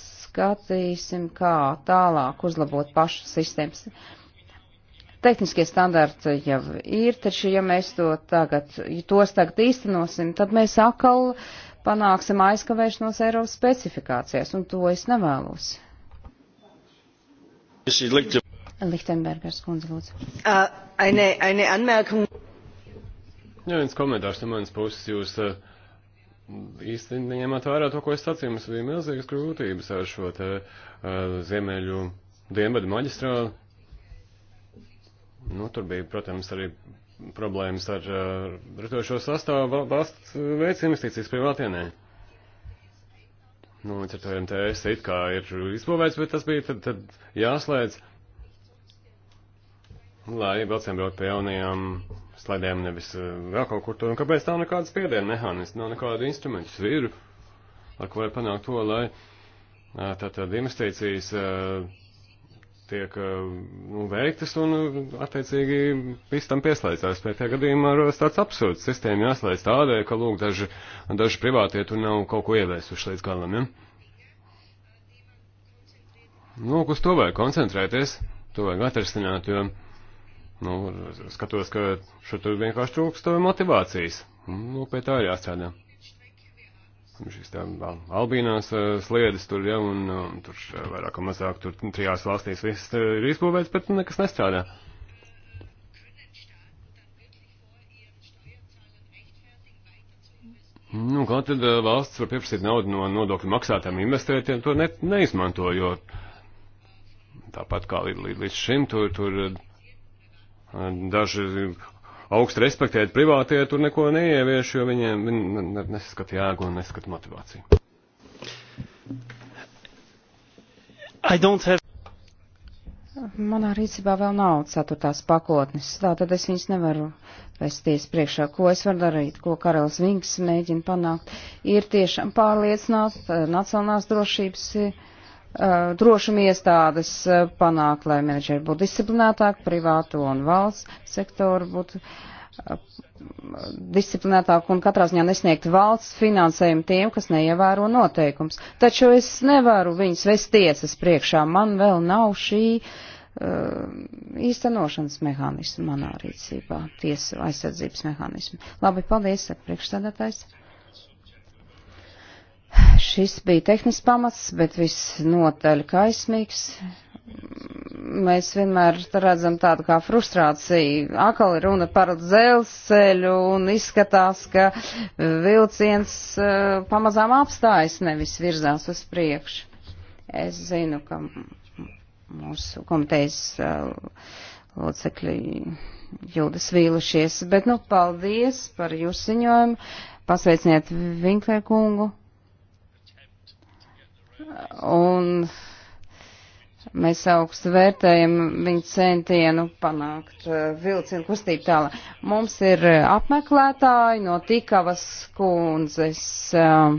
skatīsim, kā tālāk uzlabot pašu sistēmas. Tehniskie standarti jau ir, taču ja mēs to tagad, ja tos tagad īstenosim, tad mēs atkal panāksim aizkavēšanos Eiropas specifikācijās, un to es nevēlos. Lichtenbergers kundze, lūdzu. Uh, eine, eine Anmerkung. Jā, viens komentārs no manas puses. Jūs uh, īsti neņēmāt vērā to, ko es sacīju. Mums bija milzīgas grūtības ar šo te uh, ziemeļu dienvedu maģistrāli. Nu, tur bija, protams, arī problēmas ar uh, ritošo sastāvu valsts veids investīcijas privātienē. Ja Nu, līdz ar to MTS it kā ir izbūvēts, bet tas bija tad, tad jāslēdz, lai braucējiem braukt pie jaunajām slaidiem, nevis eh, vēl kaut kur tur. Un kāpēc tā nekādas spiediena mehānismi, nav nekādu instrumentu svīru, ar ko var panākt to, lai eh, tātad investīcijas. Uh, tiek eh, nu, veiktas un, eh, attiecīgi, viss tam pieslēdzās. Pēc tajā gadījumā rodas tāds absurds. Sistēma jāslēdz tādēļ, ka, lūk, daži, daži privātie tur nav kaut ko ieviesuši līdz galam, ja? Lūk, uz to vajag koncentrēties, to vajag atrasināt, jo, nu, skatos, ka šur tur vienkārši trūkst motivācijas. Lūk, nu, pie tā ir jāstrādā šīs tā albīnās eh, sliedas tur, ja, un eh, tur eh, vairāk un mazāk tur trijās valstīs viss ir izbūvēts, bet nekas nestrādā. Nu, kā tad valsts var pieprasīt naudu no nodokļu maksātājiem, investētiem, to ne, neizmanto, jo tāpat kā līdz, līdz šim, tur, tur daži augstu respektēt privātie, tur neko neievieš, jo viņiem viņi neskat jēgu un neskat motivāciju. Have... Manā rīcībā vēl nav ceturtās pakotnes, tā tad es viņas nevaru vesties priekšā, ko es varu darīt, ko Karels Vinks mēģina panākt. Ir tiešām pārliecināt eh, nacionālās drošības. Uh, Uh, drošuma iestādes uh, panāk, lai menedžeri būtu disciplinētāki, privāto un valsts sektoru būtu uh, disciplinētāk un katrā ziņā nesniegt valsts finansējumu tiem, kas neievēro noteikums. Taču es nevaru viņus vest tiesas priekšā, man vēl nav šī uh, īstenošanas mehānisma manā rīcībā, tiesu aizsardzības mehānisma. Labi, paldies, saka priekšstādātājs. Šis bija tehnisks pamats, bet viss notaļ kaismīgs. Mēs vienmēr redzam tādu kā frustrāciju. Akali runa par dzelzceļu un izskatās, ka vilciens eh, pamazām apstājas, nevis virzās uz priekšu. Es zinu, ka mūsu komitejas eh, locekļi jūdas vīlušies, bet nu paldies par jūsu ziņojumu. Pasveiciniet Vinklē kungu un mēs augstu vērtējam viņu centienu panākt uh, vilcienu kustību tālāk. Mums ir apmeklētāji no Tikavas kundzes uh,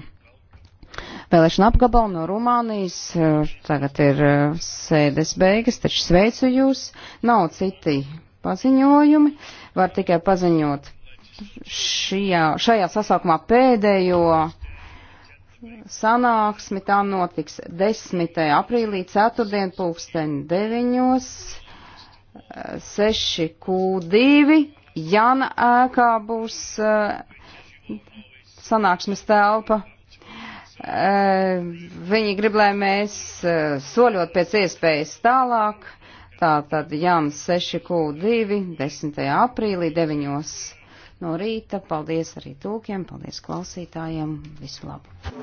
vēlēšana apgabala no Rumānijas. Uh, tagad ir sēdes beigas, taču sveicu jūs. Nav citi paziņojumi. Var tikai paziņot šajā, šajā sasaukumā pēdējo sanāksmi tā notiks 10. aprīlī, ceturtdien pulksteni 9. 6Q2. Jana ēkā būs eh, sanāksmes telpa. Eh, viņi grib, lai mēs eh, soļot pēc iespējas tālāk. Tātad Jānis 6Q2, 10. aprīlī, 9 no rīta. Paldies arī tūkiem, paldies klausītājiem. Visu labu!